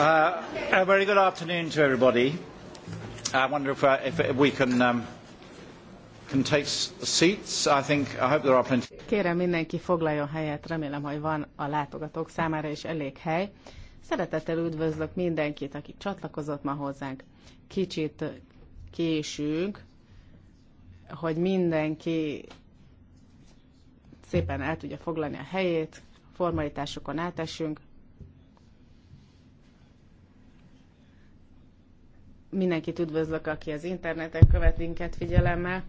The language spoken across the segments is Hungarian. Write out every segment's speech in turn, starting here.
Uh, a very good afternoon to everybody. I wonder if, uh, if if we can, um, can take seats. I think, I hope there are plenty. Kérem mindenki foglaljon helyet, remélem, hogy van a látogatók számára is elég hely. Szeretettel üdvözlök mindenkit, aki csatlakozott ma hozzánk. Kicsit késünk, hogy mindenki szépen el tudja foglalni a helyét, formalitásokon átesünk, Mindenkit üdvözlök, aki az interneten követ minket figyelemmel.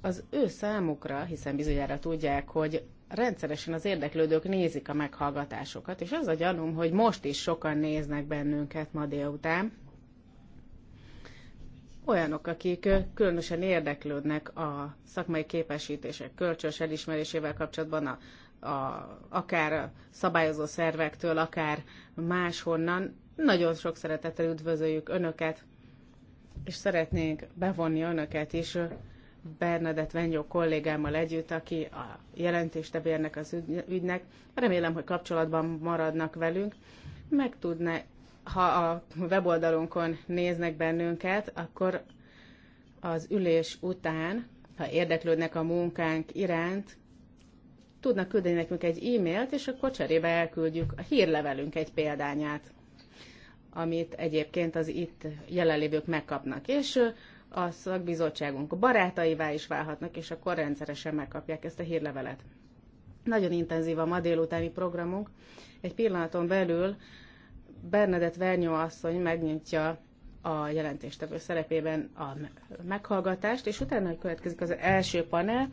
Az ő számukra, hiszen bizonyára tudják, hogy rendszeresen az érdeklődők nézik a meghallgatásokat, és az a gyanúm, hogy most is sokan néznek bennünket ma délután. Olyanok, akik különösen érdeklődnek a szakmai képesítések kölcsös elismerésével kapcsolatban, a, a, akár szabályozó szervektől, akár máshonnan, nagyon sok szeretettel üdvözöljük Önöket, és szeretnénk bevonni Önöket is Bernadett Vengyó kollégámmal együtt, aki a jelentéstebb érnek az ügynek. Remélem, hogy kapcsolatban maradnak velünk. Meg tudná, ha a weboldalunkon néznek bennünket, akkor az ülés után, ha érdeklődnek a munkánk iránt, tudnak küldeni nekünk egy e-mailt, és akkor cserébe elküldjük a hírlevelünk egy példányát amit egyébként az itt jelenlévők megkapnak. És a szakbizottságunk barátaivá is válhatnak, és akkor rendszeresen megkapják ezt a hírlevelet. Nagyon intenzív a ma délutáni programunk. Egy pillanaton belül Bernadett Vernyó asszony megnyitja a jelentéstevő szerepében a meghallgatást, és utána következik az első panel.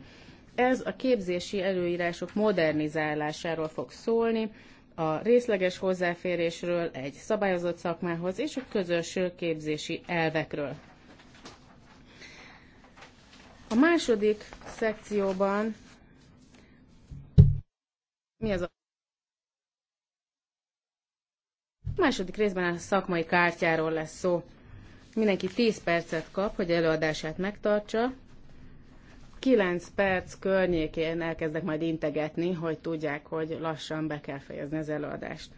Ez a képzési előírások modernizálásáról fog szólni, a részleges hozzáférésről egy szabályozott szakmához és a közös képzési elvekről. A második szekcióban mi az a a második részben a szakmai kártyáról lesz szó. Mindenki 10 percet kap, hogy előadását megtartsa, 9 perc környékén elkezdek majd integetni, hogy tudják, hogy lassan be kell fejezni az előadást.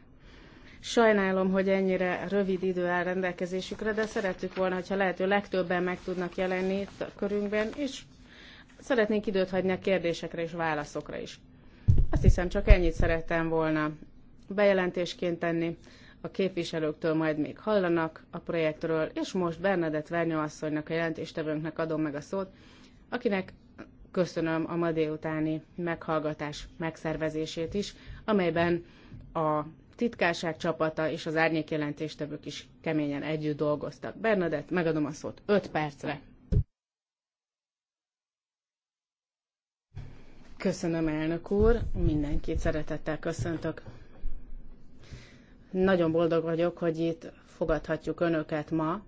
Sajnálom, hogy ennyire rövid idő áll rendelkezésükre, de szerettük volna, hogyha lehető legtöbben meg tudnak jelenni itt a körünkben, és szeretnénk időt hagyni a kérdésekre és válaszokra is. Azt hiszem, csak ennyit szerettem volna bejelentésként tenni. A képviselőktől majd még hallanak a projektről, és most Bernadett Vernyó asszonynak, a jelentéstevőnknek adom meg a szót, akinek köszönöm a ma délutáni meghallgatás megszervezését is, amelyben a titkárság csapata és az árnyék jelentéstevők is keményen együtt dolgoztak. Bernadett, megadom a szót 5 percre. Köszönöm, elnök úr, mindenkit szeretettel köszöntök. Nagyon boldog vagyok, hogy itt fogadhatjuk önöket ma,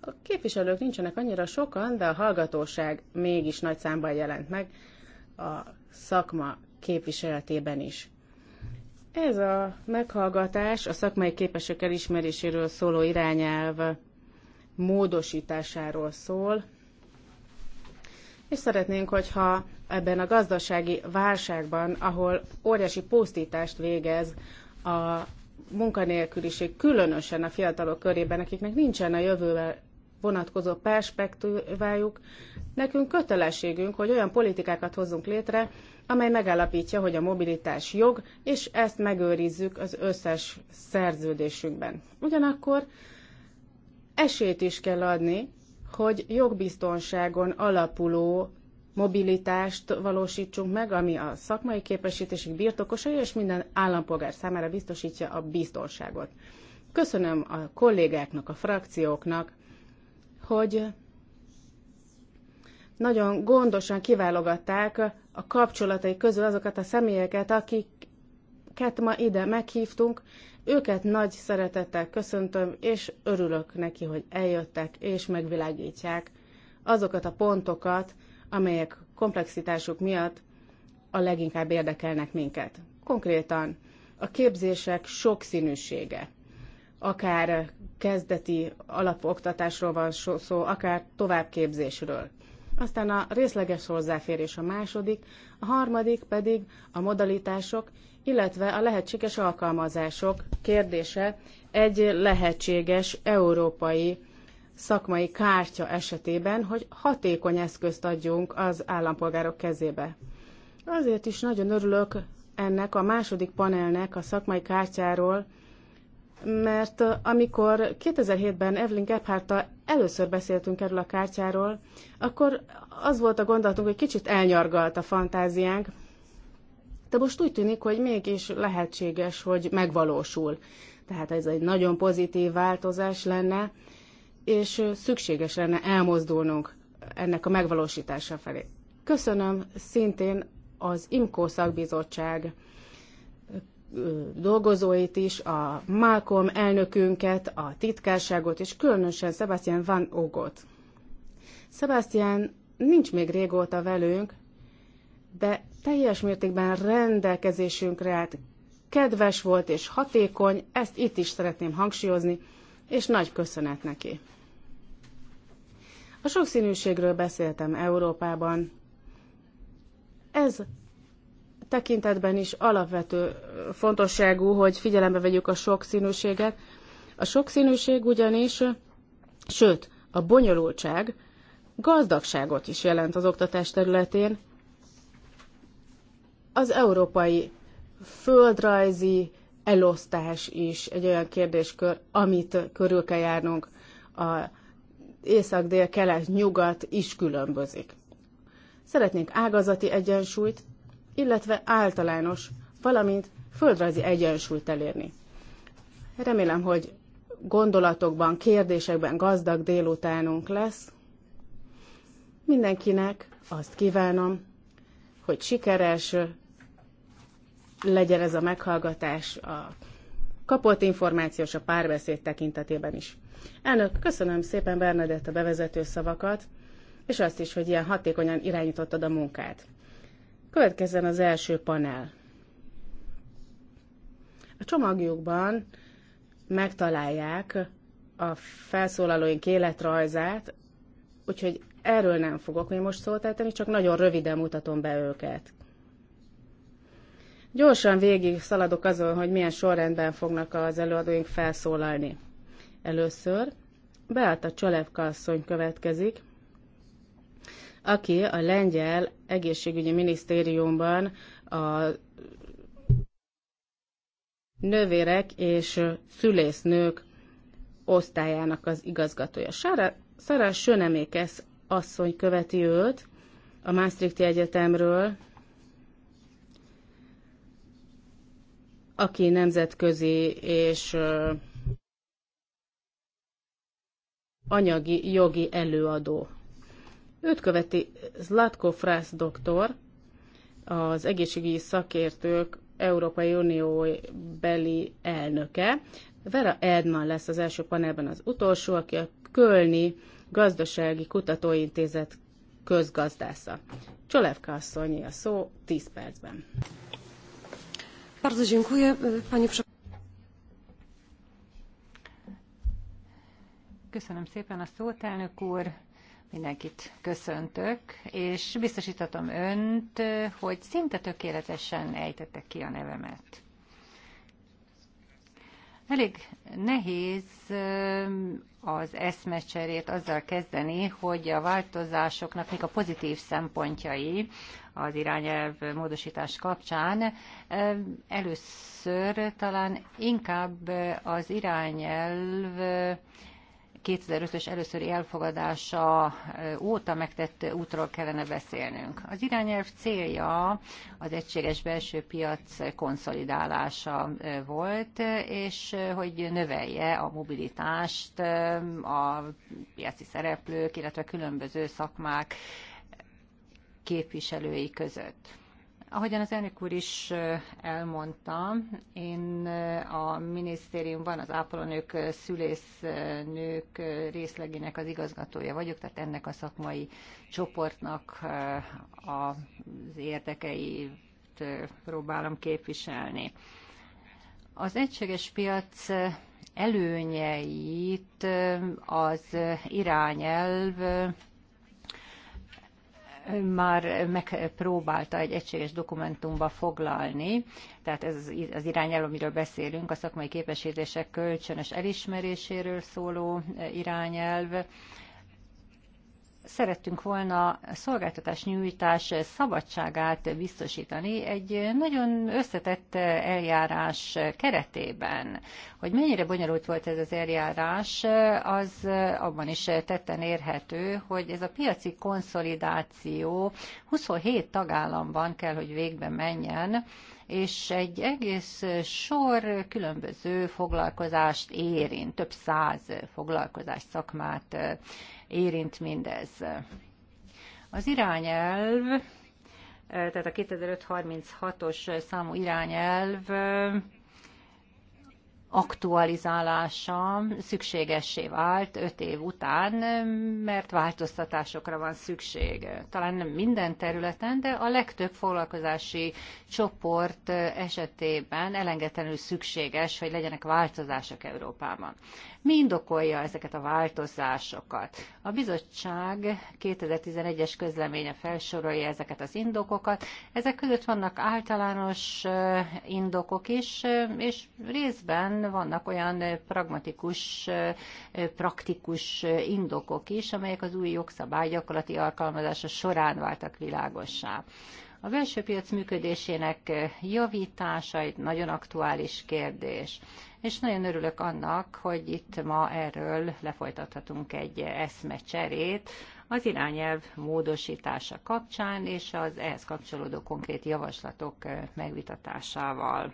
a képviselők nincsenek annyira sokan, de a hallgatóság mégis nagy számban jelent meg a szakma képviseletében is. Ez a meghallgatás a szakmai képesek elismeréséről szóló irányelv módosításáról szól, és szeretnénk, hogyha ebben a gazdasági válságban, ahol óriási pusztítást végez a munkanélküliség, különösen a fiatalok körében, akiknek nincsen a jövővel vonatkozó perspektívájuk, nekünk kötelességünk, hogy olyan politikákat hozzunk létre, amely megállapítja, hogy a mobilitás jog, és ezt megőrizzük az összes szerződésünkben. Ugyanakkor esélyt is kell adni, hogy jogbiztonságon alapuló mobilitást valósítsunk meg, ami a szakmai képesítésük birtokosai és minden állampolgár számára biztosítja a biztonságot. Köszönöm a kollégáknak, a frakcióknak, hogy nagyon gondosan kiválogatták a kapcsolatai közül azokat a személyeket, akiket ma ide meghívtunk. Őket nagy szeretettel köszöntöm, és örülök neki, hogy eljöttek és megvilágítják azokat a pontokat, amelyek komplexitásuk miatt a leginkább érdekelnek minket. Konkrétan a képzések sokszínűsége, akár kezdeti alapoktatásról van szó, akár továbbképzésről. Aztán a részleges hozzáférés a második, a harmadik pedig a modalitások, illetve a lehetséges alkalmazások kérdése egy lehetséges európai szakmai kártya esetében, hogy hatékony eszközt adjunk az állampolgárok kezébe. Azért is nagyon örülök ennek a második panelnek a szakmai kártyáról, mert amikor 2007-ben Evelyn gephardt először beszéltünk erről a kártyáról, akkor az volt a gondolatunk, hogy kicsit elnyargalt a fantáziánk, de most úgy tűnik, hogy mégis lehetséges, hogy megvalósul. Tehát ez egy nagyon pozitív változás lenne, és szükséges lenne elmozdulnunk ennek a megvalósítása felé. Köszönöm szintén az IMCO szakbizottság dolgozóit is, a Malcolm elnökünket, a titkárságot, és különösen Sebastian Van Ogot. Sebastian nincs még régóta velünk, de teljes mértékben rendelkezésünkre állt, kedves volt és hatékony, ezt itt is szeretném hangsúlyozni, és nagy köszönet neki. A sokszínűségről beszéltem Európában. Ez tekintetben is alapvető fontosságú, hogy figyelembe vegyük a sokszínűséget. A sokszínűség ugyanis, sőt, a bonyolultság gazdagságot is jelent az oktatás területén. Az európai földrajzi elosztás is egy olyan kérdéskör, amit körül kell járnunk. A észak-dél-kelet-nyugat is különbözik. Szeretnénk ágazati egyensúlyt, illetve általános, valamint földrajzi egyensúlyt elérni. Remélem, hogy gondolatokban, kérdésekben gazdag délutánunk lesz. Mindenkinek azt kívánom, hogy sikeres legyen ez a meghallgatás a kapott információs a párbeszéd tekintetében is. Elnök, köszönöm szépen Bernadett a bevezető szavakat, és azt is, hogy ilyen hatékonyan irányítottad a munkát. Következzen az első panel. A csomagjukban megtalálják a felszólalóink életrajzát, úgyhogy erről nem fogok én most szót ejteni, csak nagyon röviden mutatom be őket. Gyorsan végig szaladok azon, hogy milyen sorrendben fognak az előadóink felszólalni. Először Beáta Csalevka asszony következik, aki a lengyel egészségügyi minisztériumban a nővérek és szülésznők osztályának az igazgatója. Sára, Szara asszony követi őt a Maastrichti Egyetemről, aki nemzetközi és anyagi jogi előadó. Őt követi Zlatko Frász doktor, az egészségügyi szakértők Európai Unió beli elnöke. Vera Edman lesz az első panelben az utolsó, aki a Kölni Gazdasági Kutatóintézet közgazdásza. Csolevka asszonyi a szó 10 percben. Bardzo dziękuję, pani Köszönöm szépen a szót, elnök úr mindenkit köszöntök, és biztosítatom önt, hogy szinte tökéletesen ejtettek ki a nevemet. Elég nehéz az eszmecserét azzal kezdeni, hogy a változásoknak még a pozitív szempontjai az irányelv módosítás kapcsán. Először talán inkább az irányelv 2005-ös előszöri elfogadása óta megtett útról kellene beszélnünk. Az irányelv célja az egységes belső piac konszolidálása volt, és hogy növelje a mobilitást a piaci szereplők, illetve különböző szakmák képviselői között. Ahogyan az elnök úr is elmondta, én a minisztériumban az ápolónők, szülésznők részlegének az igazgatója vagyok, tehát ennek a szakmai csoportnak az érdekeit próbálom képviselni. Az egységes piac előnyeit az irányelv már megpróbálta egy egységes dokumentumba foglalni, tehát ez az irányelv, amiről beszélünk, a szakmai képesítések kölcsönös elismeréséről szóló e, irányelv, szerettünk volna szolgáltatás nyújtás szabadságát biztosítani egy nagyon összetett eljárás keretében. Hogy mennyire bonyolult volt ez az eljárás, az abban is tetten érhető, hogy ez a piaci konszolidáció 27 tagállamban kell, hogy végbe menjen, és egy egész sor különböző foglalkozást érint, több száz foglalkozást, szakmát érint mindez. Az irányelv, eh, tehát a 2536-os számú irányelv eh, aktualizálása szükségessé vált öt év után, mert változtatásokra van szükség. Talán nem minden területen, de a legtöbb foglalkozási csoport eh, esetében elengedhetően szükséges, hogy legyenek változások Európában. Mi indokolja ezeket a változásokat? A bizottság 2011-es közleménye felsorolja ezeket az indokokat. Ezek között vannak általános indokok is, és részben vannak olyan pragmatikus, praktikus indokok is, amelyek az új jogszabály gyakorlati alkalmazása során váltak világossá. A belső piac működésének javítása egy nagyon aktuális kérdés és nagyon örülök annak, hogy itt ma erről lefolytathatunk egy eszmecserét az irányelv módosítása kapcsán és az ehhez kapcsolódó konkrét javaslatok megvitatásával.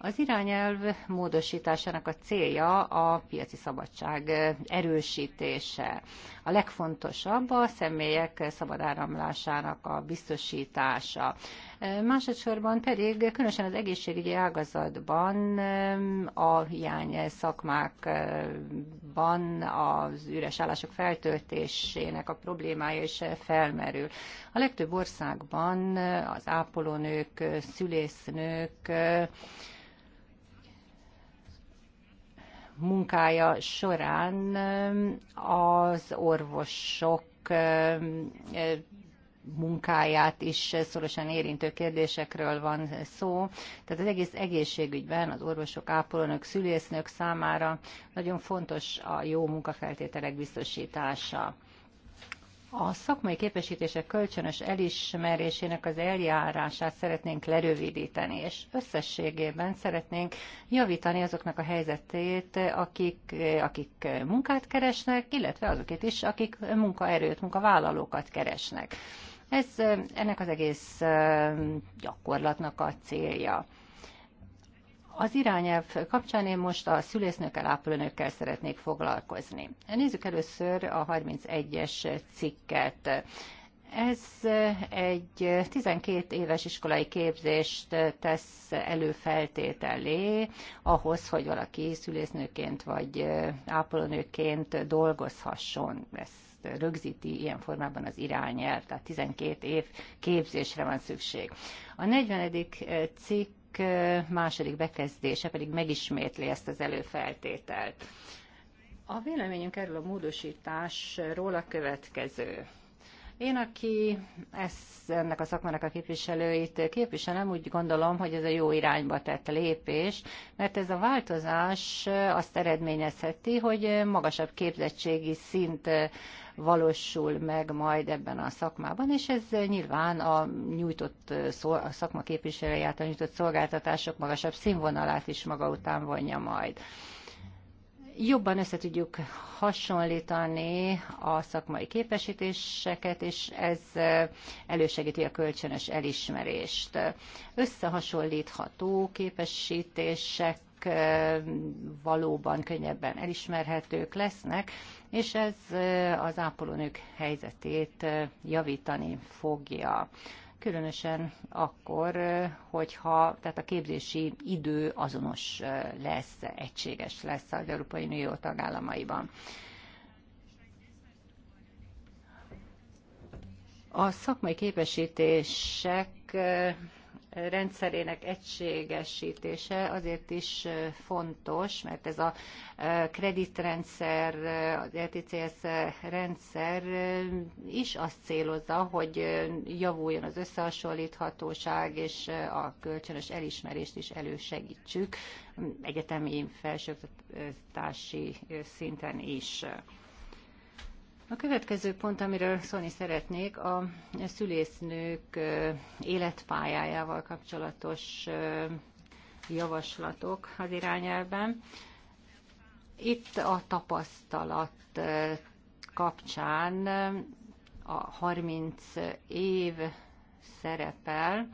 Az irányelv módosításának a célja a piaci szabadság erősítése. A legfontosabb a személyek szabad áramlásának a biztosítása. Másodszorban pedig különösen az egészségügyi ágazatban, a hiány szakmákban az üres állások feltöltésének a problémája is felmerül. A legtöbb országban az ápolónők, szülésznők, munkája során az orvosok munkáját is szorosan érintő kérdésekről van szó. Tehát az egész egészségügyben az orvosok, ápolónök, szülésznök számára nagyon fontos a jó munkafeltételek biztosítása. A szakmai képesítések kölcsönös elismerésének az eljárását szeretnénk lerövidíteni, és összességében szeretnénk javítani azoknak a helyzetét, akik, akik munkát keresnek, illetve azokat is, akik munkaerőt, munkavállalókat keresnek. Ez ennek az egész gyakorlatnak a célja. Az irányelv kapcsán én most a szülésznőkkel, ápolónőkkel szeretnék foglalkozni. Nézzük először a 31-es cikket. Ez egy 12 éves iskolai képzést tesz előfeltételé ahhoz, hogy valaki szülésznőként vagy ápolónőként dolgozhasson. Ezt rögzíti ilyen formában az irányelv, tehát 12 év képzésre van szükség. A 40. cikk Eh, második bekezdése pedig megismétli ezt az előfeltételt. A véleményünk erről a módosításról a következő. Én, aki ezt, ennek a szakmának a képviselőit képviselem, úgy gondolom, hogy ez a jó irányba tett lépés, mert ez a változás azt eredményezheti, hogy magasabb képzettségi szint valósul meg majd ebben a szakmában, és ez nyilván a nyújtott a szakma képviselői által nyújtott szolgáltatások magasabb színvonalát is maga után vonja majd jobban össze tudjuk hasonlítani a szakmai képesítéseket, és ez elősegíti a kölcsönös elismerést. Összehasonlítható képesítések valóban könnyebben elismerhetők lesznek, és ez az ápolónők helyzetét javítani fogja. Különösen akkor, hogyha tehát a képzési idő azonos lesz, egységes lesz az Európai Unió tagállamaiban. A szakmai képesítések rendszerének egységesítése azért is fontos, mert ez a kreditrendszer, az LTCS rendszer is azt célozza, hogy javuljon az összehasonlíthatóság, és a kölcsönös elismerést is elősegítsük egyetemi felsőoktatási szinten is. A következő pont, amiről szólni szeretnék, a szülésznők életpályájával kapcsolatos javaslatok az irányelben. Itt a tapasztalat kapcsán a 30 év szerepel,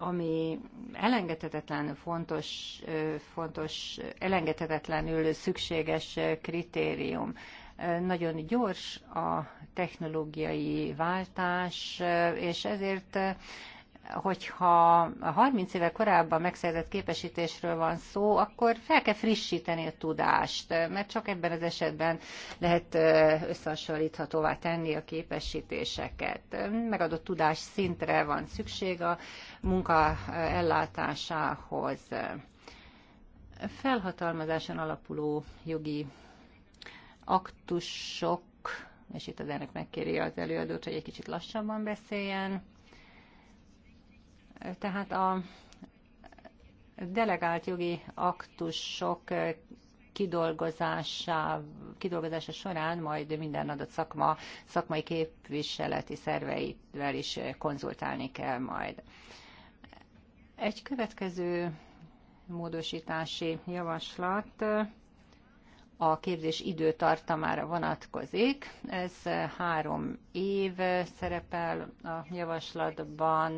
ami elengedhetetlen fontos, fontos, elengedhetetlenül szükséges kritérium. Nagyon gyors a technológiai váltás, és ezért hogyha 30 éve korábban megszerzett képesítésről van szó, akkor fel kell frissíteni a tudást, mert csak ebben az esetben lehet összehasonlíthatóvá tenni a képesítéseket. Megadott tudás szintre van szükség a munka ellátásához. Felhatalmazáson alapuló jogi aktusok, és itt az elnök megkéri az előadót, hogy egy kicsit lassabban beszéljen, tehát a delegált jogi aktusok kidolgozása, kidolgozása során majd minden adott szakma, szakmai képviseleti szerveivel is konzultálni kell majd. Egy következő módosítási javaslat a képzés időtartamára vonatkozik. Ez három év szerepel a javaslatban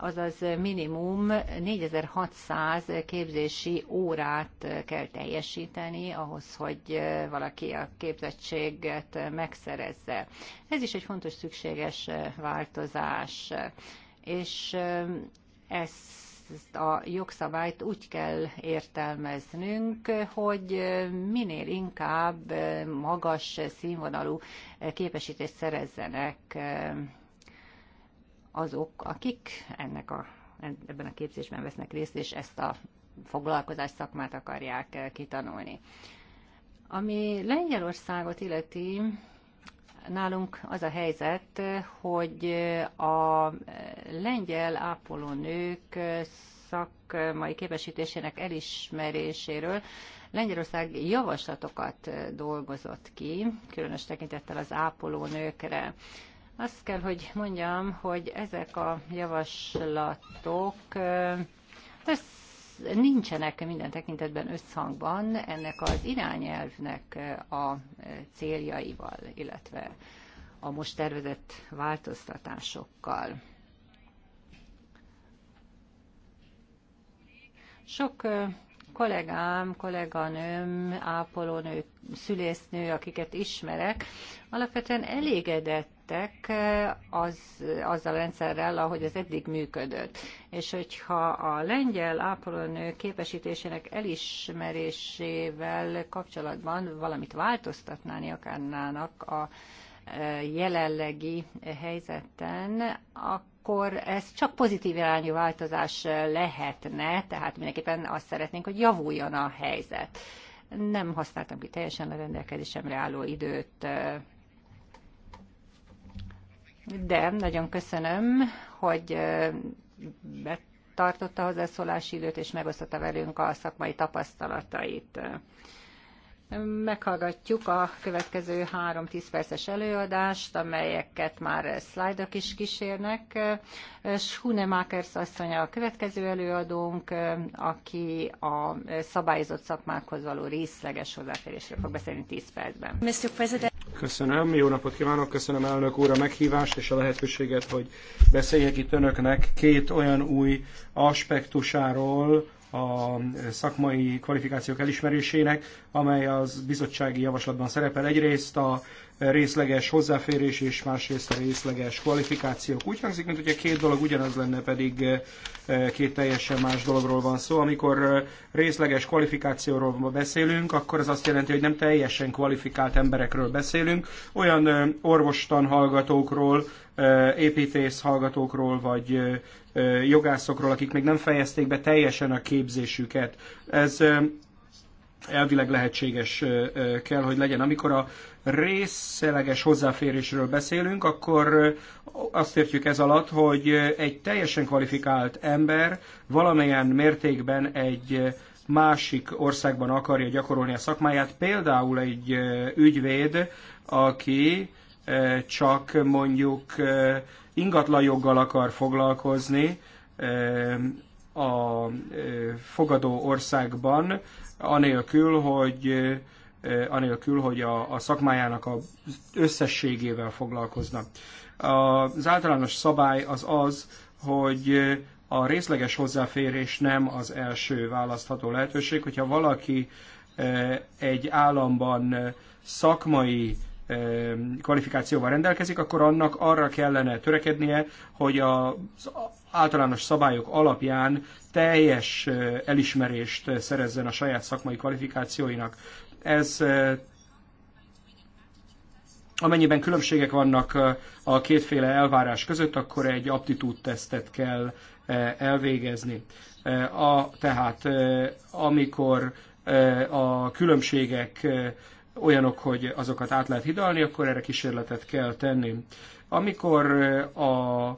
azaz minimum 4600 képzési órát kell teljesíteni ahhoz, hogy valaki a képzettséget megszerezze. Ez is egy fontos szükséges változás, és ezt ezt a jogszabályt úgy kell értelmeznünk, hogy minél inkább magas színvonalú képesítést szerezzenek azok, akik ennek a, ebben a képzésben vesznek részt, és ezt a foglalkozás szakmát akarják eh, kitanulni. Ami Lengyelországot illeti, nálunk az a helyzet, hogy a lengyel ápolónők szakmai képesítésének elismeréséről Lengyelország javaslatokat dolgozott ki, különös tekintettel az ápolónőkre. Azt kell, hogy mondjam, hogy ezek a javaslatok nincsenek minden tekintetben összhangban ennek az irányelvnek a céljaival, illetve a most tervezett változtatásokkal. Sok kollégám, kolléganőm, ápolónő, szülésznő, akiket ismerek, alapvetően elégedett elégedettek eh, az, azzal a rendszerrel, ahogy ez eddig működött. És hogyha a lengyel ápolónő képesítésének elismerésével kapcsolatban valamit változtatnáni akarnának a eh, jelenlegi helyzeten, akkor ez csak pozitív irányú változás lehetne, tehát mindenképpen azt szeretnénk, hogy javuljon a helyzet. Nem használtam ki teljesen a rendelkezésemre álló időt, eh, de nagyon köszönöm, hogy betartotta hozzászólási időt, és megosztotta velünk a szakmai tapasztalatait. Meghallgatjuk a következő három 10 perces előadást, amelyeket már szlájdok is kísérnek. Schunemakers asszony a következő előadónk, aki a szabályozott szakmákhoz való részleges hozzáférésről fog beszélni 10 percben. Mr. President. Köszönöm, jó napot kívánok, köszönöm elnök úr a meghívást és a lehetőséget, hogy beszéljek itt önöknek két olyan új aspektusáról, a szakmai kvalifikációk elismerésének, amely az bizottsági javaslatban szerepel. Egyrészt a részleges hozzáférés és másrészt a részleges kvalifikációk. Úgy hangzik, mint hogy a két dolog ugyanaz lenne, pedig eh, két teljesen más dologról van szó. Amikor eh, részleges kvalifikációról beszélünk, akkor ez azt jelenti, hogy nem teljesen kvalifikált emberekről beszélünk, olyan eh, orvostan hallgatókról, építész hallgatókról, vagy jogászokról, akik még nem fejezték be teljesen a képzésüket. Ez elvileg lehetséges kell, hogy legyen. Amikor a részleges hozzáférésről beszélünk, akkor azt értjük ez alatt, hogy egy teljesen kvalifikált ember valamilyen mértékben egy másik országban akarja gyakorolni a szakmáját, például egy ügyvéd, aki csak mondjuk ingatlanjoggal akar foglalkozni a fogadó országban, anélkül, hogy anélkül, hogy a, a szakmájának az összességével foglalkozna. Az általános szabály az az, hogy a részleges hozzáférés nem az első választható lehetőség, hogyha valaki egy államban szakmai kvalifikációval rendelkezik, akkor annak arra kellene törekednie, hogy az általános szabályok alapján teljes elismerést szerezzen a saját szakmai kvalifikációinak. Ez Amennyiben különbségek vannak a kétféle elvárás között, akkor egy aptitúdtesztet kell elvégezni. A, tehát amikor a különbségek olyanok, hogy azokat át lehet hidalni, akkor erre kísérletet kell tenni. Amikor a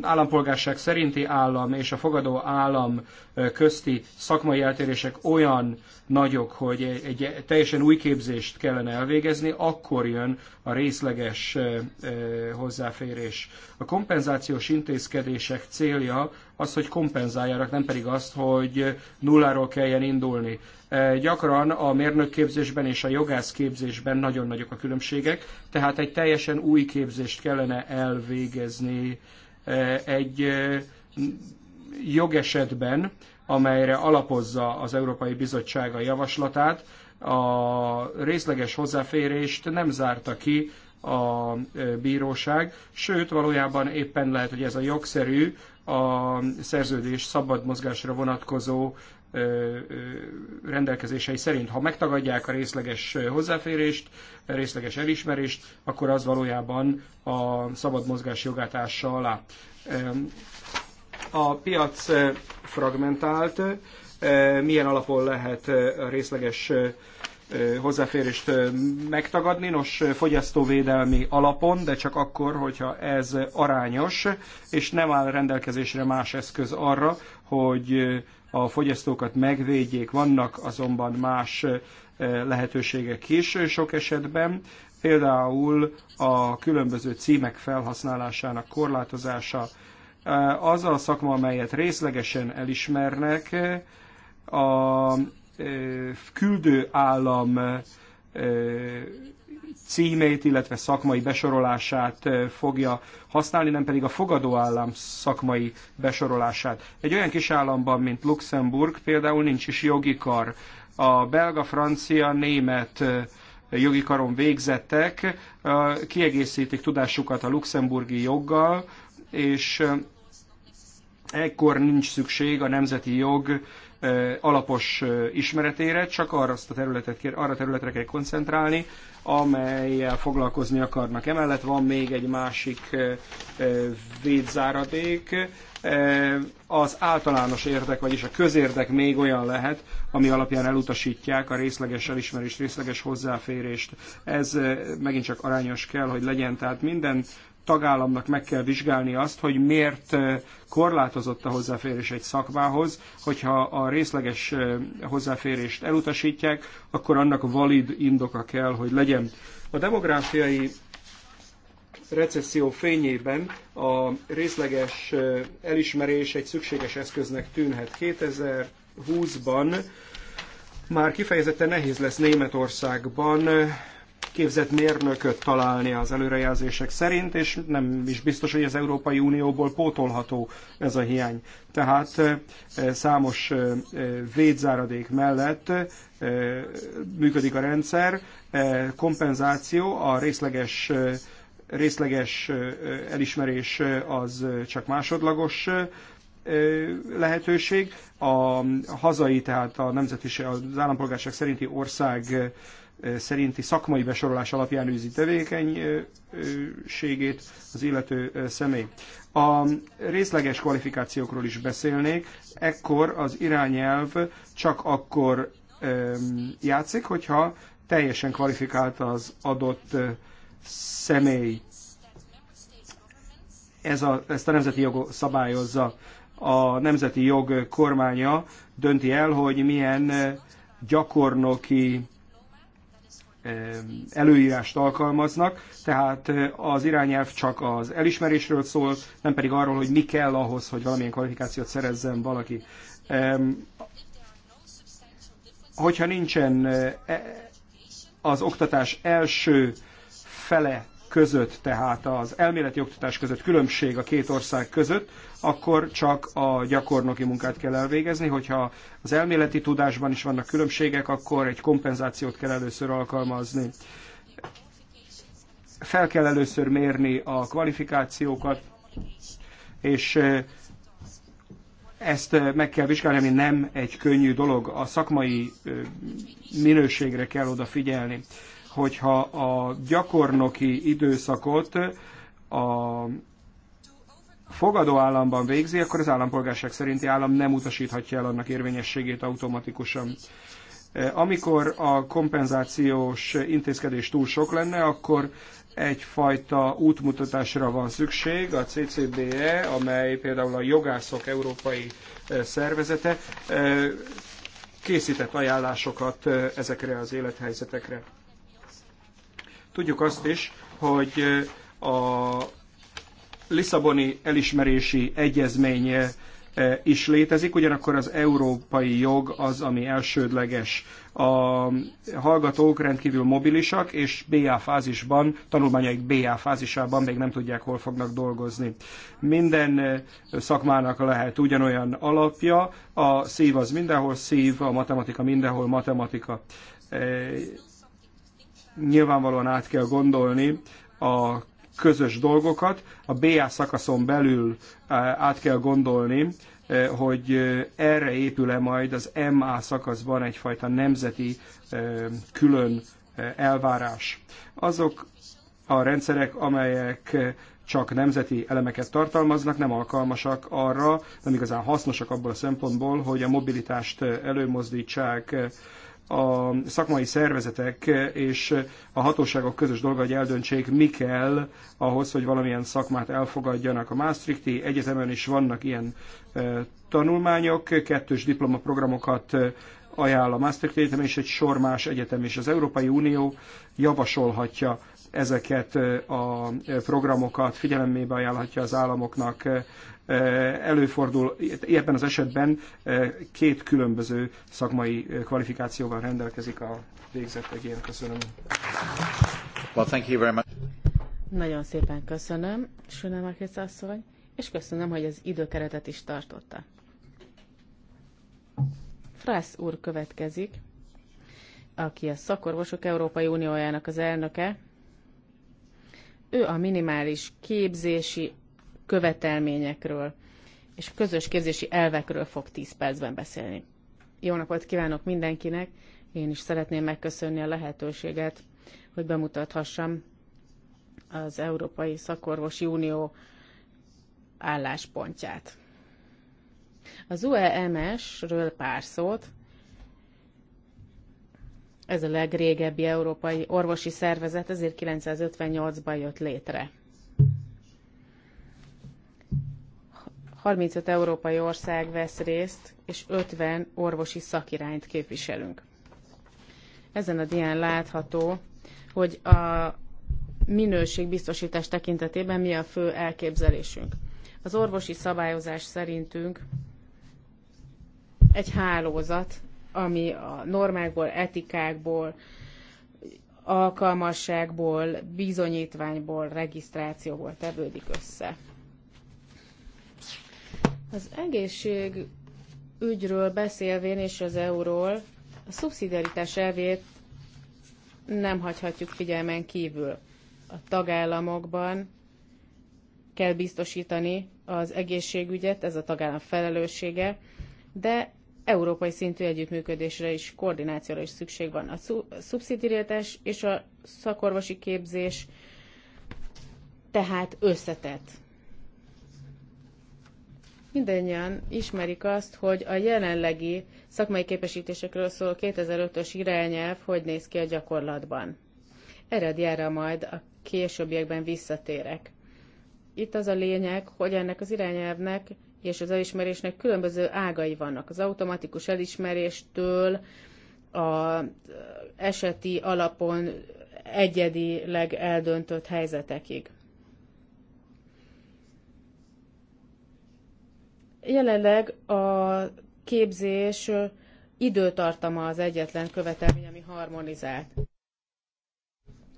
állampolgárság szerinti állam és a fogadó állam közti szakmai eltérések olyan nagyok, hogy egy teljesen új képzést kellene elvégezni, akkor jön a részleges hozzáférés. A kompenzációs intézkedések célja az, hogy kompenzáljanak, nem pedig azt, hogy nulláról kelljen indulni. E, gyakran a mérnökképzésben és a jogászképzésben nagyon nagyok a különbségek, tehát egy teljesen új képzést kellene elvégezni e, egy e, jogesetben, amelyre alapozza az Európai Bizottság a javaslatát, a részleges hozzáférést nem zárta ki a e, bíróság, sőt valójában éppen lehet, hogy ez a jogszerű, a szerződés szabad mozgásra vonatkozó e, e, rendelkezései szerint. Ha megtagadják a részleges hozzáférést, részleges elismerést, akkor az valójában a szabad mozgás jogát ássa alá. A piac fragmentált, milyen alapon lehet a részleges hozzáférést megtagadni, nos fogyasztóvédelmi alapon, de csak akkor, hogyha ez arányos, és nem áll rendelkezésre más eszköz arra, hogy a fogyasztókat megvédjék. Vannak azonban más lehetőségek is sok esetben, például a különböző címek felhasználásának korlátozása. Az a szakma, amelyet részlegesen elismernek, a küldő állam címét, illetve szakmai besorolását fogja használni, nem pedig a fogadó állam szakmai besorolását. Egy olyan kis államban, mint Luxemburg például nincs is jogi kar. A belga, francia, német jogi karon végzettek kiegészítik tudásukat a luxemburgi joggal, és ekkor nincs szükség a nemzeti jog alapos ismeretére, csak arra, azt a területet, arra a területre kell koncentrálni, amelyel foglalkozni akarnak. Emellett van még egy másik védzáradék, az általános érdek, vagyis a közérdek még olyan lehet, ami alapján elutasítják a részleges elismerést, részleges hozzáférést. Ez megint csak arányos kell, hogy legyen, tehát minden tagállamnak meg kell vizsgálni azt, hogy miért korlátozott a hozzáférés egy szakmához, hogyha a részleges hozzáférést elutasítják, akkor annak valid indoka kell, hogy legyen. A demográfiai recesszió fényében a részleges elismerés egy szükséges eszköznek tűnhet. 2020-ban már kifejezetten nehéz lesz Németországban képzett mérnököt találni az előrejelzések szerint, és nem is biztos, hogy az Európai Unióból pótolható ez a hiány. Tehát számos védzáradék mellett működik a rendszer, kompenzáció, a részleges részleges elismerés az csak másodlagos lehetőség. A hazai, tehát a nemzeti, az állampolgárság szerinti ország szerinti szakmai besorolás alapján űzi tevékenységét az illető személy. A részleges kvalifikációkról is beszélnék, ekkor az irányelv csak akkor játszik, hogyha teljesen kvalifikált az adott személy. Ez a, ezt a nemzeti jog szabályozza. A nemzeti jog kormánya dönti el, hogy milyen gyakornoki előírást alkalmaznak, tehát az irányelv csak az elismerésről szól, nem pedig arról, hogy mi kell ahhoz, hogy valamilyen kvalifikációt szerezzen valaki. Hogyha nincsen e, az oktatás első fele között, tehát az elméleti oktatás között különbség a két ország között, akkor csak a gyakornoki munkát kell elvégezni. Hogyha az elméleti tudásban is vannak különbségek, akkor egy kompenzációt kell először alkalmazni. Fel kell először mérni a kvalifikációkat, és ezt meg kell vizsgálni, ami nem egy könnyű dolog. A szakmai minőségre kell odafigyelni. Hogyha a gyakornoki időszakot a fogadó államban végzi, akkor az állampolgárság szerinti állam nem utasíthatja el annak érvényességét automatikusan. E, amikor a kompenzációs intézkedés túl sok lenne, akkor egyfajta útmutatásra van szükség. A CCDE, amely például a jogászok európai e, szervezete, e, készített ajánlásokat ezekre az élethelyzetekre. Tudjuk azt is, hogy a Lisszaboni elismerési egyezmény eh, is létezik, ugyanakkor az európai jog az, ami elsődleges. A hallgatók rendkívül mobilisak, és BA fázisban, tanulmányaik BA fázisában még nem tudják, hol fognak dolgozni. Minden eh, szakmának lehet ugyanolyan alapja, a szív az mindenhol szív, a matematika mindenhol matematika. Eh, nyilvánvalóan át kell gondolni a közös dolgokat. A BA szakaszon belül át kell gondolni, hogy erre épül-e majd az MA szakaszban egyfajta nemzeti külön elvárás. Azok a rendszerek, amelyek csak nemzeti elemeket tartalmaznak, nem alkalmasak arra, nem igazán hasznosak abból a szempontból, hogy a mobilitást előmozdítsák a szakmai szervezetek és a hatóságok közös dolga, hogy eldöntsék, mi kell ahhoz, hogy valamilyen szakmát elfogadjanak. A Maastrichti egyetemen is vannak ilyen e, tanulmányok, kettős diplomaprogramokat e, ajánl a Maastrichti Egyetem és egy sor más egyetem is. Az Európai Unió javasolhatja ezeket e, a programokat, figyelemmébe ajánlhatja az államoknak Eh, előfordul ebben az esetben eh, két különböző szakmai eh, kvalifikációval rendelkezik a végzett egyén. Köszönöm. Well, thank you very much. Nagyon szépen köszönöm, Sünemakis asszony, és köszönöm, hogy az időkeretet is tartotta. Frász úr következik, aki a Szakorvosok Európai Uniójának az elnöke. Ő a minimális képzési követelményekről és közös képzési elvekről fog 10 percben beszélni. Jó napot kívánok mindenkinek! Én is szeretném megköszönni a lehetőséget, hogy bemutathassam az Európai Szakorvosi Unió álláspontját. Az UEMS-ről pár szót. Ez a legrégebbi európai orvosi szervezet, ezért 958-ban jött létre. 35 európai ország vesz részt, és 50 orvosi szakirányt képviselünk. Ezen a dián látható, hogy a minőségbiztosítás tekintetében mi a fő elképzelésünk. Az orvosi szabályozás szerintünk egy hálózat, ami a normákból, etikákból, alkalmasságból, bizonyítványból, regisztrációból tevődik össze. Az egészségügyről beszélvén és az euról a szubszidiaritás elvét nem hagyhatjuk figyelmen kívül. A tagállamokban kell biztosítani az egészségügyet, ez a tagállam felelőssége, de európai szintű együttműködésre is, koordinációra is szükség van. A szubszidiaritás és a szakorvosi képzés tehát összetett mindannyian ismerik azt, hogy a jelenlegi szakmai képesítésekről szóló 2005-ös irányelv hogy néz ki a gyakorlatban. Eredjára majd a későbbiekben visszatérek. Itt az a lényeg, hogy ennek az irányelvnek és az elismerésnek különböző ágai vannak. Az automatikus elismeréstől a eseti alapon egyedileg eldöntött helyzetekig. Jelenleg a képzés időtartama az egyetlen követelmény, ami harmonizált.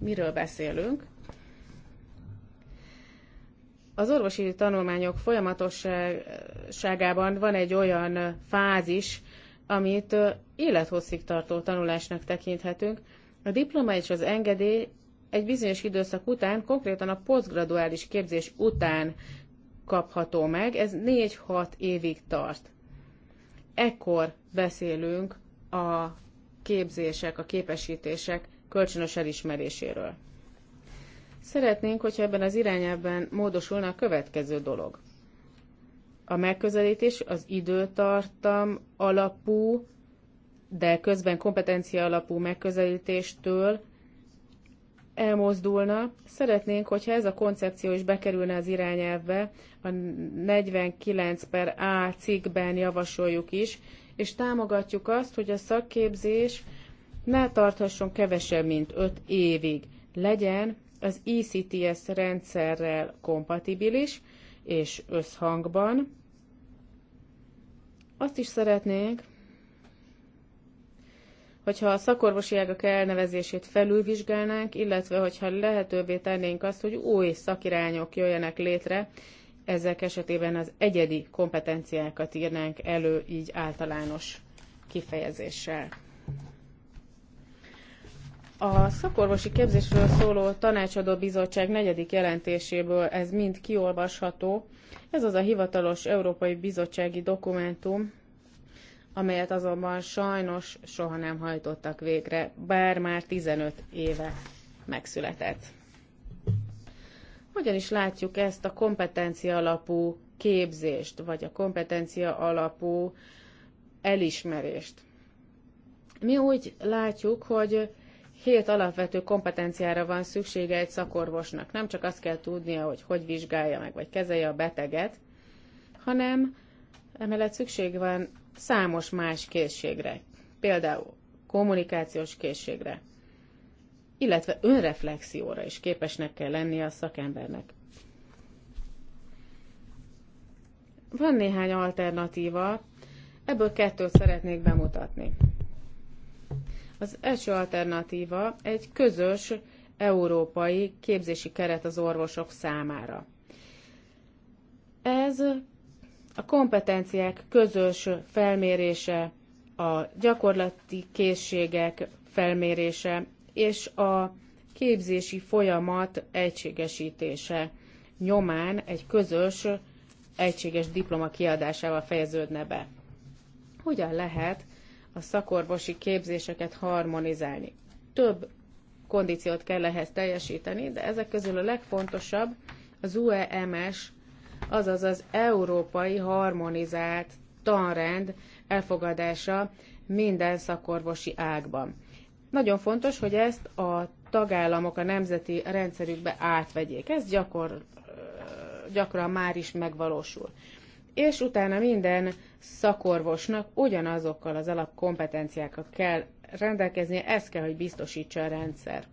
Miről beszélünk? Az orvosi tanulmányok folyamatosságában van egy olyan fázis, amit élethosszig tartó tanulásnak tekinthetünk. A diploma és az engedély egy bizonyos időszak után, konkrétan a posztgraduális képzés után kapható meg, ez 4-6 évig tart. Ekkor beszélünk a képzések, a képesítések kölcsönös elismeréséről. Szeretnénk, hogyha ebben az irányában módosulna a következő dolog. A megközelítés az időtartam alapú, de közben kompetencia alapú megközelítéstől elmozdulna. Szeretnénk, hogyha ez a koncepció is bekerülne az irányelvbe, a 49 per A cikkben javasoljuk is, és támogatjuk azt, hogy a szakképzés ne tarthasson kevesebb, mint 5 évig. Legyen az ECTS rendszerrel kompatibilis és összhangban. Azt is szeretnénk, hogyha a szakorvosi ágak elnevezését felülvizsgálnánk, illetve hogyha lehetővé tennénk azt, hogy új szakirányok jöjjenek létre, ezek esetében az egyedi kompetenciákat írnánk elő így általános kifejezéssel. A szakorvosi képzésről szóló tanácsadó bizottság negyedik jelentéséből ez mind kiolvasható. Ez az a hivatalos Európai Bizottsági dokumentum, amelyet azonban sajnos soha nem hajtottak végre, bár már 15 éve megszületett. Hogyan is látjuk ezt a kompetencia alapú képzést, vagy a kompetencia alapú elismerést? Mi úgy látjuk, hogy hét alapvető kompetenciára van szüksége egy szakorvosnak. Nem csak azt kell tudnia, hogy hogy vizsgálja meg, vagy kezelje a beteget, hanem emellett szükség van számos más készségre, például kommunikációs készségre, illetve önreflexióra is képesnek kell lennie a szakembernek. Van néhány alternatíva, ebből kettőt szeretnék bemutatni. Az első alternatíva egy közös európai képzési keret az orvosok számára. Ez a kompetenciák közös felmérése, a gyakorlati készségek felmérése és a képzési folyamat egységesítése nyomán egy közös, egységes diploma kiadásával fejeződne be. Hogyan lehet a szakorvosi képzéseket harmonizálni? Több kondíciót kell ehhez teljesíteni, de ezek közül a legfontosabb az UEMS azaz az európai harmonizált tanrend elfogadása minden szakorvosi ágban. Nagyon fontos, hogy ezt a tagállamok a nemzeti rendszerükbe átvegyék. Ez gyakor, gyakran már is megvalósul. És utána minden szakorvosnak ugyanazokkal az alapkompetenciákkal kell rendelkeznie, ezt kell, hogy biztosítsa a rendszer.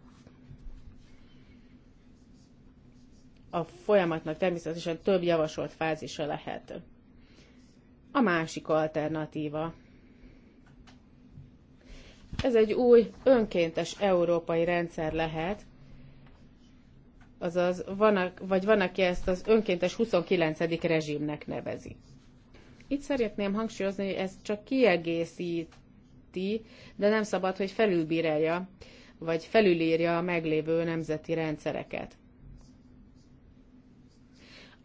a folyamatnak természetesen több javasolt fázisa lehet. A másik alternatíva. Ez egy új önkéntes európai rendszer lehet, azaz vannak, vagy van, aki ezt az önkéntes 29. rezsimnek nevezi. Itt szeretném hangsúlyozni, hogy ez csak kiegészíti, de nem szabad, hogy felülbírálja, vagy felülírja a meglévő nemzeti rendszereket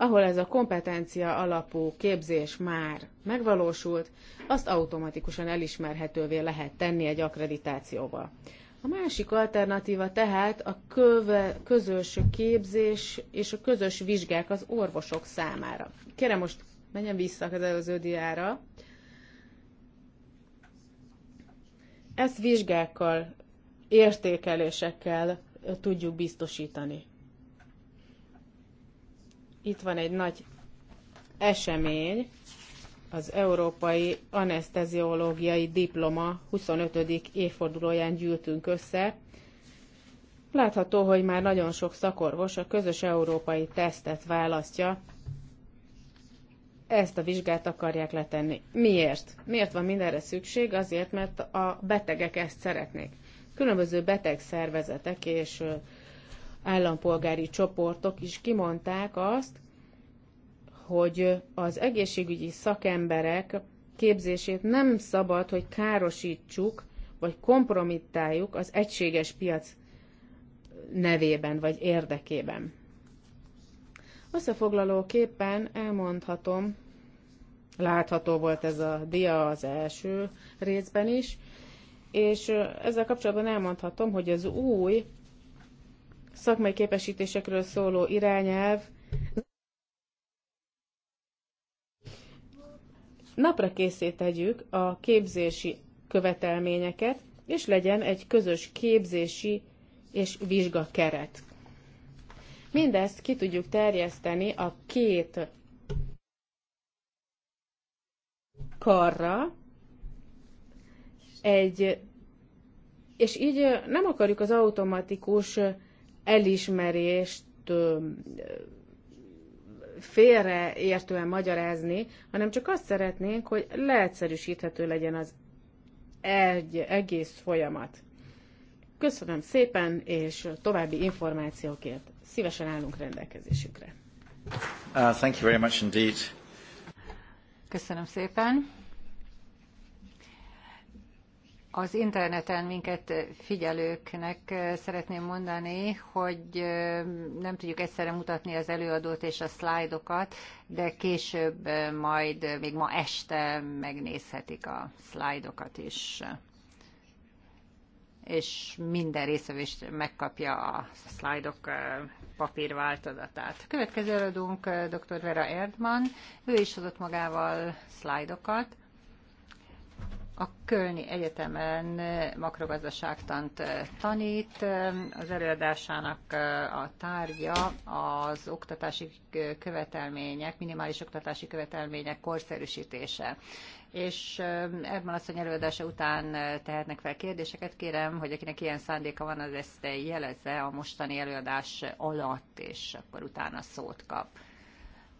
ahol ez a kompetencia alapú képzés már megvalósult, azt automatikusan elismerhetővé lehet tenni egy akkreditációval. A másik alternatíva tehát a köve, közös képzés és a közös vizsgák az orvosok számára. Kérem most menjen vissza az előző diára. Ezt vizsgákkal, értékelésekkel tudjuk biztosítani. Itt van egy nagy esemény, az Európai Anesteziológiai Diploma 25. évfordulóján gyűltünk össze. Látható, hogy már nagyon sok szakorvos a közös európai tesztet választja. Ezt a vizsgát akarják letenni. Miért? Miért van mindenre szükség? Azért, mert a betegek ezt szeretnék. Különböző betegszervezetek és állampolgári csoportok is kimondták azt, hogy az egészségügyi szakemberek képzését nem szabad, hogy károsítsuk, vagy kompromittáljuk az egységes piac nevében, vagy érdekében. Összefoglalóképpen elmondhatom, látható volt ez a dia az első részben is, és ezzel kapcsolatban elmondhatom, hogy az új szakmai képesítésekről szóló irányelv napra készítetjük a képzési követelményeket, és legyen egy közös képzési és vizsga keret. Mindezt ki tudjuk terjeszteni a két karra, egy, és így nem akarjuk az automatikus elismerést félreértően magyarázni, hanem csak azt szeretnénk, hogy leegyszerűsíthető legyen az egy egész folyamat. Köszönöm szépen, és további információkért szívesen állunk rendelkezésükre. Uh, thank you very much indeed. Köszönöm szépen. Az interneten minket figyelőknek eh, szeretném mondani, hogy eh, nem tudjuk egyszerre mutatni az előadót és a szlájdokat, de később eh, majd, még ma este megnézhetik a szlájdokat is. És minden részvevő is megkapja a szlájdok papírváltozatát. Következő előadónk dr. Vera Erdman, ő is hozott magával szlájdokat a Kölni Egyetemen makrogazdaságtant tanít, az előadásának a tárgya az oktatási követelmények, minimális oktatási követelmények korszerűsítése és um, Erdman asszony előadása után uh, tehetnek fel kérdéseket. Kérem, hogy akinek ilyen szándéka van, az ezt jelezze a mostani előadás alatt, és akkor utána szót kap.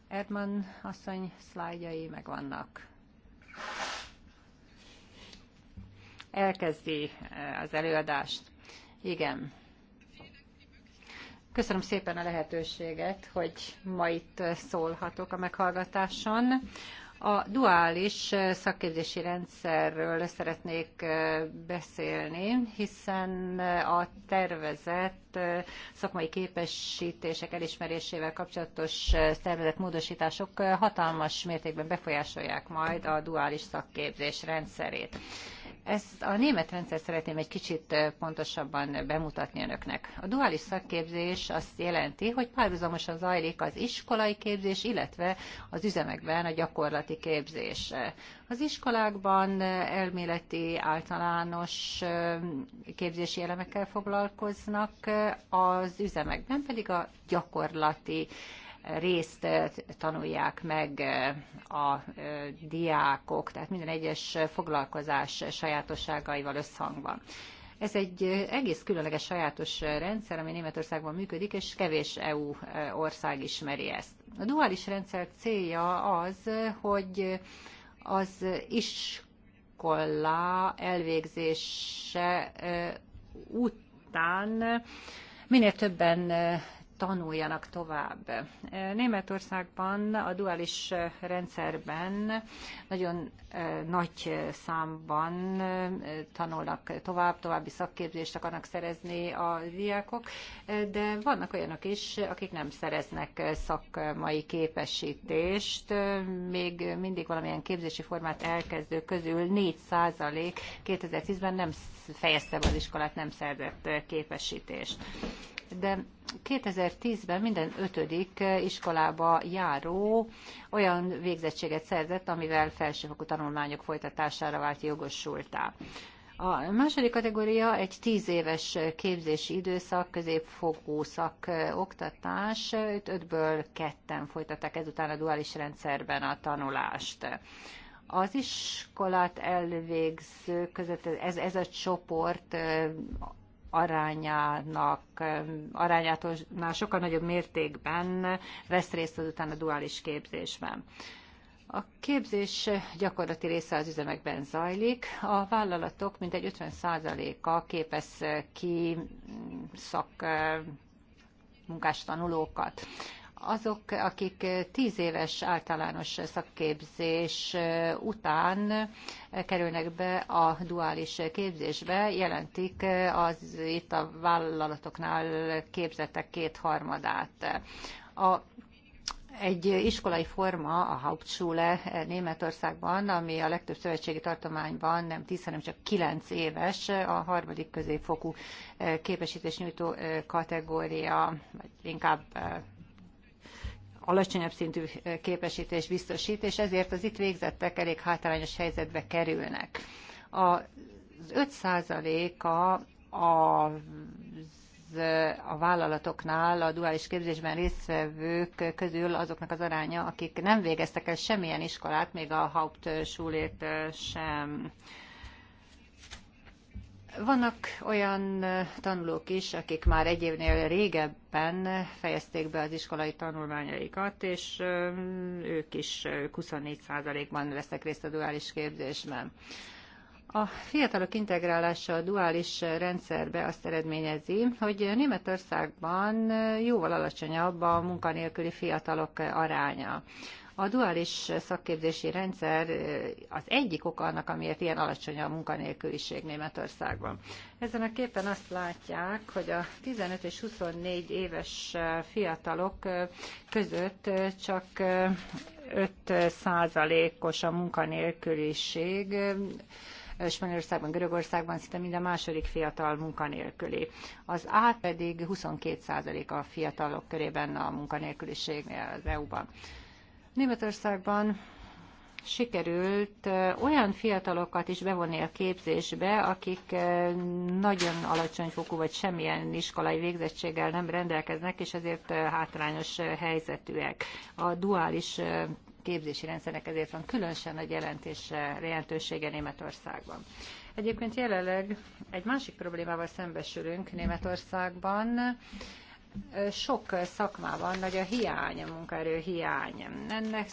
Erdman asszony szlájdjai megvannak elkezdi eh, az előadást. Igen. Köszönöm szépen a lehetőséget, hogy ma itt szólhatok a meghallgatáson. A duális eh, szakképzési rendszerről szeretnék eh, beszélni, hiszen a tervezet mert szakmai képesítések elismerésével kapcsolatos tervezett módosítások hatalmas mértékben befolyásolják majd a duális szakképzés rendszerét. Ezt a német rendszer szeretném egy kicsit pontosabban bemutatni önöknek. A duális szakképzés azt jelenti, hogy párhuzamosan zajlik az iskolai képzés, illetve az üzemekben a gyakorlati képzés. Az iskolákban elméleti általános képzési elemekkel foglalkoznak, az üzemekben pedig a gyakorlati részt tanulják meg a diákok, tehát minden egyes foglalkozás sajátosságaival összhangban. Ez egy egész különleges sajátos rendszer, ami Németországban működik, és kevés EU ország ismeri ezt. A duális rendszer célja az, hogy az iskola elvégzése után minél többen tanuljanak tovább. Németországban a duális rendszerben nagyon eh, nagy számban eh, tanulnak tovább, további szakképzést akarnak szerezni a diákok, eh, de vannak olyanok is, akik nem szereznek szakmai képesítést, még mindig valamilyen képzési formát elkezdő közül 4 2010-ben nem fejezte be az iskolát, nem szerzett képesítést de 2010-ben minden ötödik iskolába járó olyan végzettséget szerzett, amivel felsőfokú tanulmányok folytatására vált jogosultá. A második kategória egy tíz éves képzési időszak, szak oktatás, itt ötből ketten folytatták ezután a duális rendszerben a tanulást. Az iskolát elvégző között ez, ez a csoport arányának, arányától sokkal nagyobb mértékben vesz részt azután a duális képzésben. A képzés gyakorlati része az üzemekben zajlik. A vállalatok mintegy 50%-a képez ki mm, szak mm, munkás tanulókat azok, akik tíz éves általános szakképzés után kerülnek be a duális képzésbe, jelentik az itt a vállalatoknál képzettek kétharmadát. A egy iskolai forma, a Hauptschule Németországban, ami a legtöbb szövetségi tartományban nem 10, hanem csak 9 éves, a harmadik középfokú képesítés nyújtó kategória, vagy inkább alacsonyabb szintű képesítés biztosít, és ezért az itt végzettek elég hátrányos helyzetbe kerülnek. Az 5%-a a a vállalatoknál a duális képzésben résztvevők közül azoknak az aránya, akik nem végeztek el semmilyen iskolát, még a Hauptschulét sem vannak olyan tanulók is, akik már egy évnél régebben fejezték be az iskolai tanulmányaikat, és ők is 24%-ban vesznek részt a duális képzésben. A fiatalok integrálása a duális rendszerbe azt eredményezi, hogy Németországban jóval alacsonyabb a munkanélküli fiatalok aránya. A duális szakképzési rendszer az egyik oka annak, amiért ilyen alacsony a munkanélküliség Németországban. Ezen a képen azt látják, hogy a 15 és 24 éves fiatalok között csak 5 százalékos a munkanélküliség, Spanyolországban, Görögországban szinte minden második fiatal munkanélküli. Az át pedig 22% a fiatalok körében a munkanélküliségnél az EU-ban. Németországban sikerült olyan fiatalokat is bevonni a képzésbe, akik nagyon alacsony fokú vagy semmilyen iskolai végzettséggel nem rendelkeznek, és ezért hátrányos helyzetűek. A duális képzési rendszernek ezért van különösen nagy jelentés, jelentősége Németországban. Egyébként jelenleg egy másik problémával szembesülünk Németországban, sok szakmában nagy a hiány, a munkaerő hiány. Ennek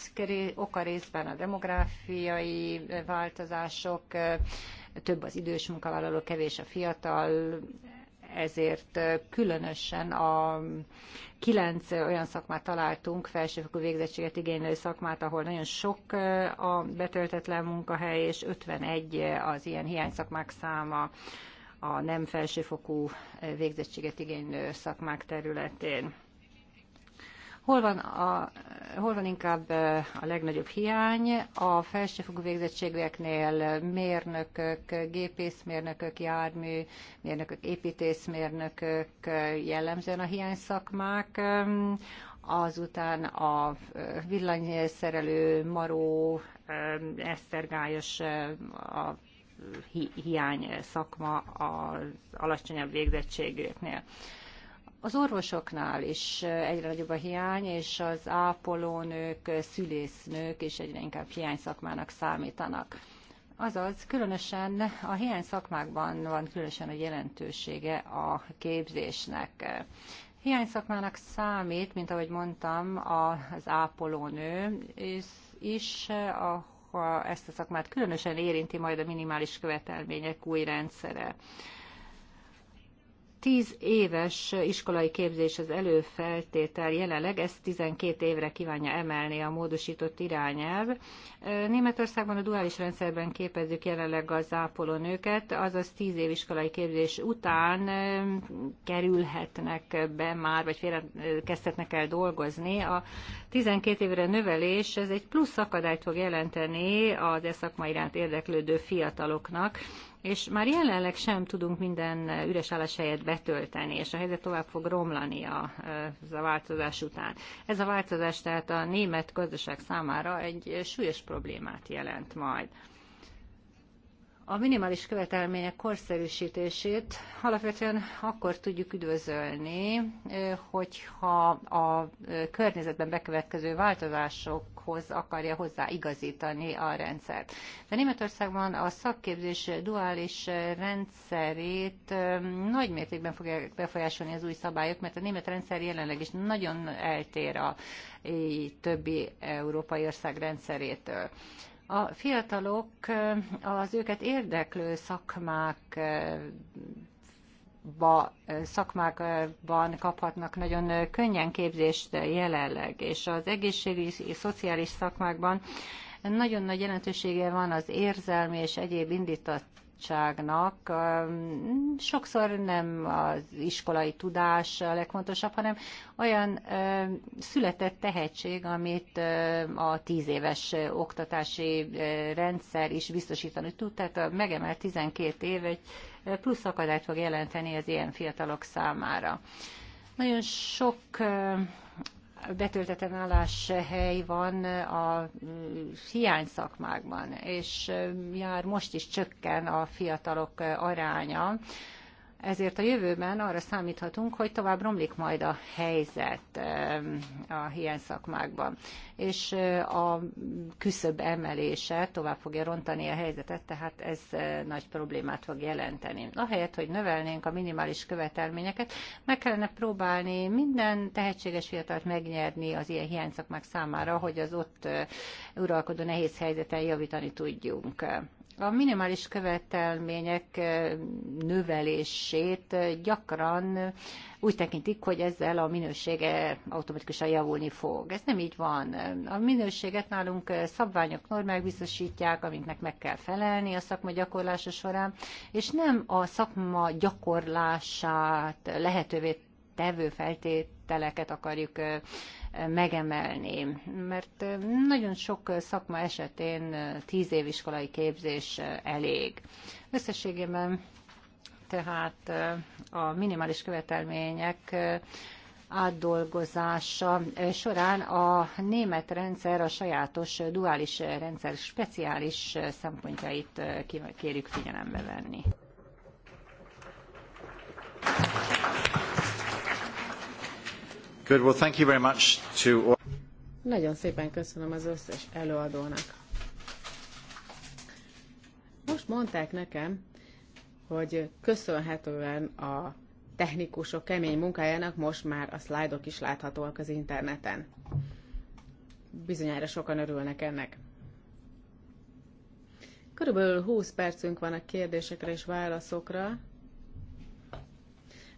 oka részben a demográfiai változások, több az idős munkavállaló, kevés a fiatal, ezért különösen a kilenc olyan szakmát találtunk, felsőfokú végzettséget igénylő szakmát, ahol nagyon sok a betöltetlen munkahely, és 51 az ilyen hiány szakmák száma a nem felsőfokú végzettséget igénylő szakmák területén. Hol van, a, hol van inkább a legnagyobb hiány? A felsőfokú végzettségeknél mérnökök, gépészmérnökök, jármű, mérnökök, építészmérnökök jellemzően a hiány szakmák azután a villanyszerelő, maró, esztergályos, a hi- hiány szakma az alacsonyabb végzettségűeknél. Az orvosoknál is egyre nagyobb a hiány, és az ápolónők, szülésznők is egyre inkább hiány szakmának számítanak. Azaz, különösen a hiány szakmákban van különösen a jelentősége a képzésnek. Hiány szakmának számít, mint ahogy mondtam, az ápolónő is, is a ha ezt a szakmát különösen érinti majd a minimális követelmények új rendszere. 10 éves iskolai képzés az előfeltétel jelenleg, ezt 12 évre kívánja emelni a módosított irányelv. Németországban a duális rendszerben képezzük jelenleg az ápolónőket, azaz 10 év iskolai képzés után kerülhetnek be már, vagy félre kezdhetnek el dolgozni. A 12 évre növelés, ez egy plusz akadályt fog jelenteni az e szakma iránt érdeklődő fiataloknak, és már jelenleg sem tudunk minden üres álláshelyet betölteni, és a helyzet tovább fog romlani a, ez a változás után. Ez a változás tehát a német gazdaság számára egy súlyos problémát jelent majd a minimális követelmények korszerűsítését alapvetően akkor tudjuk üdvözölni, hogyha a környezetben bekövetkező változásokhoz akarja hozzáigazítani a rendszert. De Németországban a szakképzés duális rendszerét nagy mértékben fogják befolyásolni az új szabályok, mert a német rendszer jelenleg is nagyon eltér a többi európai ország rendszerétől. A fiatalok az őket érdeklő szakmák ba, szakmákban kaphatnak nagyon könnyen képzést jelenleg, és az egészségügyi, szociális szakmákban nagyon nagy jelentősége van az érzelmi és egyéb indítat, bizottságnak sokszor nem az iskolai tudás a legfontosabb, hanem olyan született tehetség, amit a tíz éves oktatási rendszer is biztosítani tud, tehát a megemelt 12 év egy plusz akadályt fog jelenteni az ilyen fiatalok számára. Nagyon sok betöltetlen álláshely van a mm, hiány szakmákban, és mm, jár most is csökken a fiatalok aránya, ezért a jövőben arra számíthatunk, hogy tovább romlik majd a helyzet a ilyen szakmákban, és a küszöbb emelése tovább fogja rontani a helyzetet, tehát ez nagy problémát fog jelenteni. Ahelyett, hogy növelnénk a minimális követelményeket, meg kellene próbálni minden tehetséges fiatalt megnyerni az ilyen hiányszakmák számára, hogy az ott uralkodó nehéz helyzeten javítani tudjunk. A minimális követelmények növelését gyakran úgy tekintik, hogy ezzel a minősége automatikusan javulni fog. Ez nem így van. A minőséget nálunk szabványok, normák biztosítják, amiknek meg kell felelni a szakma gyakorlása során, és nem a szakma gyakorlását lehetővé tevő feltét feltételeket akarjuk megemelni, mert nagyon sok szakma esetén tíz év iskolai képzés elég. Összességében tehát a minimális követelmények átdolgozása során a német rendszer a sajátos duális rendszer speciális szempontjait kérjük figyelembe venni. Good, well, thank you very much to... Nagyon szépen köszönöm az összes előadónak. Most mondták nekem, hogy köszönhetően a technikusok kemény munkájának most már a szlájdok is láthatóak az interneten. Bizonyára sokan örülnek ennek. Körülbelül 20 percünk van a kérdésekre és válaszokra.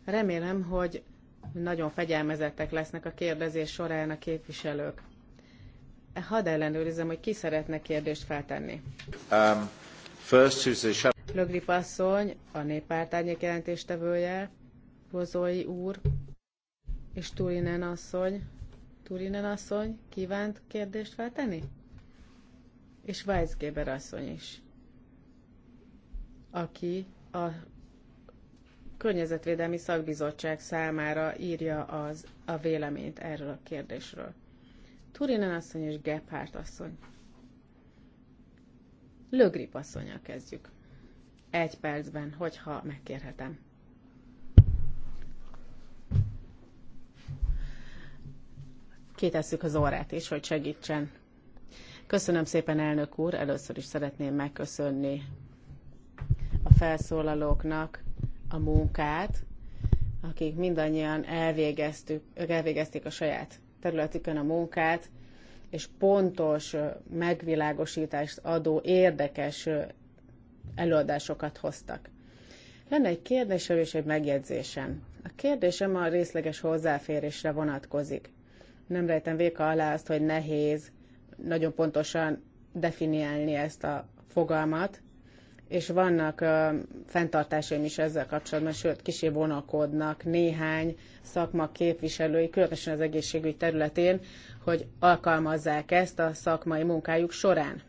Remélem, hogy nagyon fegyelmezettek lesznek a kérdezés során a képviselők. Hadd ellenőrizzem, hogy ki szeretne kérdést feltenni. Um, first is a... Lögrip a néppárt árnyék jelentéstevője, Bozói úr, és Turinen asszony. Turinen asszony kívánt kérdést feltenni? És Weisgeber asszony is, aki a Környezetvédelmi Szakbizottság számára írja az, a véleményt erről a kérdésről. Turinen asszony és Gephardt asszony. Lögrip asszonya kezdjük. Egy percben, hogyha megkérhetem. Kétesszük az órát is, hogy segítsen. Köszönöm szépen, elnök úr. Először is szeretném megköszönni a felszólalóknak a munkát, akik mindannyian elvégeztük, elvégezték a saját területükön a munkát, és pontos megvilágosítást adó érdekes előadásokat hoztak. Lenne egy kérdésem és egy megjegyzésem. A kérdésem a részleges hozzáférésre vonatkozik. Nem rejtem véka alá azt, hogy nehéz nagyon pontosan definiálni ezt a fogalmat, és vannak ö, fenntartásaim is ezzel kapcsolatban, sőt, kisé vonakodnak néhány szakma képviselői, különösen az egészségügy területén, hogy alkalmazzák ezt a szakmai munkájuk során.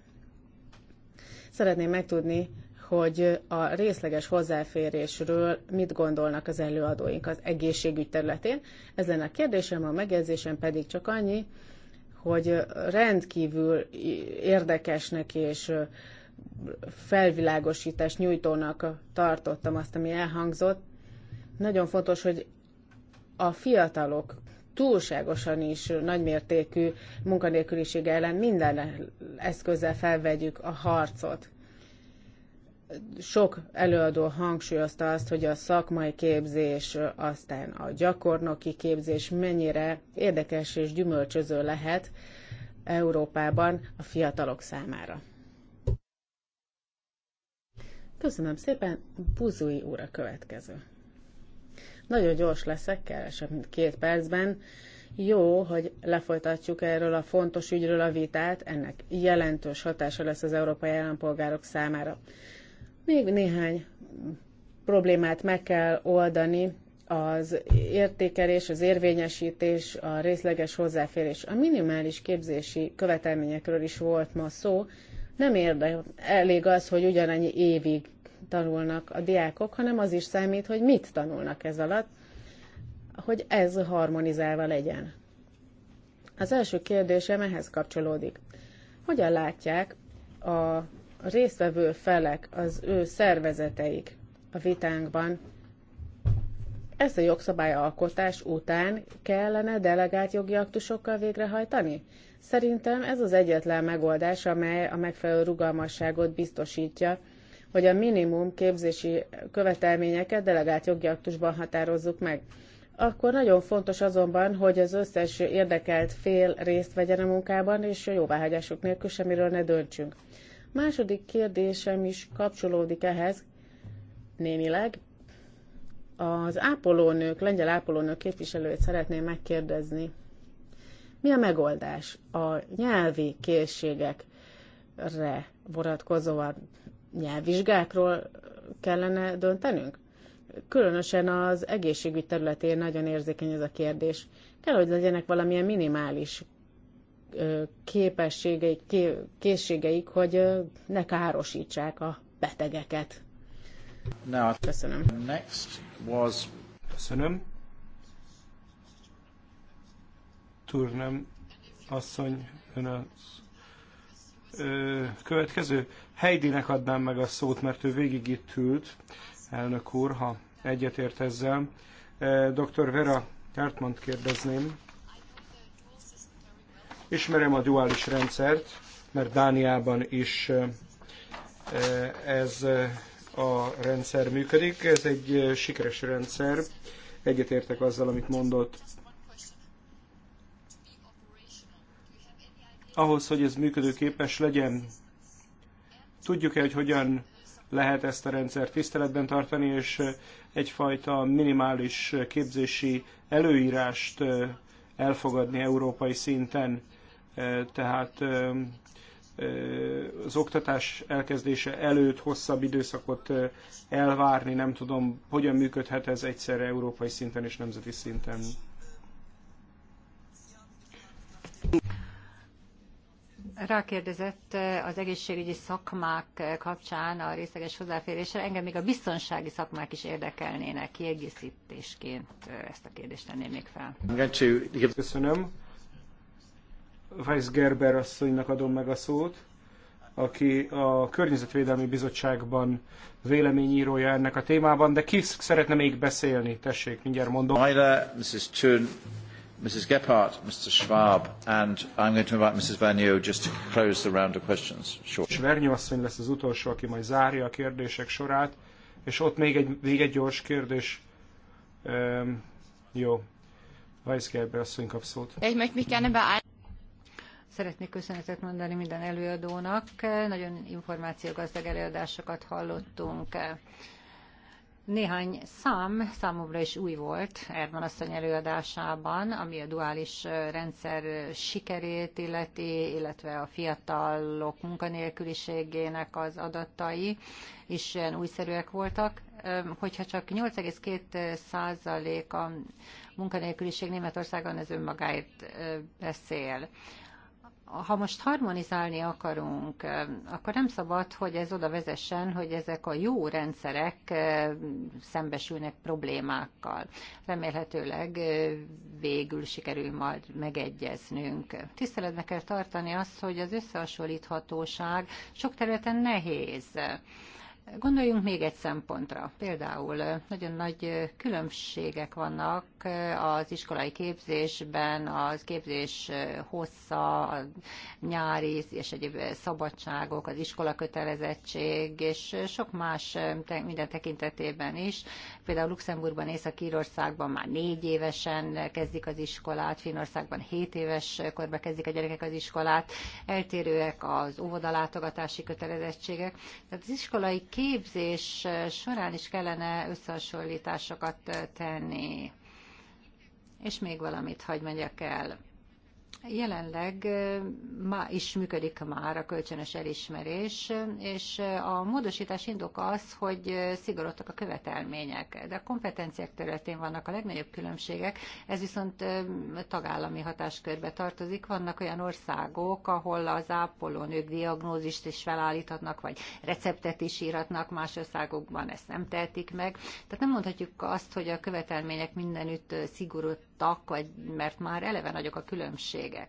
Szeretném megtudni, hogy a részleges hozzáférésről mit gondolnak az előadóink az egészségügy területén. Ez lenne a kérdésem, a megjegyzésem pedig csak annyi, hogy rendkívül érdekesnek és felvilágosítást nyújtónak tartottam azt, ami elhangzott. Nagyon fontos, hogy a fiatalok túlságosan is nagymértékű munkanélküliség ellen minden eszközzel felvegyük a harcot. Sok előadó hangsúlyozta azt, hogy a szakmai képzés, aztán a gyakornoki képzés mennyire érdekes és gyümölcsöző lehet Európában a fiatalok számára. Köszönöm szépen, Buzui úr a következő. Nagyon gyors leszek, kevesebb, mint két percben. Jó, hogy lefolytatjuk erről a fontos ügyről a vitát, ennek jelentős hatása lesz az európai állampolgárok számára. Még néhány problémát meg kell oldani, az értékelés, az érvényesítés, a részleges hozzáférés. A minimális képzési követelményekről is volt ma szó. Nem érde, elég az, hogy ugyanannyi évig tanulnak a diákok, hanem az is számít, hogy mit tanulnak ez alatt, hogy ez harmonizálva legyen. Az első kérdésem ehhez kapcsolódik. Hogyan látják a résztvevő felek, az ő szervezeteik a vitánkban ezt a jogszabályalkotás után kellene delegált jogi aktusokkal végrehajtani? Szerintem ez az egyetlen megoldás, amely a megfelelő rugalmasságot biztosítja hogy a minimum képzési követelményeket delegált jogi aktusban határozzuk meg. Akkor nagyon fontos azonban, hogy az összes érdekelt fél részt vegyen a munkában, és jóváhagyások nélkül semmiről ne döntsünk. Második kérdésem is kapcsolódik ehhez, némileg. Az ápolónők, lengyel ápolónők képviselőjét szeretném megkérdezni. Mi a megoldás a nyelvi készségekre vonatkozóan? nyelvvizsgákról kellene döntenünk? Különösen az egészségügy területén nagyon érzékeny ez a kérdés. Kell, hogy legyenek valamilyen minimális képességeik, készségeik, hogy ne károsítsák a betegeket. Now, Köszönöm. Next was... Köszönöm. Turnem asszony, ön a ö, következő. Heidinek adnám meg a szót, mert ő végig itt ült, elnök úr, ha egyetért ezzel. E, Dr. Vera Kertmant kérdezném. Ismerem a duális rendszert, mert Dániában is e, ez a rendszer működik. Ez egy e, sikeres rendszer. Egyetértek azzal, amit mondott. Ahhoz, hogy ez működőképes legyen, Tudjuk-e, hogy hogyan lehet ezt a rendszert tiszteletben tartani, és egyfajta minimális képzési előírást elfogadni európai szinten. Tehát az oktatás elkezdése előtt hosszabb időszakot elvárni, nem tudom, hogyan működhet ez egyszerre európai szinten és nemzeti szinten rákérdezett eh, az egészségügyi szakmák eh, kapcsán a részleges hozzáférésre. Engem még a biztonsági szakmák is érdekelnének kiegészítésként. Eh, ezt a kérdést tenném még fel. Köszönöm. Weiss Gerber asszonynak adom meg a szót, aki a Környezetvédelmi Bizottságban véleményírója ennek a témában, de ki szeretne még beszélni? Tessék, mindjárt mondom. Myra, Mrs. Chun, Mrs. Gephardt, Mr. Schwab, and I'm going to invite Mrs. Vanier just to close the round of questions. Sure. Vernyó asszony lesz az utolsó, aki majd zárja a kérdések sorát, és ott még egy, még egy gyors kérdés. Um, jó. Weisgerber asszony kap szót. Egy meg Szeretnék köszönetet mondani minden előadónak. Nagyon információgazdag előadásokat hallottunk. Néhány szám számomra is új volt Erman asszony előadásában, ami a duális rendszer sikerét illeti, illetve a fiatalok munkanélküliségének az adatai is ilyen újszerűek voltak. Hogyha csak 8,2 százalék a munkanélküliség Németországon, ez önmagáért beszél ha most harmonizálni akarunk, akkor nem szabad, hogy ez oda vezessen, hogy ezek a jó rendszerek szembesülnek problémákkal. Remélhetőleg végül sikerül majd megegyeznünk. Tiszteletbe kell tartani azt, hogy az összehasonlíthatóság sok területen nehéz. Gondoljunk még egy szempontra. Például nagyon nagy különbségek vannak az iskolai képzésben, az képzés hossza, a nyári és egyéb szabadságok, az iskola kötelezettség, és sok más minden tekintetében is. Például Luxemburgban, Észak-Írországban már négy évesen kezdik az iskolát, Finországban hét éves korban kezdik a gyerekek az iskolát, eltérőek az óvodalátogatási kötelezettségek. Tehát az iskolai képzés során is kellene összehasonlításokat tenni. És még valamit hagy megyek el. Jelenleg ma is működik már a kölcsönös elismerés, és a módosítás indok az, hogy szigorodtak a követelmények, de a kompetenciák területén vannak a legnagyobb különbségek, ez viszont tagállami hatáskörbe tartozik. Vannak olyan országok, ahol az ápolónők diagnózist is felállíthatnak, vagy receptet is íratnak, más országokban ezt nem tehetik meg. Tehát nem mondhatjuk azt, hogy a követelmények mindenütt szigorú megszorultak, vagy mert már eleve nagyok a különbségek.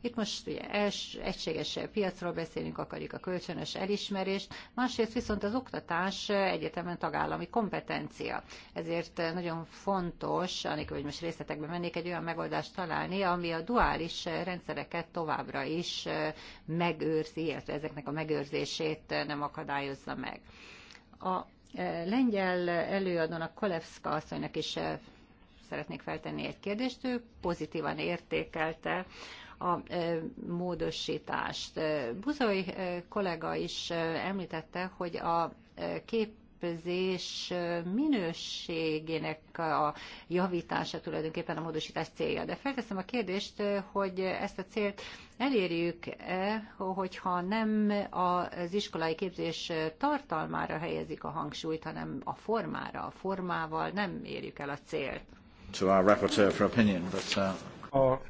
Itt most ugye els, egységes piacról beszélünk, akarjuk a kölcsönös elismerést, másrészt viszont az oktatás egyetemen tagállami kompetencia. Ezért nagyon fontos, anélkül, hogy most részletekbe mennék, egy olyan megoldást találni, ami a duális rendszereket továbbra is megőrzi, illetve ezeknek a megőrzését nem akadályozza meg. A eh, lengyel előadónak, Kolevszka asszonynak is eh, szeretnék feltenni egy kérdést. Ő pozitívan értékelte a módosítást. Buzoly kollega is említette, hogy a kép képzés minőségének a javítása tulajdonképpen a módosítás célja. De felteszem a kérdést, hogy ezt a célt elérjük-e, hogyha nem az iskolai képzés tartalmára helyezik a hangsúlyt, hanem a formára, a formával nem érjük el a célt to our rapporteur for opinion, but, uh... A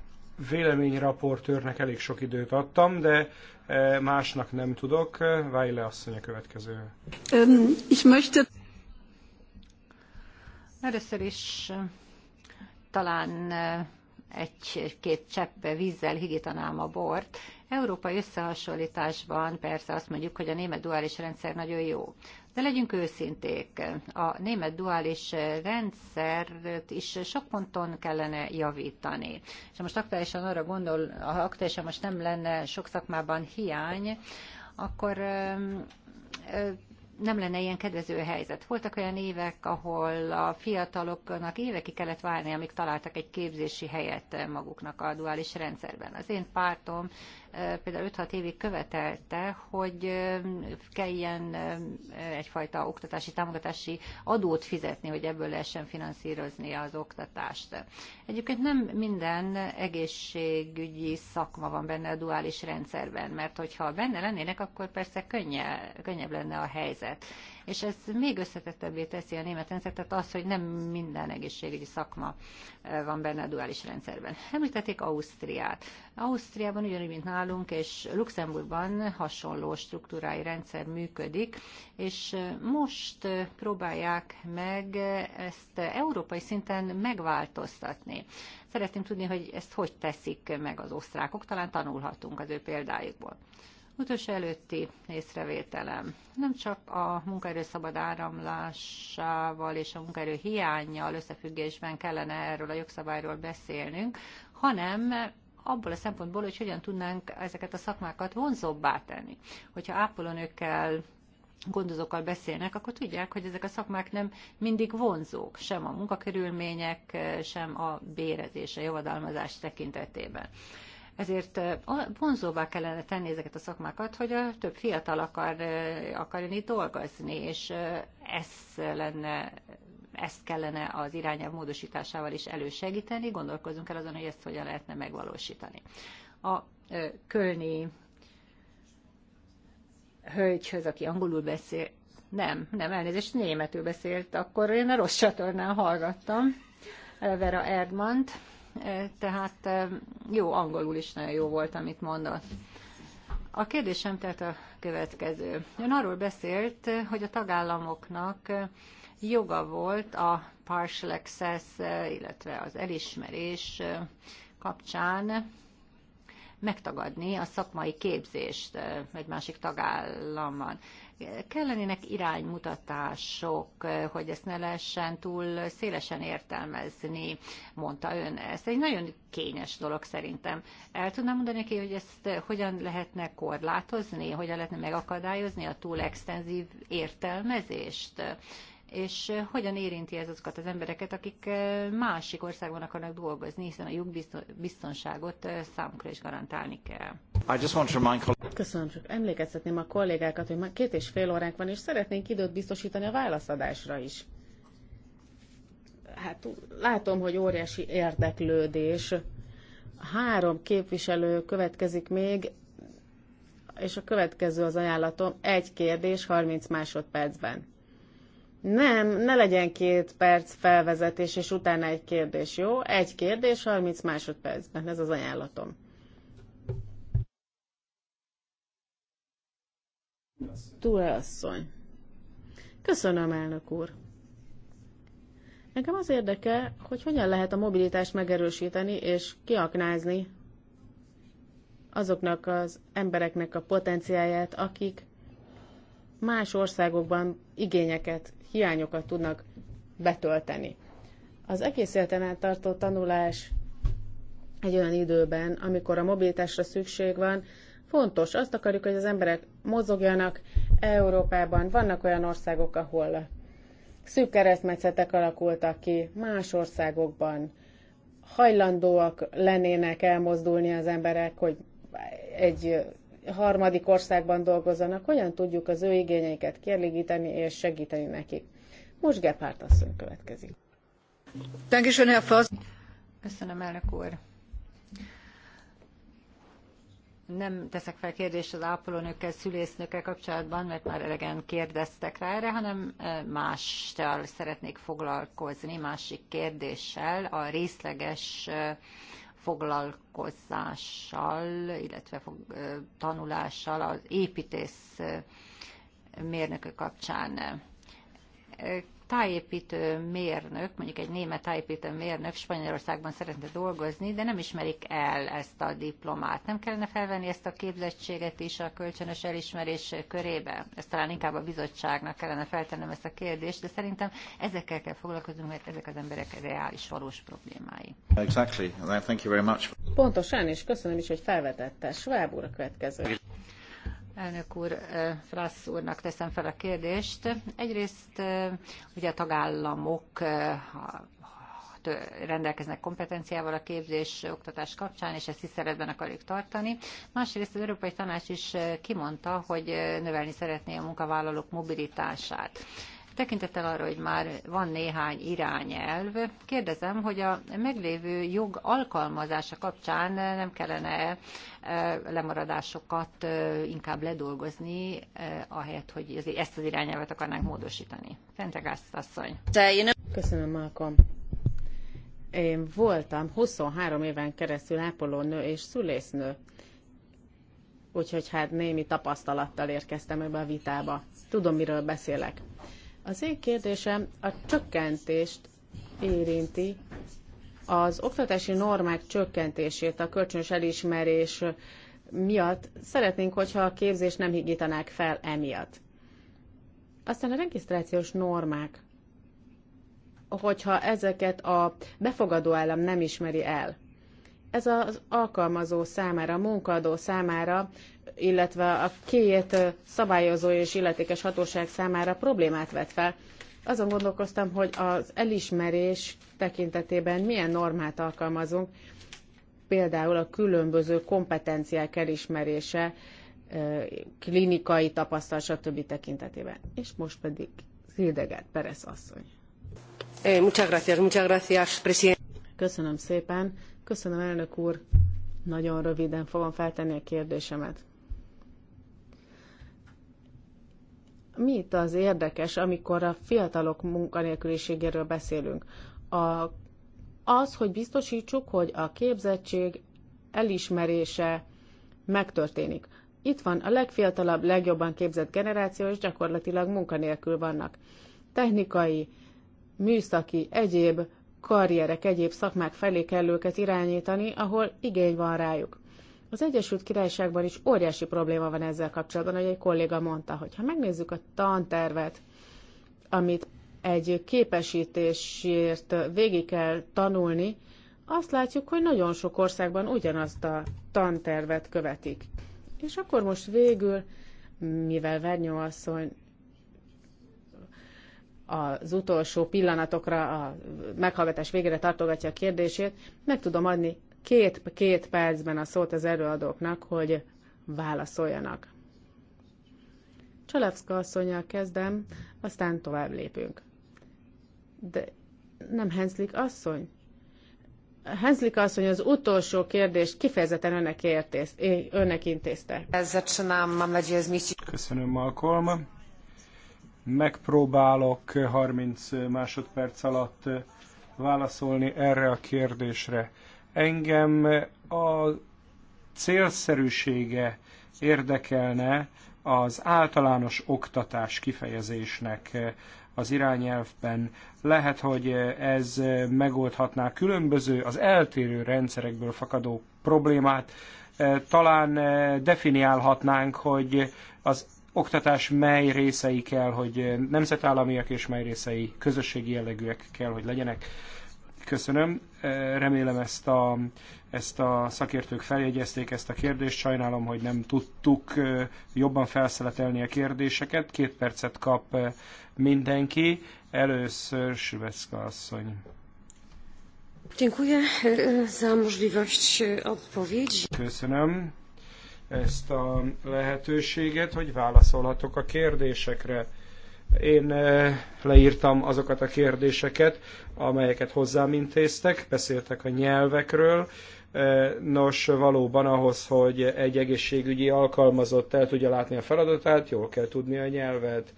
véleményraportőrnek elég sok időt adtam, de e, másnak nem tudok. Vájle asszony a következő. Um, ich möchte... Először is e, talán e, egy-két csepp vízzel higítanám a bort. Európai összehasonlításban persze azt mondjuk, hogy a német duális rendszer nagyon jó. De legyünk őszinték, a német duális rendszert is sok ponton kellene javítani. És most aktuálisan arra gondol, ha aktuálisan most nem lenne sok szakmában hiány, akkor nem lenne ilyen kedvező helyzet. Voltak olyan évek, ahol a fiataloknak évekig kellett várni, amíg találtak egy képzési helyet maguknak a duális rendszerben. Az én pártom például 5-6 évig követelte, hogy kelljen egyfajta oktatási támogatási adót fizetni, hogy ebből lehessen finanszírozni az oktatást. Egyébként nem minden egészségügyi szakma van benne a duális rendszerben, mert hogyha benne lennének, akkor persze könnyebb lenne a helyzet és ez még összetettebbé teszi a német rendszert, tehát az, hogy nem minden egészségügyi szakma van benne a duális rendszerben. Említették Ausztriát. Ausztriában ugyanúgy, mint nálunk, és Luxemburgban hasonló struktúrái rendszer működik, és most próbálják meg ezt európai szinten megváltoztatni. Szeretném tudni, hogy ezt hogy teszik meg az osztrákok, talán tanulhatunk az ő példájukból. Utolsó előtti észrevételem. Nem csak a munkaerő szabad áramlásával és a munkaerő hiányjal összefüggésben kellene erről a jogszabályról beszélnünk, hanem abból a szempontból, hogy hogyan tudnánk ezeket a szakmákat vonzóbbá tenni. Hogyha ápolónőkkel gondozókkal beszélnek, akkor tudják, hogy ezek a szakmák nem mindig vonzók, sem a munkakörülmények, sem a bérezés, a javadalmazás tekintetében. Ezért vonzóvá kellene tenni ezeket a szakmákat, hogy a több fiatal akar, akar jönni dolgozni, és ez lenne ezt kellene az irányelv módosításával is elősegíteni, gondolkozunk el azon, hogy ezt hogyan lehetne megvalósítani. A kölni hölgyhöz, aki angolul beszél, nem, nem, elnézést, németül beszélt, akkor én a rossz csatornán hallgattam Vera Erdmant tehát jó, angolul is nagyon jó volt, amit mondott. A kérdésem tehát a következő. Ön arról beszélt, hogy a tagállamoknak joga volt a partial access, illetve az elismerés kapcsán megtagadni a szakmai képzést egy másik tagállamban. Kellenének iránymutatások, hogy ezt ne lehessen túl szélesen értelmezni, mondta ön. Ez egy nagyon kényes dolog szerintem. El tudnám mondani neki, hogy ezt hogyan lehetne korlátozni, hogyan lehetne megakadályozni a túl extenzív értelmezést? és hogyan érinti ez azokat az embereket, akik másik országban akarnak dolgozni, hiszen a jogbiztonságot számukra is garantálni kell. I just want to remind... Köszönöm, csak emlékeztetném a kollégákat, hogy már két és fél óránk van, és szeretnénk időt biztosítani a válaszadásra is. Hát látom, hogy óriási érdeklődés. Három képviselő következik még, és a következő az ajánlatom, egy kérdés 30 másodpercben. Nem, ne legyen két perc felvezetés, és utána egy kérdés, jó? Egy kérdés, 30 másodpercben, ez az ajánlatom. Túra asszony. Köszönöm, elnök úr. Nekem az érdeke, hogy hogyan lehet a mobilitást megerősíteni és kiaknázni azoknak az embereknek a potenciáját, akik más országokban igényeket, hiányokat tudnak betölteni. Az egész életen át tartó tanulás egy olyan időben, amikor a mobilitásra szükség van, fontos. Azt akarjuk, hogy az emberek mozogjanak Európában. Vannak olyan országok, ahol szűk keresztmetszetek alakultak ki, más országokban hajlandóak lennének elmozdulni az emberek, hogy egy harmadik országban dolgozzanak, hogyan tudjuk az ő igényeiket kielégíteni és segíteni nekik. Most Gephardt asszony következik. Köszönöm, elnök úr. Nem teszek fel kérdést az ápolónőkkel, szülésznőkkel kapcsolatban, mert már elegen kérdeztek rá erre, hanem eh, mással szeretnék foglalkozni, másik kérdéssel, a részleges eh, foglalkozással, illetve fog, tanulással az építész mérnökök kapcsán tájépítő mérnök, mondjuk egy német tájépítő mérnök Spanyolországban szeretne dolgozni, de nem ismerik el ezt a diplomát. Nem kellene felvenni ezt a képzettséget is a kölcsönös elismerés körébe? Ezt talán inkább a bizottságnak kellene feltennem ezt a kérdést, de szerintem ezekkel kell foglalkoznunk, mert ezek az emberek reális, valós problémái. Exactly. Thank you very much. Pontosan, és köszönöm is, hogy felvetette. Schwab úr a következő. Elnök úr, eh, Frász úrnak teszem fel a kérdést. Egyrészt eh, ugye a tagállamok eh, rendelkeznek kompetenciával a képzés oktatás kapcsán, és ezt tiszteletben akarjuk tartani. Másrészt az Európai Tanács is kimondta, hogy növelni szeretné a munkavállalók mobilitását. Tekintettel arra, hogy már van néhány irányelv, kérdezem, hogy a meglévő jog alkalmazása kapcsán nem kellene eh, lemaradásokat eh, inkább ledolgozni, eh, ahelyett, hogy ezt az irányelvet akarnánk módosítani. Fentegász asszony. Köszönöm, Malcolm. Én voltam 23 éven keresztül ápolónő és szülésznő úgyhogy hát némi tapasztalattal érkeztem ebbe a vitába. Tudom, miről beszélek. Az én kérdésem a csökkentést érinti, az oktatási normák csökkentését a kölcsönös elismerés miatt szeretnénk, hogyha a képzést nem higítanák fel emiatt. Aztán a regisztrációs normák, hogyha ezeket a befogadó állam nem ismeri el, ez az alkalmazó számára, a munkadó számára illetve a két szabályozó és illetékes hatóság számára problémát vet fel. Azon gondolkoztam, hogy az elismerés tekintetében milyen normát alkalmazunk, például a különböző kompetenciák elismerése, klinikai tapasztalat, stb. tekintetében. És most pedig Zildegát Perez asszony. Eh, muchas gracias, muchas gracias, presidente. Köszönöm szépen. Köszönöm, elnök úr. Nagyon röviden fogom feltenni a kérdésemet. mi itt az érdekes, amikor a fiatalok munkanélküliségéről beszélünk? A, az, hogy biztosítsuk, hogy a képzettség elismerése megtörténik. Itt van a legfiatalabb, legjobban képzett generáció, és gyakorlatilag munkanélkül vannak. Technikai, műszaki, egyéb karrierek, egyéb szakmák felé kell őket irányítani, ahol igény van rájuk. Az Egyesült Királyságban is óriási probléma van ezzel kapcsolatban, hogy egy kolléga mondta, hogy ha megnézzük a tantervet, amit egy képesítésért végig kell tanulni, azt látjuk, hogy nagyon sok országban ugyanazt a tantervet követik. És akkor most végül, mivel Vernyó asszony az utolsó pillanatokra, a meghallgatás végére tartogatja a kérdését, meg tudom adni két, két percben a szót az előadóknak, hogy válaszoljanak. Csalevszka asszonyjal kezdem, aztán tovább lépünk. De nem Henslik asszony? Henslik asszony az utolsó kérdést kifejezetten önnek, értész, önnek intézte. Köszönöm, Malcolm. Megpróbálok 30 másodperc alatt válaszolni erre a kérdésre. Engem a célszerűsége érdekelne az általános oktatás kifejezésnek az irányelvben. Lehet, hogy ez megoldhatná különböző, az eltérő rendszerekből fakadó problémát. Talán definiálhatnánk, hogy az oktatás mely részei kell, hogy nemzetállamiak és mely részei közösségi jellegűek kell, hogy legyenek. Köszönöm. Remélem ezt a, ezt a szakértők feljegyezték ezt a kérdést. Sajnálom, hogy nem tudtuk jobban felszeletelni a kérdéseket. Két percet kap mindenki. Először Süvecka asszony. Dziękuję e, za możliwość e, odpowiedzi. Köszönöm ezt a lehetőséget, hogy válaszolhatok a kérdésekre én eh, leírtam azokat a kérdéseket, amelyeket hozzám intéztek, beszéltek a nyelvekről. Eh, nos, valóban ahhoz, hogy egy egészségügyi alkalmazott el tudja látni a feladatát, jól kell tudni a nyelvet,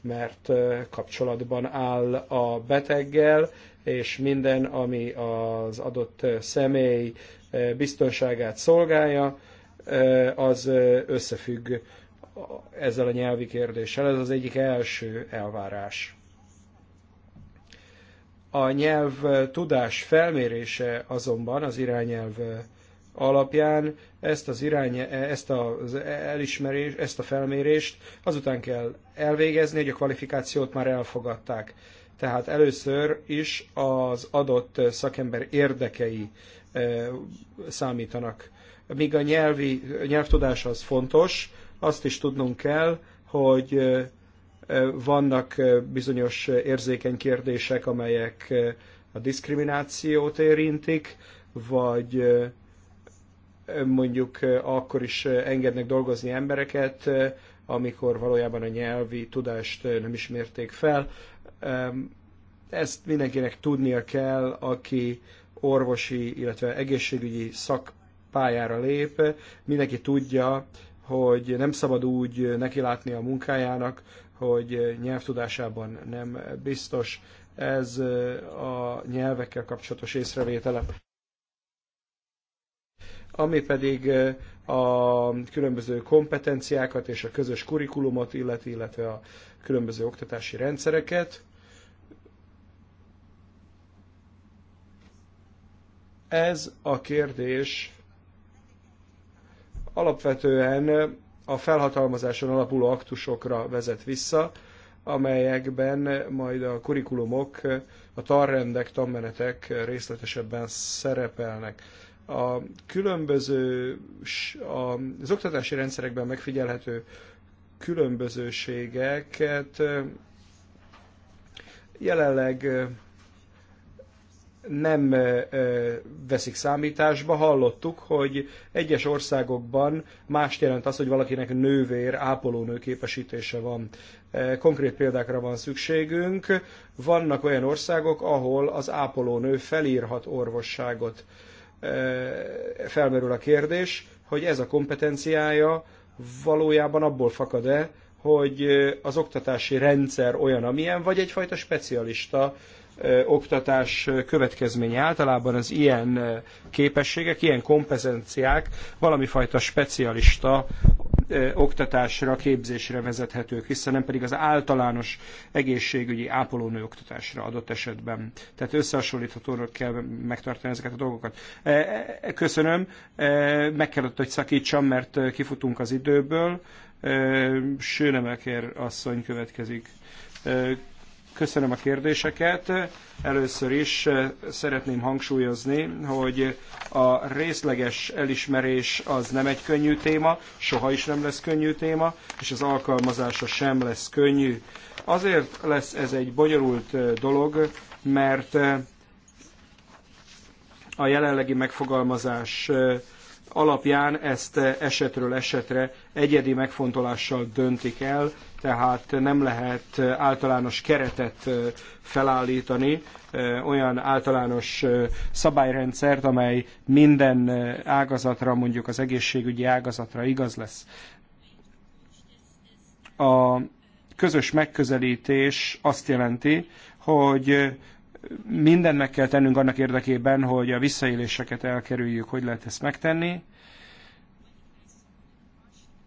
mert eh, kapcsolatban áll a beteggel, és minden, ami az adott személy biztonságát szolgálja, az összefügg ezzel a nyelvi kérdéssel. Ez az egyik első elvárás. A nyelv tudás felmérése azonban az irányelv alapján ezt az irány, ezt az elismerés, ezt a felmérést azután kell elvégezni, hogy a kvalifikációt már elfogadták. Tehát először is az adott szakember érdekei eh, számítanak. Míg a nyelvi, nyelvtudás az fontos, azt is tudnunk kell, hogy vannak bizonyos érzékeny kérdések, amelyek a diszkriminációt érintik, vagy mondjuk akkor is engednek dolgozni embereket, amikor valójában a nyelvi tudást nem ismerték fel. Ezt mindenkinek tudnia kell, aki orvosi, illetve egészségügyi szakpályára lép, mindenki tudja, hogy nem szabad úgy nekilátni a munkájának, hogy nyelvtudásában nem biztos. Ez a nyelvekkel kapcsolatos észrevételem. Ami pedig a különböző kompetenciákat és a közös kurikulumot illeti, illetve a különböző oktatási rendszereket. Ez a kérdés alapvetően a felhatalmazáson alapuló aktusokra vezet vissza, amelyekben majd a kurikulumok, a tanrendek, tanmenetek részletesebben szerepelnek. A különböző, az oktatási rendszerekben megfigyelhető különbözőségeket jelenleg nem veszik számításba. Hallottuk, hogy egyes országokban más jelent az, hogy valakinek nővér, ápolónő képesítése van. Konkrét példákra van szükségünk. Vannak olyan országok, ahol az ápolónő felírhat orvosságot. Felmerül a kérdés, hogy ez a kompetenciája valójában abból fakad-e, hogy az oktatási rendszer olyan, amilyen, vagy egyfajta specialista oktatás következménye. Általában az ilyen képességek, ilyen kompetenciák valami fajta specialista oktatásra, képzésre vezethetők Hiszen nem pedig az általános egészségügyi ápolónő oktatásra adott esetben. Tehát összehasonlíthatóra kell megtartani ezeket a dolgokat. Köszönöm, meg kellett, hogy szakítsam, mert kifutunk az időből. Sőnemeker asszony következik. Köszönöm a kérdéseket. Először is eh, szeretném hangsúlyozni, hogy a részleges elismerés az nem egy könnyű téma, soha is nem lesz könnyű téma, és az alkalmazása sem lesz könnyű. Azért lesz ez egy bonyolult eh, dolog, mert eh, a jelenlegi megfogalmazás alapján ezt esetről esetre egyedi megfontolással döntik el, tehát nem lehet általános keretet felállítani, olyan általános szabályrendszert, amely minden ágazatra, mondjuk az egészségügyi ágazatra igaz lesz. A közös megközelítés azt jelenti, hogy mindent meg kell tennünk annak érdekében, hogy a visszaéléseket elkerüljük, hogy lehet ezt megtenni,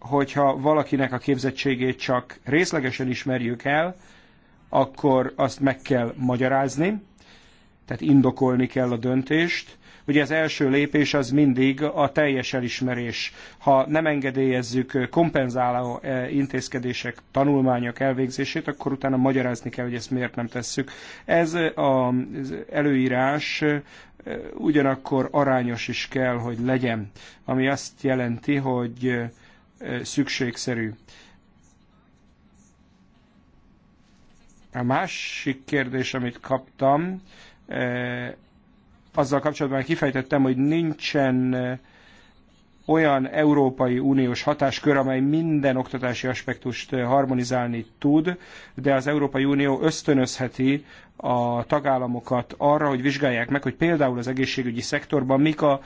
hogyha valakinek a képzettségét csak részlegesen ismerjük el, akkor azt meg kell magyarázni, tehát indokolni kell a döntést. Ugye az első lépés az mindig a teljes elismerés. Ha nem engedélyezzük kompenzáló eh, intézkedések, tanulmányok elvégzését, akkor utána magyarázni kell, hogy ezt miért nem tesszük. Ez eh, az előírás eh, ugyanakkor arányos is kell, hogy legyen, ami azt jelenti, hogy szükségszerű. A másik kérdés, amit kaptam, eh, azzal kapcsolatban kifejtettem, hogy nincsen eh, olyan Európai Uniós hatáskör, amely minden oktatási aspektust eh, harmonizálni tud, de az Európai Unió ösztönözheti a tagállamokat arra, hogy vizsgálják meg, hogy például az egészségügyi szektorban mik a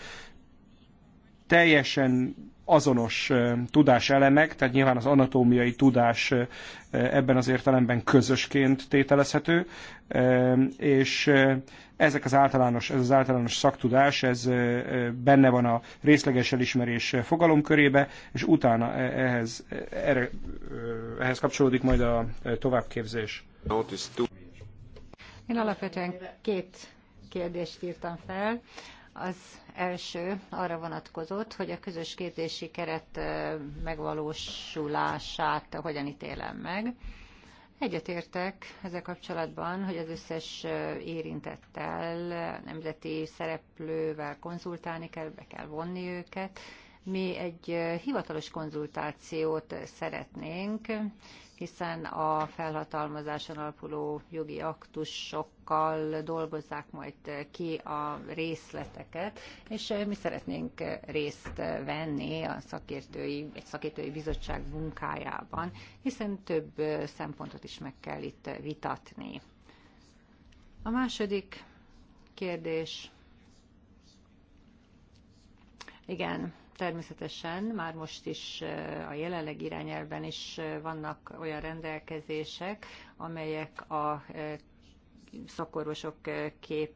teljesen azonos tudáselemek, tehát nyilván az anatómiai tudás ebben az értelemben közösként tételezhető, és ezek az általános, ez az általános szaktudás, ez benne van a részleges elismerés fogalomkörébe, és utána e, ehhez, e, erre, ehhez kapcsolódik majd a e, továbbképzés. Én alapvetően két kérdést írtam fel. Az első arra vonatkozott, hogy a közös képzési keret megvalósulását hogyan ítélem meg. Egyetértek ezzel kapcsolatban, hogy az összes érintettel, nemzeti szereplővel konzultálni kell, be kell vonni őket, mi egy hivatalos konzultációt szeretnénk, hiszen a felhatalmazáson alapuló jogi aktusokkal dolgozzák majd ki a részleteket, és mi szeretnénk részt venni a szakértői, egy szakértői bizottság munkájában, hiszen több szempontot is meg kell itt vitatni. A második kérdés. Igen, Természetesen már most is a jelenleg irányelben is vannak olyan rendelkezések, amelyek a szakorvosok kép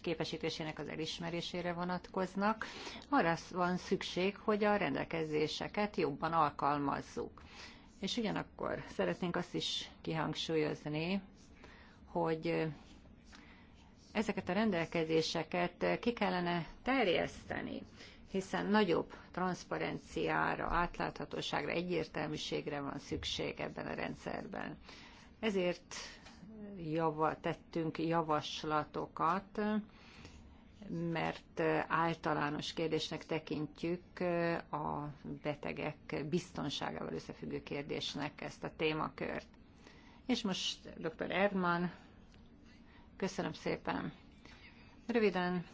képesítésének az elismerésére vonatkoznak. Arra van szükség, hogy a rendelkezéseket jobban alkalmazzuk. És ugyanakkor szeretnénk azt is kihangsúlyozni, hogy ezeket a rendelkezéseket ki kellene terjeszteni hiszen nagyobb transzparenciára, átláthatóságra, egyértelműségre van szükség ebben a rendszerben. Ezért java, tettünk javaslatokat, mert általános kérdésnek tekintjük a betegek biztonságával összefüggő kérdésnek ezt a témakört. És most dr. Erdman, köszönöm szépen. Röviden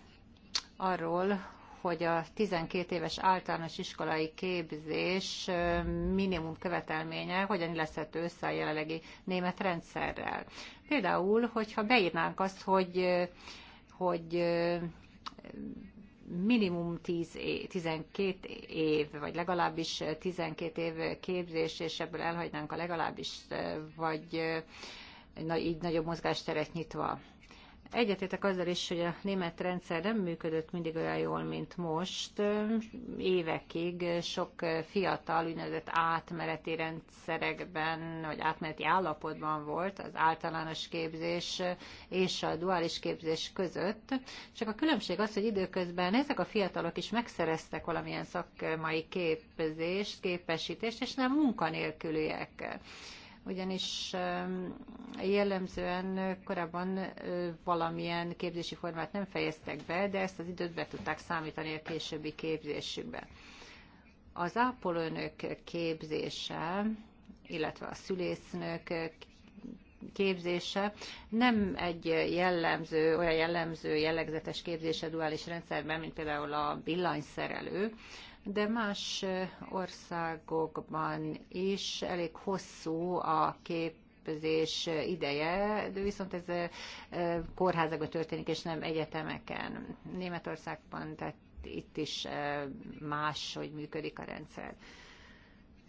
arról, hogy a 12 éves általános iskolai képzés minimum követelménye hogyan illeszhető össze a jelenlegi német rendszerrel. Például, hogyha beírnánk azt, hogy, hogy minimum 10 év, 12 év, vagy legalábbis 12 év képzés, és ebből elhagynánk a legalábbis, vagy így nagyobb mozgásteret nyitva Egyetétek azzal is, hogy a német rendszer nem működött mindig olyan jól, mint most. Évekig sok fiatal úgynevezett átmereti rendszerekben, vagy átmeneti állapotban volt az általános képzés és a duális képzés között. Csak a különbség az, hogy időközben ezek a fiatalok is megszereztek valamilyen szakmai képzést, képesítést, és nem munkanélküliek ugyanis jellemzően korábban valamilyen képzési formát nem fejeztek be, de ezt az időt be tudták számítani a későbbi képzésükbe. Az ápolónök képzése, illetve a szülésznök képzése nem egy jellemző, olyan jellemző, jellegzetes képzése duális rendszerben, mint például a villanyszerelő, de más országokban is elég hosszú a kép képzés ideje, de viszont ez kórházakban történik, és nem egyetemeken. Németországban, tehát itt is más, hogy működik a rendszer.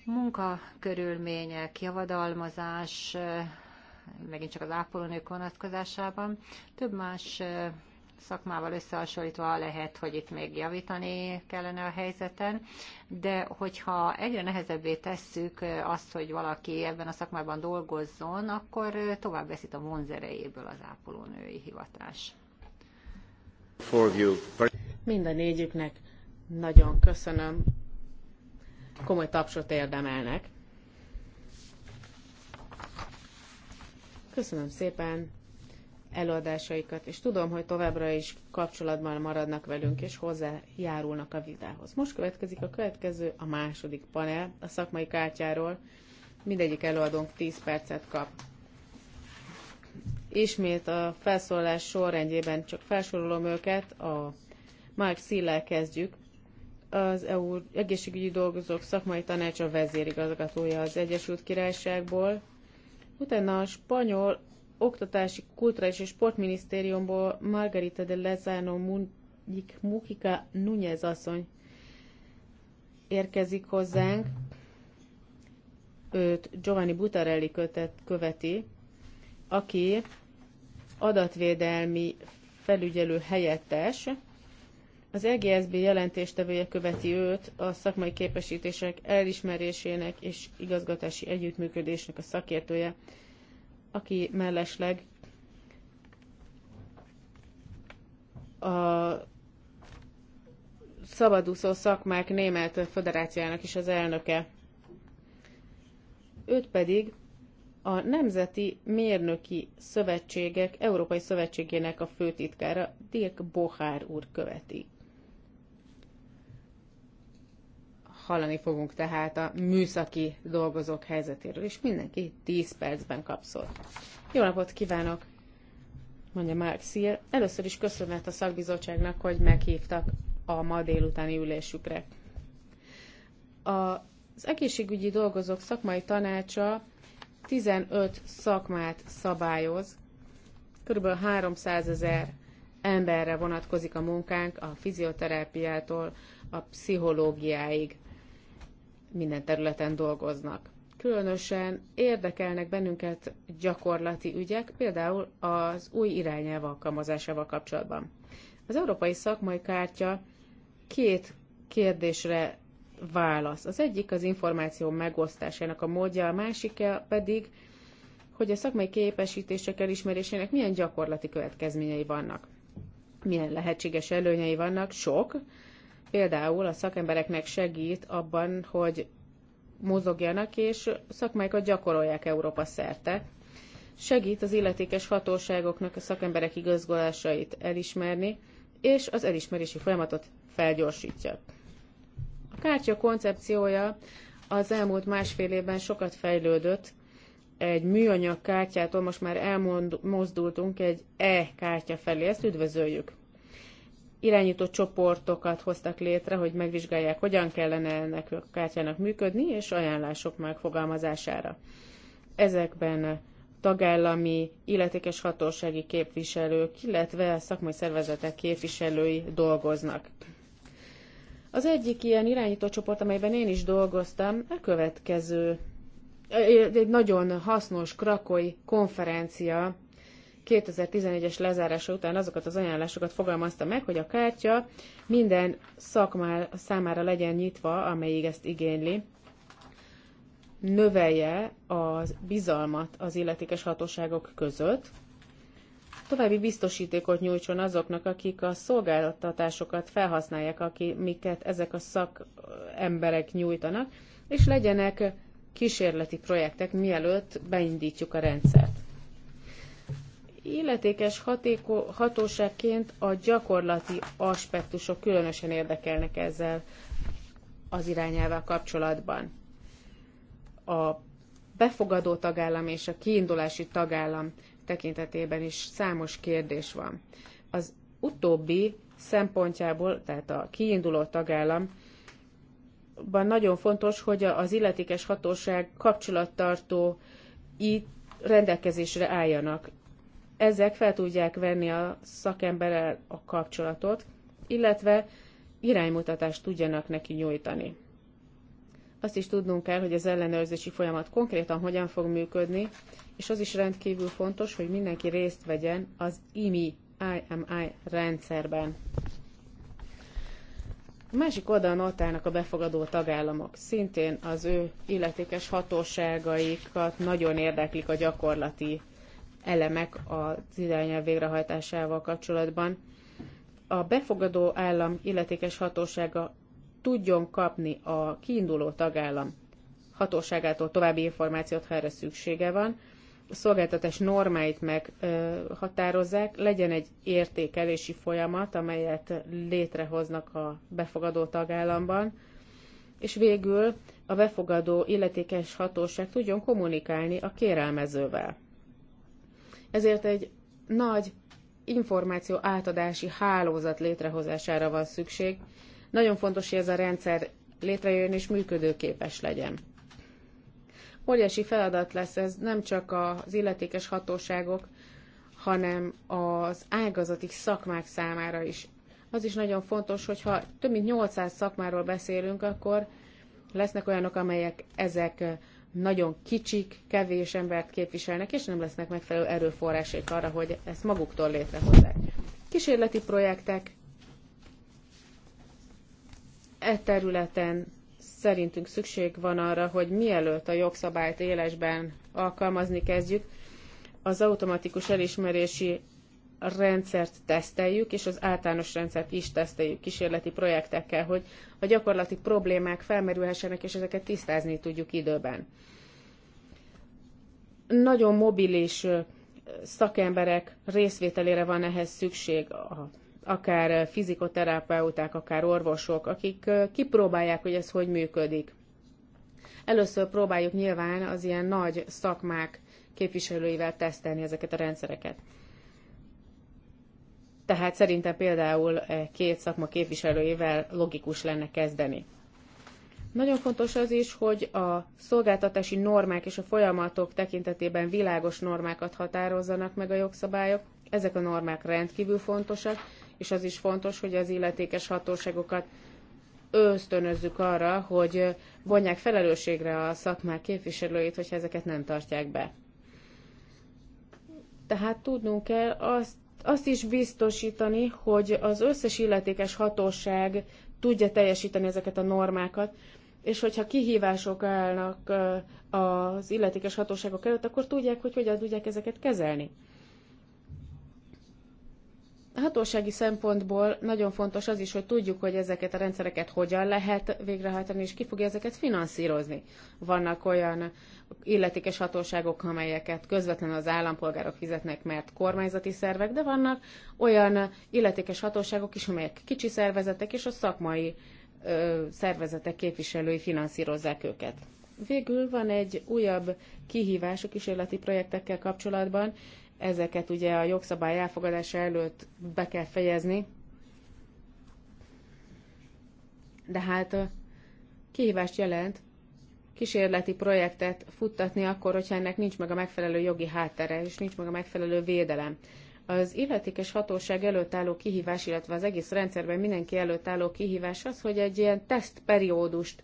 Munkakörülmények, javadalmazás, megint csak az ápolónők vonatkozásában, több más szakmával összehasonlítva lehet, hogy itt még javítani kellene a helyzeten, de hogyha egyre nehezebbé tesszük azt, hogy valaki ebben a szakmában dolgozzon, akkor tovább veszít a vonzerejéből az ápolónői hivatás. Mind a négyüknek nagyon köszönöm. Komoly tapsot érdemelnek. Köszönöm szépen előadásaikat, és tudom, hogy továbbra is kapcsolatban maradnak velünk, és hozzájárulnak a vitához. Most következik a következő, a második panel a szakmai kártyáról. Mindegyik előadónk 10 percet kap. Ismét a felszólalás sorrendjében csak felsorolom őket, a Mark Szillel kezdjük, az EU egészségügyi dolgozók szakmai tanácsa vezérigazgatója az Egyesült Királyságból, utána a spanyol Oktatási, Kulturális és Sportminisztériumból Margarita de Lezano Mukika Nunez asszony érkezik hozzánk. Őt Giovanni Butarelli kötet követi, aki adatvédelmi felügyelő helyettes, az EGSB jelentéstevője követi őt a szakmai képesítések elismerésének és igazgatási együttműködésnek a szakértője aki mellesleg a szabadúszó szakmák német föderáciának is az elnöke. Őt pedig a Nemzeti Mérnöki Szövetségek Európai Szövetségének a főtitkára Dirk Bohár úr követi. hallani fogunk tehát a műszaki dolgozók helyzetéről, és mindenki 10 percben kapszol. Jó napot kívánok, mondja Mark Szír. Először is köszönet a szakbizottságnak, hogy meghívtak a ma délutáni ülésükre. Az egészségügyi dolgozók szakmai tanácsa 15 szakmát szabályoz, kb. 300 ezer emberre vonatkozik a munkánk, a fizioterápiától a pszichológiáig minden területen dolgoznak. Különösen érdekelnek bennünket gyakorlati ügyek, például az új irányelv alkalmazásával kapcsolatban. Az Európai Szakmai Kártya két kérdésre válasz. Az egyik az információ megosztásának a módja, a másik pedig, hogy a szakmai képesítések elismerésének milyen gyakorlati következményei vannak. Milyen lehetséges előnyei vannak, sok, például a szakembereknek segít abban, hogy mozogjanak és szakmáikat gyakorolják Európa szerte. Segít az illetékes hatóságoknak a szakemberek igazgolásait elismerni, és az elismerési folyamatot felgyorsítja. A kártya koncepciója az elmúlt másfél évben sokat fejlődött, egy műanyag kártyától most már elmozdultunk egy e-kártya felé, ezt üdvözöljük irányító csoportokat hoztak létre, hogy megvizsgálják, hogyan kellene ennek a kártyának működni, és ajánlások megfogalmazására. Ezekben tagállami illetékes hatósági képviselők, illetve szakmai szervezetek képviselői dolgoznak. Az egyik ilyen irányító csoport, amelyben én is dolgoztam, a következő egy nagyon hasznos krakói konferencia 2011-es lezárása után azokat az ajánlásokat fogalmazta meg, hogy a kártya minden szakmá számára legyen nyitva, amelyig ezt igényli, növelje az bizalmat az illetékes hatóságok között, további biztosítékot nyújtson azoknak, akik a szolgáltatásokat felhasználják, amiket ezek a szakemberek nyújtanak, és legyenek kísérleti projektek, mielőtt beindítjuk a rendszert illetékes hatéko, hatóságként a gyakorlati aspektusok különösen érdekelnek ezzel az irányával kapcsolatban. A befogadó tagállam és a kiindulási tagállam tekintetében is számos kérdés van. Az utóbbi szempontjából, tehát a kiinduló tagállam, nagyon fontos, hogy az illetékes hatóság kapcsolattartó itt rendelkezésre álljanak ezek fel tudják venni a szakemberrel a kapcsolatot, illetve iránymutatást tudjanak neki nyújtani. Azt is tudnunk kell, hogy az ellenőrzési folyamat konkrétan hogyan fog működni, és az is rendkívül fontos, hogy mindenki részt vegyen az IMI, IMI rendszerben. A másik oldalon ott állnak a befogadó tagállamok. Szintén az ő illetékes hatóságaikat nagyon érdeklik a gyakorlati elemek az irányelv végrehajtásával kapcsolatban. A befogadó állam illetékes hatósága tudjon kapni a kiinduló tagállam hatóságától további információt, ha erre szüksége van, a szolgáltatás normáit meghatározzák, legyen egy értékelési folyamat, amelyet létrehoznak a befogadó tagállamban, és végül a befogadó illetékes hatóság tudjon kommunikálni a kérelmezővel. Ezért egy nagy információ átadási hálózat létrehozására van szükség. Nagyon fontos, hogy ez a rendszer létrejön és működőképes legyen. Óriási feladat lesz ez nem csak az illetékes hatóságok, hanem az ágazati szakmák számára is. Az is nagyon fontos, hogyha több mint 800 szakmáról beszélünk, akkor lesznek olyanok, amelyek ezek nagyon kicsik, kevés embert képviselnek, és nem lesznek megfelelő erőforrásék arra, hogy ezt maguktól létrehozzák. Kísérleti projektek e területen szerintünk szükség van arra, hogy mielőtt a jogszabályt élesben alkalmazni kezdjük, az automatikus elismerési rendszert teszteljük, és az általános rendszert is teszteljük kísérleti projektekkel, hogy a gyakorlati problémák felmerülhessenek, és ezeket tisztázni tudjuk időben. Nagyon mobilis szakemberek részvételére van ehhez szükség, akár fizikoterapeuták, akár orvosok, akik kipróbálják, hogy ez hogy működik. Először próbáljuk nyilván az ilyen nagy szakmák képviselőivel tesztelni ezeket a rendszereket. Tehát szerintem például e, két szakma képviselőjével logikus lenne kezdeni. Nagyon fontos az is, hogy a szolgáltatási normák és a folyamatok tekintetében világos normákat határozzanak meg a jogszabályok. Ezek a normák rendkívül fontosak, és az is fontos, hogy az illetékes hatóságokat ösztönözzük arra, hogy vonják felelősségre a szakmák képviselőit, hogyha ezeket nem tartják be. Tehát tudnunk kell azt azt is biztosítani, hogy az összes illetékes hatóság tudja teljesíteni ezeket a normákat, és hogyha kihívások állnak az illetékes hatóságok előtt, akkor tudják, hogy hogyan tudják ezeket kezelni. A hatósági szempontból nagyon fontos az is, hogy tudjuk, hogy ezeket a rendszereket hogyan lehet végrehajtani, és ki fogja ezeket finanszírozni. Vannak olyan illetékes hatóságok, amelyeket közvetlenül az állampolgárok fizetnek, mert kormányzati szervek, de vannak olyan illetékes hatóságok is, amelyek kicsi szervezetek, és a szakmai ö, szervezetek képviselői finanszírozzák őket. Végül van egy újabb kihívás a kísérleti projektekkel kapcsolatban, ezeket ugye a jogszabály elfogadása előtt be kell fejezni. De hát kihívást jelent kísérleti projektet futtatni akkor, hogyha ennek nincs meg a megfelelő jogi háttere, és nincs meg a megfelelő védelem. Az illetékes hatóság előtt álló kihívás, illetve az egész rendszerben mindenki előtt álló kihívás az, hogy egy ilyen tesztperiódust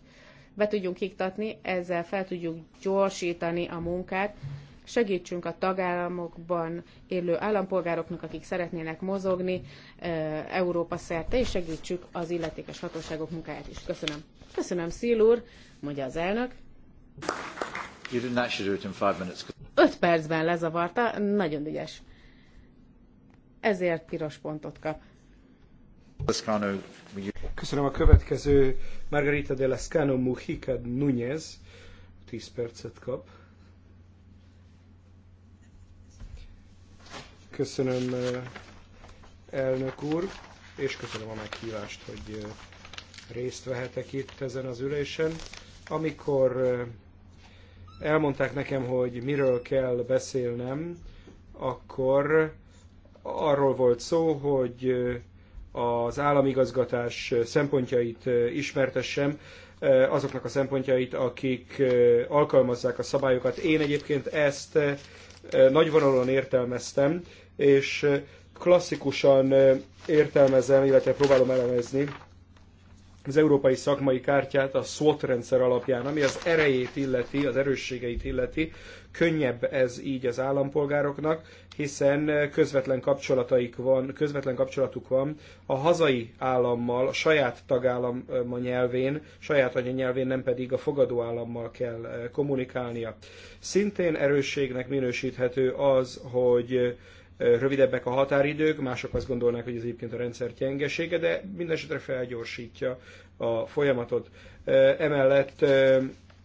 be tudjunk iktatni, ezzel fel tudjuk gyorsítani a munkát, segítsünk a tagállamokban élő állampolgároknak, akik szeretnének mozogni Európa szerte, és segítsük az illetékes hatóságok munkáját is. Köszönöm. Köszönöm, Szil úr, mondja az elnök. Öt percben lezavarta, nagyon ügyes. Ezért piros pontot kap. Köszönöm a következő Margarita de Lascano Mujica Núñez. 10 percet kap. Köszönöm, eh, elnök úr, és köszönöm a meghívást, hogy eh, részt vehetek itt ezen az ülésen. Amikor eh, elmondták nekem, hogy miről kell beszélnem, akkor arról volt szó, hogy az államigazgatás szempontjait ismertessem, azoknak a szempontjait, akik alkalmazzák a szabályokat. Én egyébként ezt nagyvonalon értelmeztem, és klasszikusan értelmezem, illetve próbálom elemezni az európai szakmai kártyát a SWOT rendszer alapján, ami az erejét illeti, az erősségeit illeti, könnyebb ez így az állampolgároknak, hiszen közvetlen kapcsolataik van, közvetlen kapcsolatuk van a hazai állammal, a saját tagállam nyelvén, saját anyanyelvén, nem pedig a fogadó állammal kell kommunikálnia. Szintén erősségnek minősíthető az, hogy rövidebbek a határidők, mások azt gondolnák, hogy ez egyébként a rendszer gyengesége, de minden esetre felgyorsítja a folyamatot. Emellett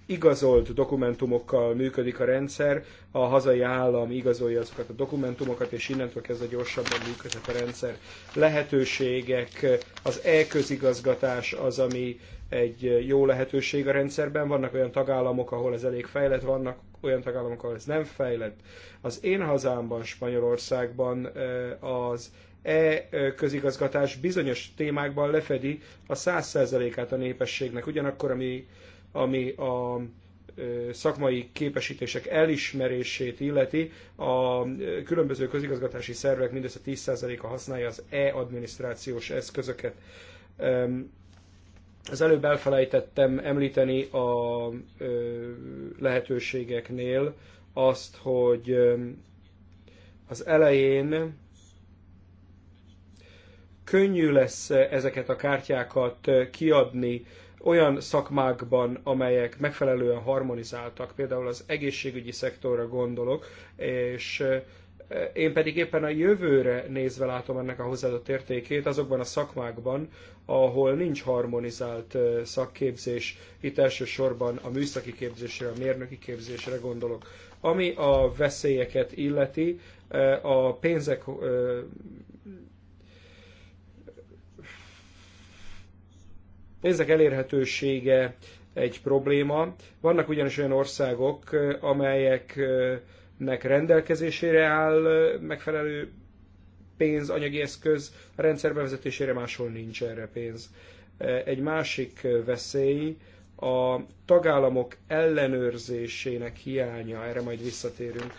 igazolt dokumentumokkal működik a rendszer, a hazai állam igazolja azokat a dokumentumokat, és innentől kezdve gyorsabban működhet a rendszer. Lehetőségek, az e-közigazgatás az, ami egy jó lehetőség a rendszerben. Vannak olyan tagállamok, ahol ez elég fejlett, vannak olyan tagállamok, ahol ez nem fejlett. Az én hazámban, Spanyolországban eh, az e-közigazgatás bizonyos témákban lefedi a 100%-át a népességnek. Ugyanakkor, ami ami a szakmai képesítések elismerését illeti, a különböző közigazgatási szervek mindössze 10%-a használja az e-adminisztrációs eszközöket. Az előbb elfelejtettem említeni a lehetőségeknél azt, hogy az elején könnyű lesz ezeket a kártyákat kiadni olyan szakmákban, amelyek megfelelően harmonizáltak, például az egészségügyi szektorra gondolok, és én pedig éppen a jövőre nézve látom ennek a hozzáadott értékét azokban a szakmákban, ahol nincs harmonizált szakképzés, itt elsősorban a műszaki képzésre, a mérnöki képzésre gondolok. Ami a veszélyeket illeti, a pénzek Pénzek elérhetősége egy probléma. Vannak ugyanis olyan országok, amelyeknek rendelkezésére áll megfelelő pénz, anyagi eszköz, a rendszer bevezetésére máshol nincs erre pénz. Egy másik veszély a tagállamok ellenőrzésének hiánya, erre majd visszatérünk,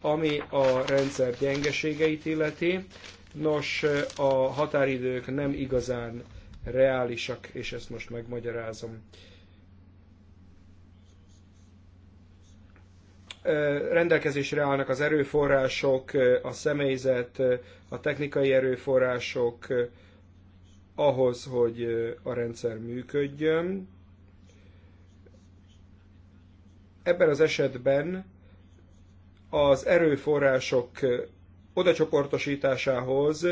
ami a rendszer gyengeségeit illeti. Nos, a határidők nem igazán reálisak, és ezt most megmagyarázom. rendelkezésre állnak az erőforrások, a személyzet, a technikai erőforrások ahhoz, hogy a rendszer működjön. Ebben az esetben az erőforrások odacsoportosításához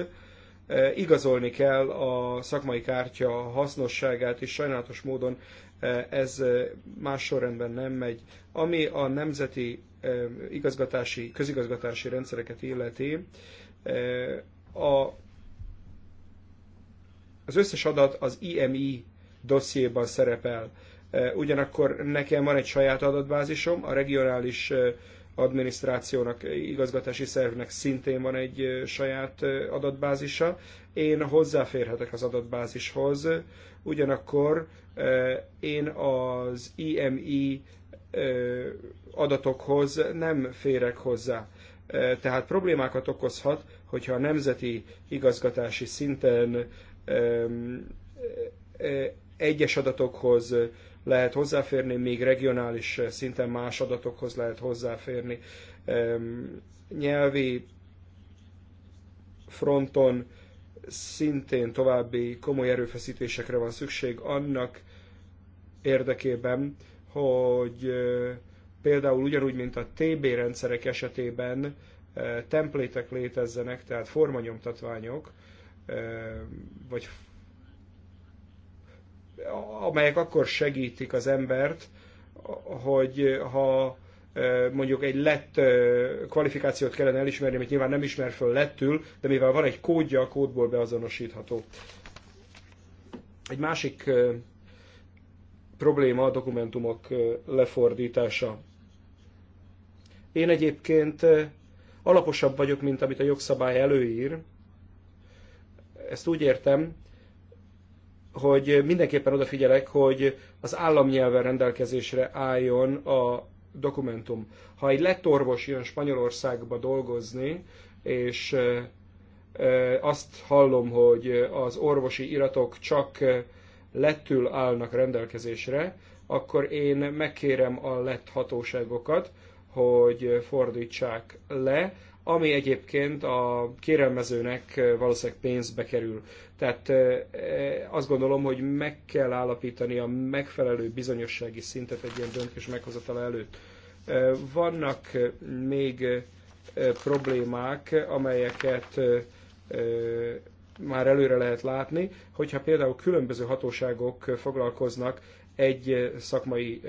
igazolni kell a szakmai kártya hasznosságát, és sajnálatos módon ez más sorrendben nem megy. Ami a nemzeti igazgatási, közigazgatási rendszereket illeti, a, az összes adat az IMI dossziéban szerepel. Ugyanakkor nekem van egy saját adatbázisom, a regionális adminisztrációnak, igazgatási szervnek szintén van egy saját adatbázisa. Én hozzáférhetek az adatbázishoz, ugyanakkor én az IMI adatokhoz nem férek hozzá. Tehát problémákat okozhat, hogyha a nemzeti igazgatási szinten egyes adatokhoz lehet hozzáférni, még regionális eh, szinten más adatokhoz lehet hozzáférni. Nyelvi fronton szintén további komoly erőfeszítésekre van szükség annak érdekében, hogy eh, például ugyanúgy, mint a TB rendszerek esetében eh, templétek létezzenek, tehát formanyomtatványok, vagy amelyek akkor segítik az embert, hogy ha e, mondjuk egy lett e, kvalifikációt kellene elismerni, amit nyilván nem ismer föl lettül, de mivel van egy kódja, a kódból beazonosítható. Egy másik e, probléma a dokumentumok lefordítása. Én egyébként alaposabb vagyok, mint amit a jogszabály előír. Ezt úgy értem, hogy mindenképpen odafigyelek, hogy az államnyelven rendelkezésre álljon a dokumentum. Ha egy lett orvos jön Spanyolországba dolgozni, és azt hallom, hogy az orvosi iratok csak lettül állnak rendelkezésre, akkor én megkérem a lett hatóságokat, hogy fordítsák le, ami egyébként a kérelmezőnek valószínűleg pénzbe kerül. Tehát azt gondolom, hogy meg kell állapítani a megfelelő bizonyossági szintet egy ilyen döntés meghozatala előtt. Vannak még problémák, amelyeket már előre lehet látni, hogyha például különböző hatóságok foglalkoznak egy szakmai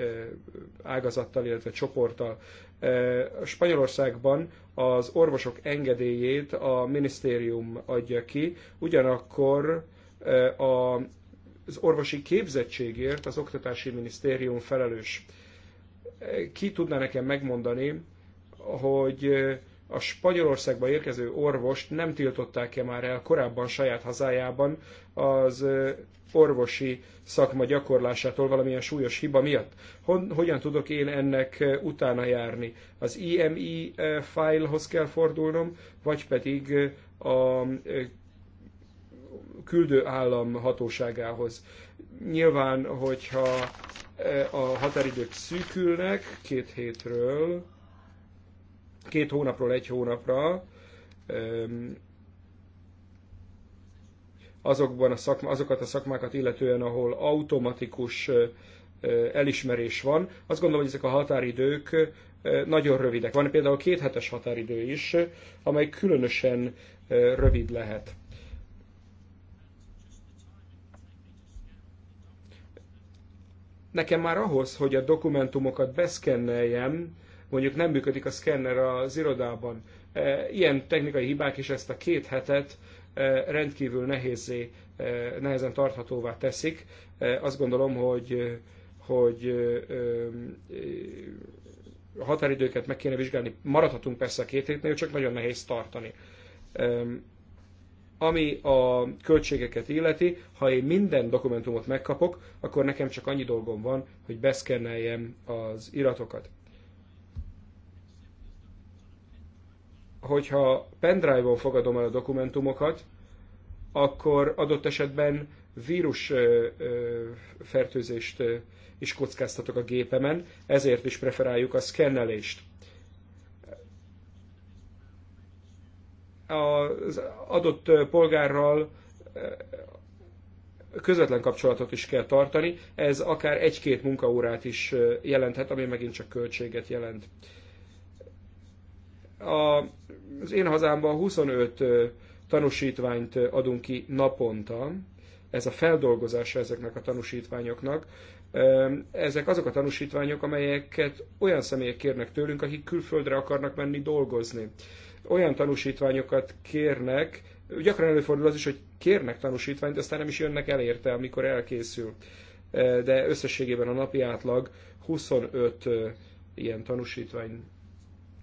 ágazattal, illetve csoporttal. Eh, Spanyolországban az orvosok engedélyét a minisztérium adja ki, ugyanakkor eh, a az orvosi képzettségért az Oktatási Minisztérium felelős. Eh, ki tudná nekem megmondani, hogy a Spanyolországba érkező orvost nem tiltották-e már el korábban saját hazájában az orvosi szakma gyakorlásától valamilyen súlyos hiba miatt. Hogyan tudok én ennek eh, utána járni? Az IMI eh, fájlhoz kell fordulnom, vagy pedig eh, a küldő állam hatóságához. Nyilván, hogyha a határidők szűkülnek két hétről, két hónapról egy hónapra, azokban a szakma, azokat a szakmákat illetően, ahol automatikus elismerés van. Azt gondolom, hogy ezek a határidők nagyon rövidek. Van például két hetes határidő is, amely különösen rövid lehet. Nekem már ahhoz, hogy a dokumentumokat beszkenneljem, mondjuk nem működik a szkenner az irodában, ilyen technikai hibák is ezt a két hetet rendkívül nehézé, nehezen tarthatóvá teszik. Azt gondolom, hogy, hogy a határidőket meg kéne vizsgálni. Maradhatunk persze a két hétnél, csak nagyon nehéz tartani. Ami a költségeket illeti, ha én minden dokumentumot megkapok, akkor nekem csak annyi dolgom van, hogy beszkenneljem az iratokat. hogyha pendrive-on fogadom el a dokumentumokat, akkor adott esetben vírus fertőzést is kockáztatok a gépemen, ezért is preferáljuk a szkennelést. Az adott polgárral közvetlen kapcsolatot is kell tartani, ez akár egy-két munkaórát is jelenthet, ami megint csak költséget jelent az én hazámban 25 tanúsítványt adunk ki naponta, ez a feldolgozása ezeknek a tanúsítványoknak. Ezek azok a tanúsítványok, amelyeket olyan személyek kérnek tőlünk, akik külföldre akarnak menni dolgozni. Olyan tanúsítványokat kérnek, gyakran előfordul az is, hogy kérnek tanúsítványt, aztán nem is jönnek elérte, amikor elkészül. De összességében a napi átlag 25 ilyen tanúsítvány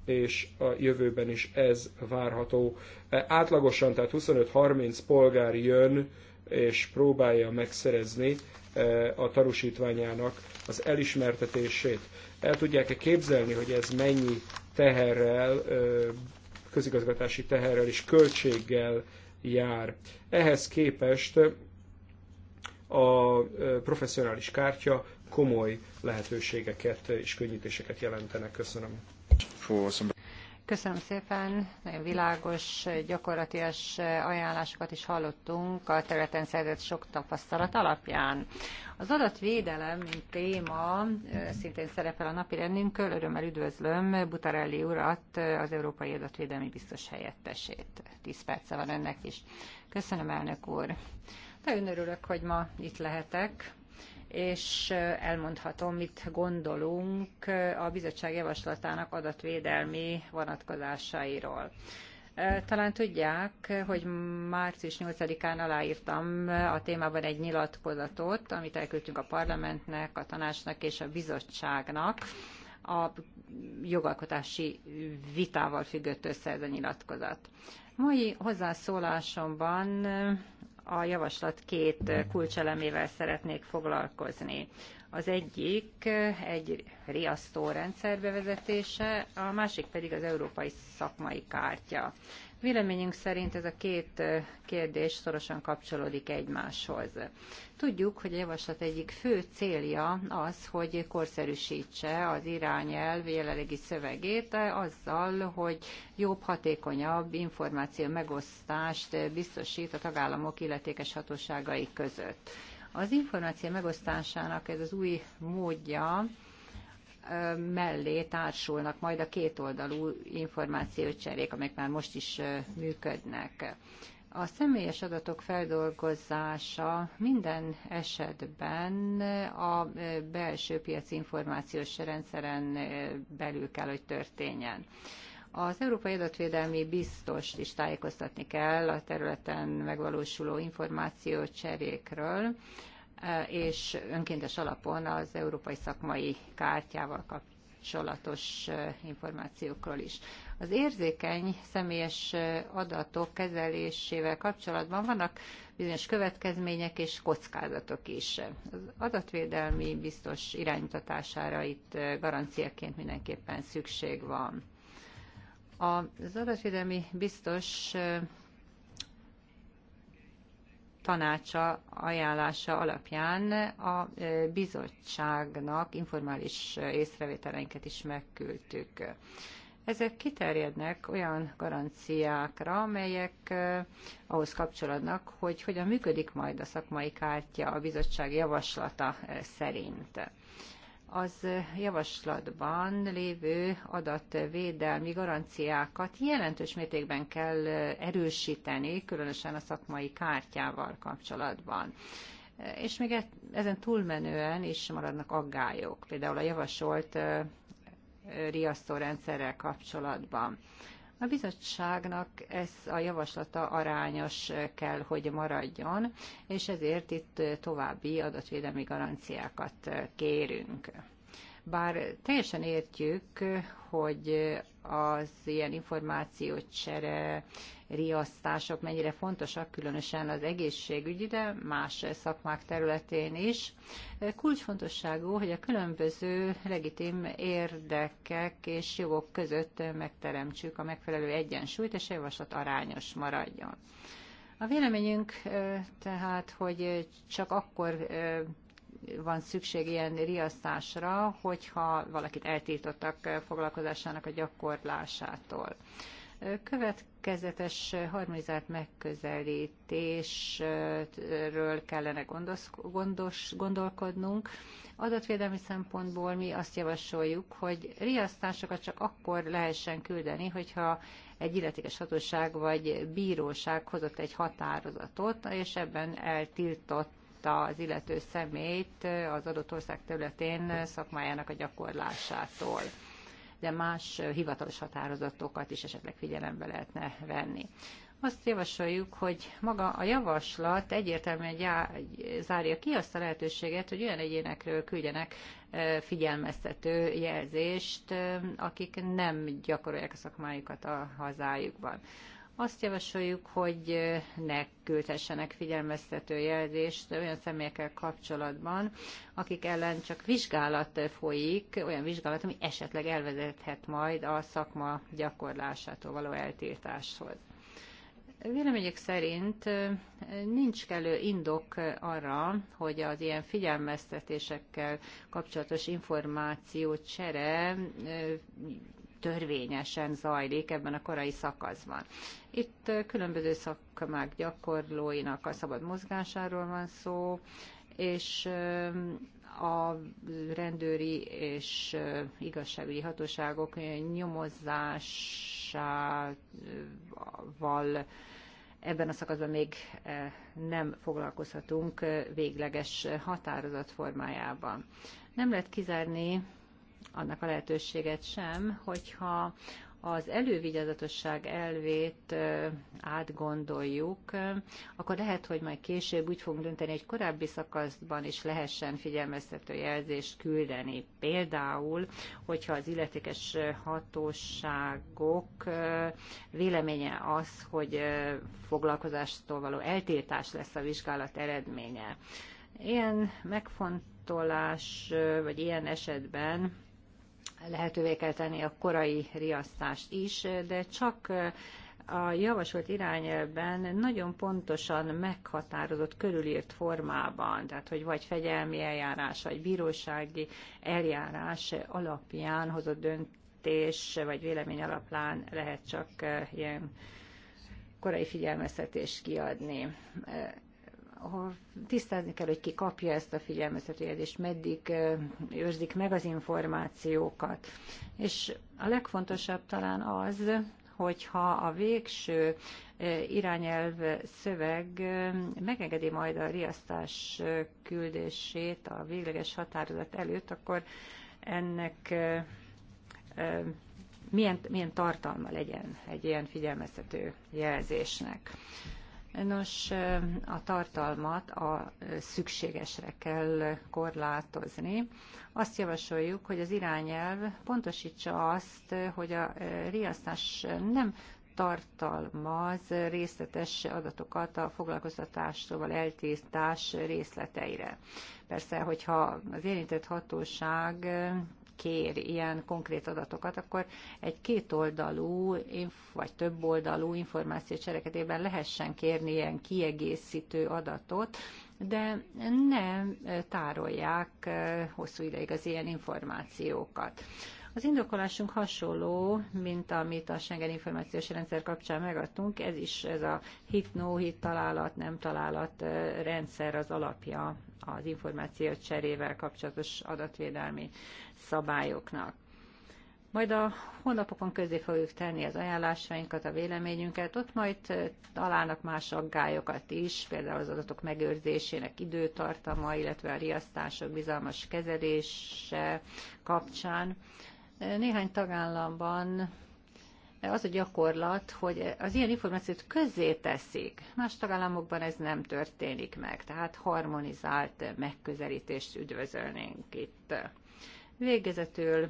és a jövőben is ez várható. E, átlagosan, tehát 25-30 polgár jön és próbálja megszerezni e, a tarusítványának az elismertetését. El tudják-e képzelni, hogy ez mennyi teherrel, e, közigazgatási teherrel és költséggel jár? Ehhez képest a professzionális kártya komoly lehetőségeket és könnyítéseket jelentenek. Köszönöm. Köszönöm szépen, nagyon világos, gyakorlatias ajánlásokat is hallottunk a területen szerzett sok tapasztalat alapján. Az adatvédelem, mint téma, szintén szerepel a napi rendünkön. Örömmel üdvözlöm Butarelli urat, az Európai Adatvédelmi Biztos helyettesét. Tíz perce van ennek is. Köszönöm, elnök úr. Nagyon örülök, hogy ma itt lehetek és elmondhatom, mit gondolunk a bizottság javaslatának adatvédelmi vonatkozásairól. Talán tudják, hogy március 8-án aláírtam a témában egy nyilatkozatot, amit elküldtünk a parlamentnek, a tanácsnak és a bizottságnak. A jogalkotási vitával függött össze ez a nyilatkozat. Mai hozzászólásomban a javaslat két kulcselemével szeretnék foglalkozni. Az egyik egy riasztó rendszer bevezetése, a másik pedig az európai szakmai kártya. Véleményünk szerint ez a két kérdés szorosan kapcsolódik egymáshoz. Tudjuk, hogy a javaslat egyik fő célja az, hogy korszerűsítse az irányelv jelenlegi szövegét azzal, hogy jobb, hatékonyabb információ megosztást biztosít a tagállamok illetékes hatóságai között. Az információ megosztásának ez az új módja mellé társulnak majd a kétoldalú információcserék, amelyek már most is működnek. A személyes adatok feldolgozása minden esetben a belső piaci információs rendszeren belül kell, hogy történjen. Az Európai Adatvédelmi Biztost is tájékoztatni kell a területen megvalósuló információcserékről, cserékről, Eh, és önkéntes alapon az Európai Szakmai Kártyával kapcsolatos eh, információkról is. Az érzékeny személyes eh, adatok kezelésével kapcsolatban vannak bizonyos következmények és kockázatok is. Az adatvédelmi biztos irányítatására itt garanciaként mindenképpen szükség van. Az adatvédelmi biztos tanácsa ajánlása alapján a e, bizottságnak informális észrevételeinket is megküldtük. Ezek kiterjednek olyan garanciákra, amelyek e, ahhoz kapcsolódnak, hogy hogyan működik majd a szakmai kártya a bizottság javaslata e, szerint az javaslatban lévő adatvédelmi garanciákat jelentős mértékben kell erősíteni, különösen a szakmai kártyával kapcsolatban. És még e- ezen túlmenően is maradnak aggályok, például a javasolt riasztórendszerrel kapcsolatban. A bizottságnak ez a javaslata arányos kell, hogy maradjon, és ezért itt további adatvédelmi garanciákat kérünk. Bár teljesen értjük, hogy az ilyen információcsere riasztások mennyire fontosak, különösen az egészségügyi, de más szakmák területén is. Kulcsfontosságú, hogy a különböző legitim érdekek és jogok között megteremtsük a megfelelő egyensúlyt, és a javaslat arányos maradjon. A véleményünk tehát, hogy csak akkor van szükség ilyen riasztásra, hogyha valakit eltiltottak foglalkozásának a gyakorlásától következetes harmonizált megközelítésről kellene gondos, gondos, gondolkodnunk. Adatvédelmi szempontból mi azt javasoljuk, hogy riasztásokat csak akkor lehessen küldeni, hogyha egy illetékes hatóság vagy bíróság hozott egy határozatot, és ebben eltiltott az illető szemét az adott ország területén szakmájának a gyakorlásától de más hivatalos határozatokat is esetleg figyelembe lehetne venni. Azt javasoljuk, hogy maga a javaslat egyértelműen já, zárja ki azt a lehetőséget, hogy olyan egyénekről küldjenek figyelmeztető jelzést, akik nem gyakorolják a szakmájukat a hazájukban. Azt javasoljuk, hogy ne küldhessenek figyelmeztető jelzést olyan személyekkel kapcsolatban, akik ellen csak vizsgálat folyik, olyan vizsgálat, ami esetleg elvezethet majd a szakma gyakorlásától való eltiltáshoz. Véleményük szerint nincs kellő indok arra, hogy az ilyen figyelmeztetésekkel kapcsolatos információ csere törvényesen zajlik ebben a korai szakaszban. Itt különböző szakmák gyakorlóinak a szabad mozgásáról van szó, és a rendőri és igazságügyi hatóságok nyomozásával ebben a szakaszban még nem foglalkozhatunk végleges határozat formájában. Nem lehet kizárni annak a lehetőséget sem, hogyha az elővigyázatosság elvét átgondoljuk, akkor lehet, hogy majd később úgy fogunk dönteni, hogy korábbi szakaszban is lehessen figyelmeztető jelzést küldeni. Például, hogyha az illetékes hatóságok véleménye az, hogy foglalkozástól való eltiltás lesz a vizsgálat eredménye. Ilyen megfontolás, vagy ilyen esetben lehetővé kell tenni a korai riasztást is, de csak a javasolt irányelben nagyon pontosan meghatározott, körülírt formában, tehát hogy vagy fegyelmi eljárás, vagy bírósági eljárás alapján hozott döntés, vagy vélemény alapján lehet csak ilyen korai figyelmeztetést kiadni ahol tisztázni kell, hogy ki kapja ezt a és meddig őrzik meg az információkat. És a legfontosabb talán az, hogyha a végső irányelv szöveg megengedi majd a riasztás küldését a végleges határozat előtt, akkor ennek milyen, milyen tartalma legyen egy ilyen figyelmeztető jelzésnek. Nos, a tartalmat a szükségesre kell korlátozni. Azt javasoljuk, hogy az irányelv pontosítsa azt, hogy a riasztás nem tartalmaz részletes adatokat a foglalkoztatástól eltiltás részleteire. Persze, hogyha az érintett hatóság kér ilyen konkrét adatokat, akkor egy kétoldalú vagy többoldalú információ cselekedében lehessen kérni ilyen kiegészítő adatot, de nem tárolják eh, hosszú ideig az ilyen információkat. Az indokolásunk hasonló, mint amit a Schengen információs rendszer kapcsán megadtunk, ez is ez a hit, no hit, találat, nem találat eh, rendszer az alapja az információ cserével kapcsolatos adatvédelmi szabályoknak. Majd a honlapokon közé fogjuk tenni az ajánlásainkat, a véleményünket, ott majd eh, találnak más aggályokat is, például az adatok megőrzésének időtartama, illetve a riasztások bizalmas kezelése kapcsán. Eh, néhány tagállamban eh, az a gyakorlat, hogy az ilyen információt közzé teszik. Más tagállamokban ez nem történik meg, tehát harmonizált megközelítést üdvözölnénk itt. Végezetül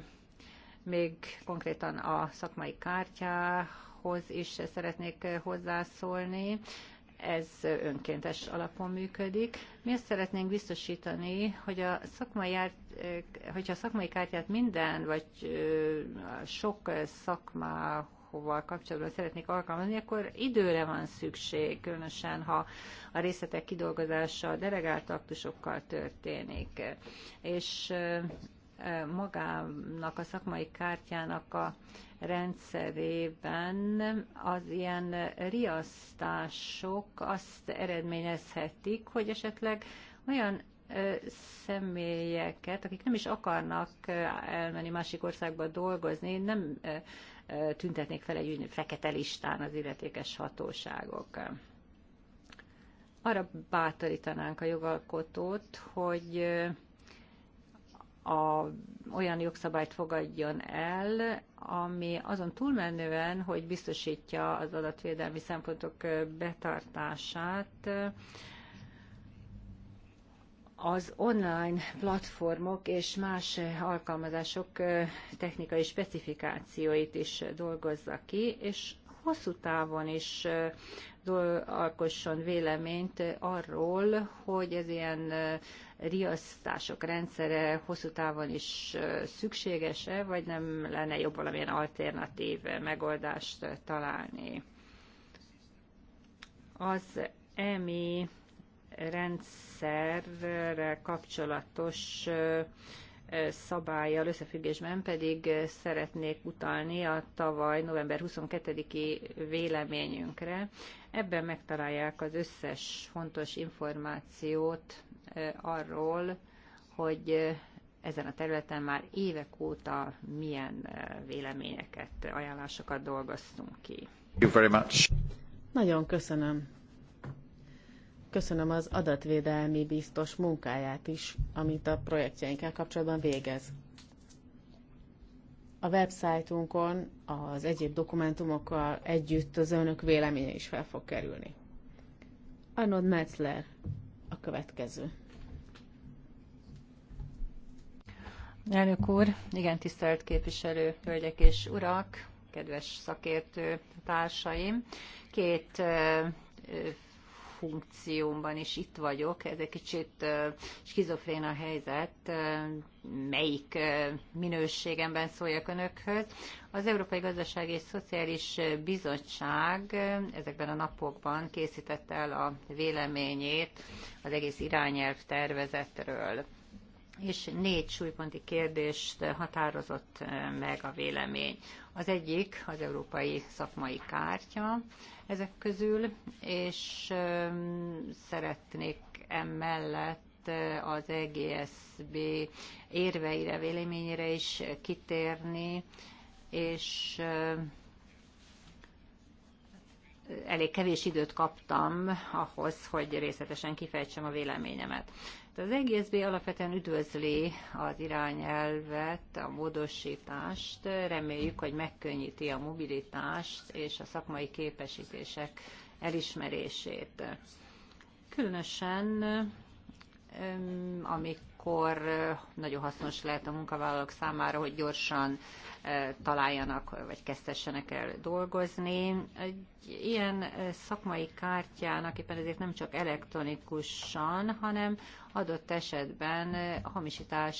még konkrétan a szakmai kártyához is szeretnék hozzászólni. Ez önkéntes alapon működik. Mi azt szeretnénk biztosítani, hogy a szakmai, hogyha a szakmai kártyát minden, vagy sok szakma hova kapcsolatban szeretnék alkalmazni, akkor időre van szükség, különösen ha a részletek kidolgozása a delegált aktusokkal történik. És magának a szakmai kártyának a rendszerében az ilyen riasztások azt eredményezhetik, hogy esetleg olyan személyeket, akik nem is akarnak elmenni másik országba dolgozni, nem tüntetnék fel egy fekete listán az illetékes hatóságok. Arra bátorítanánk a jogalkotót, hogy a, olyan jogszabályt fogadjon el, ami azon túlmenően, hogy biztosítja az adatvédelmi szempontok betartását, az online platformok és más alkalmazások technikai specifikációit is dolgozza ki, és hosszú távon is alkosson véleményt arról, hogy ez ilyen riasztások rendszere hosszú távon is szükséges-e, vagy nem lenne jobb valamilyen alternatív megoldást találni. Az EMI rendszerrel kapcsolatos szabályjal összefüggésben pedig szeretnék utalni a tavaly november 22-i véleményünkre. Ebben megtalálják az összes fontos információt arról, hogy ezen a területen már évek óta milyen véleményeket, ajánlásokat dolgoztunk ki. Nagyon köszönöm köszönöm az adatvédelmi biztos munkáját is, amit a projektjeinkkel kapcsolatban végez. A websájtunkon az egyéb dokumentumokkal együtt az önök véleménye is fel fog kerülni. Arnold Metzler a következő. Elnök úr, igen, tisztelt képviselő, hölgyek és urak, kedves szakértő társaim. Két funkciómban is itt vagyok, ez egy kicsit skizofrén a helyzet, melyik minőségemben szóljak önökhöz. Az Európai Gazdasági és Szociális Bizottság ezekben a napokban készített el a véleményét az egész irányelv tervezetről és négy súlyponti kérdést határozott eh, meg a vélemény. Az egyik az európai szakmai kártya ezek közül, és eh, szeretnék emellett eh, az EGSB érveire, véleményére is kitérni, és elég kevés időt kaptam ahhoz, hogy részletesen kifejtsem a véleményemet. Az EGSZB alapvetően üdvözli az irányelvet, a módosítást, reméljük, hogy megkönnyíti a mobilitást és a szakmai képesítések elismerését. Különösen amikor nagyon hasznos lehet a munkavállalók számára, hogy gyorsan találjanak, vagy kezdhessenek el dolgozni. Egy ilyen szakmai kártyának éppen ezért nem csak elektronikusan, hanem adott esetben hamisítás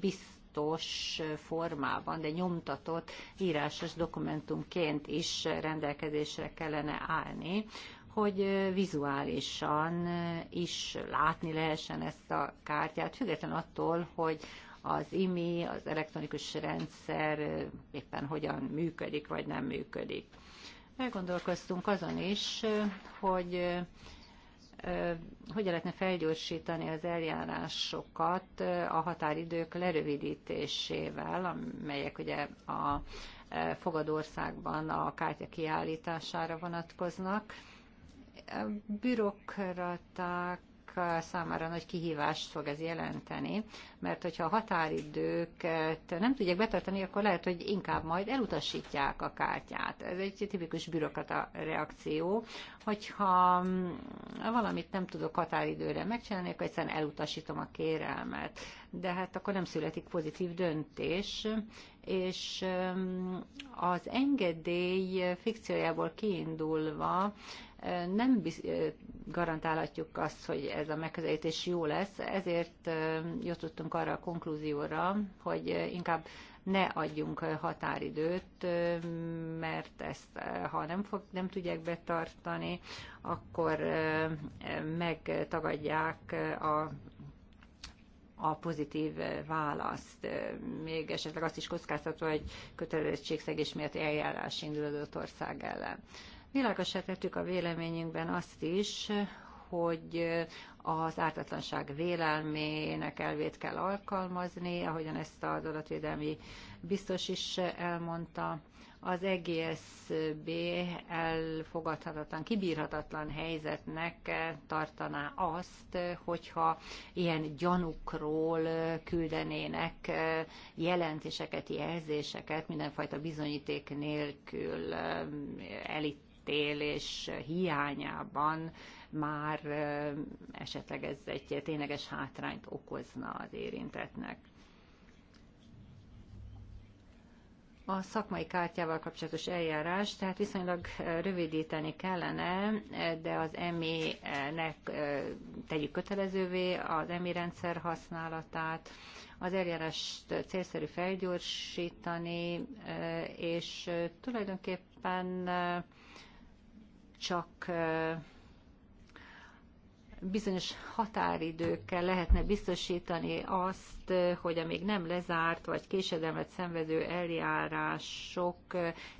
biztos, formában, de nyomtatott írásos dokumentumként is rendelkezésre kellene állni hogy vizuálisan is látni lehessen ezt a kártyát, független attól, hogy az IMI, az elektronikus rendszer éppen hogyan működik, vagy nem működik. Elgondolkoztunk azon is, hogy hogy lehetne felgyorsítani az eljárásokat a határidők lerövidítésével, amelyek ugye a fogadországban a kártya kiállítására vonatkoznak a bürokraták számára nagy kihívást fog ez jelenteni, mert hogyha a határidőket nem tudják betartani, akkor lehet, hogy inkább majd elutasítják a kártyát. Ez egy tipikus bürokrata reakció, hogyha valamit nem tudok határidőre megcsinálni, akkor egyszerűen elutasítom a kérelmet. De hát akkor nem születik pozitív döntés, és um, az engedély fikciójából kiindulva nem garantálhatjuk azt, hogy ez a megközelítés jó lesz, ezért jutottunk arra a konklúzióra, hogy inkább ne adjunk határidőt, mert ezt ha nem, fog, nem tudják betartani, akkor megtagadják a a pozitív választ, még esetleg azt is kockáztatva, hogy kötelezettségszegés miatt eljárás indul az ország ellen. Világosá tettük a véleményünkben azt is, hogy az ártatlanság vélelmének elvét kell alkalmazni, ahogyan ezt az adatvédelmi biztos is elmondta. Az EGSB elfogadhatatlan, kibírhatatlan helyzetnek tartaná azt, hogyha ilyen gyanukról küldenének jelentéseket, jelzéseket mindenfajta bizonyíték nélkül elit megítélés hiányában már esetleg ez egy tényleges hátrányt okozna az érintetnek. a szakmai kártyával kapcsolatos eljárás, tehát viszonylag rövidíteni kellene, de az EMI-nek tegyük kötelezővé az EMI rendszer használatát, az eljárást célszerű felgyorsítani, és tulajdonképpen csak bizonyos határidőkkel lehetne biztosítani azt, hogy a még nem lezárt vagy késedelmet szenvedő eljárások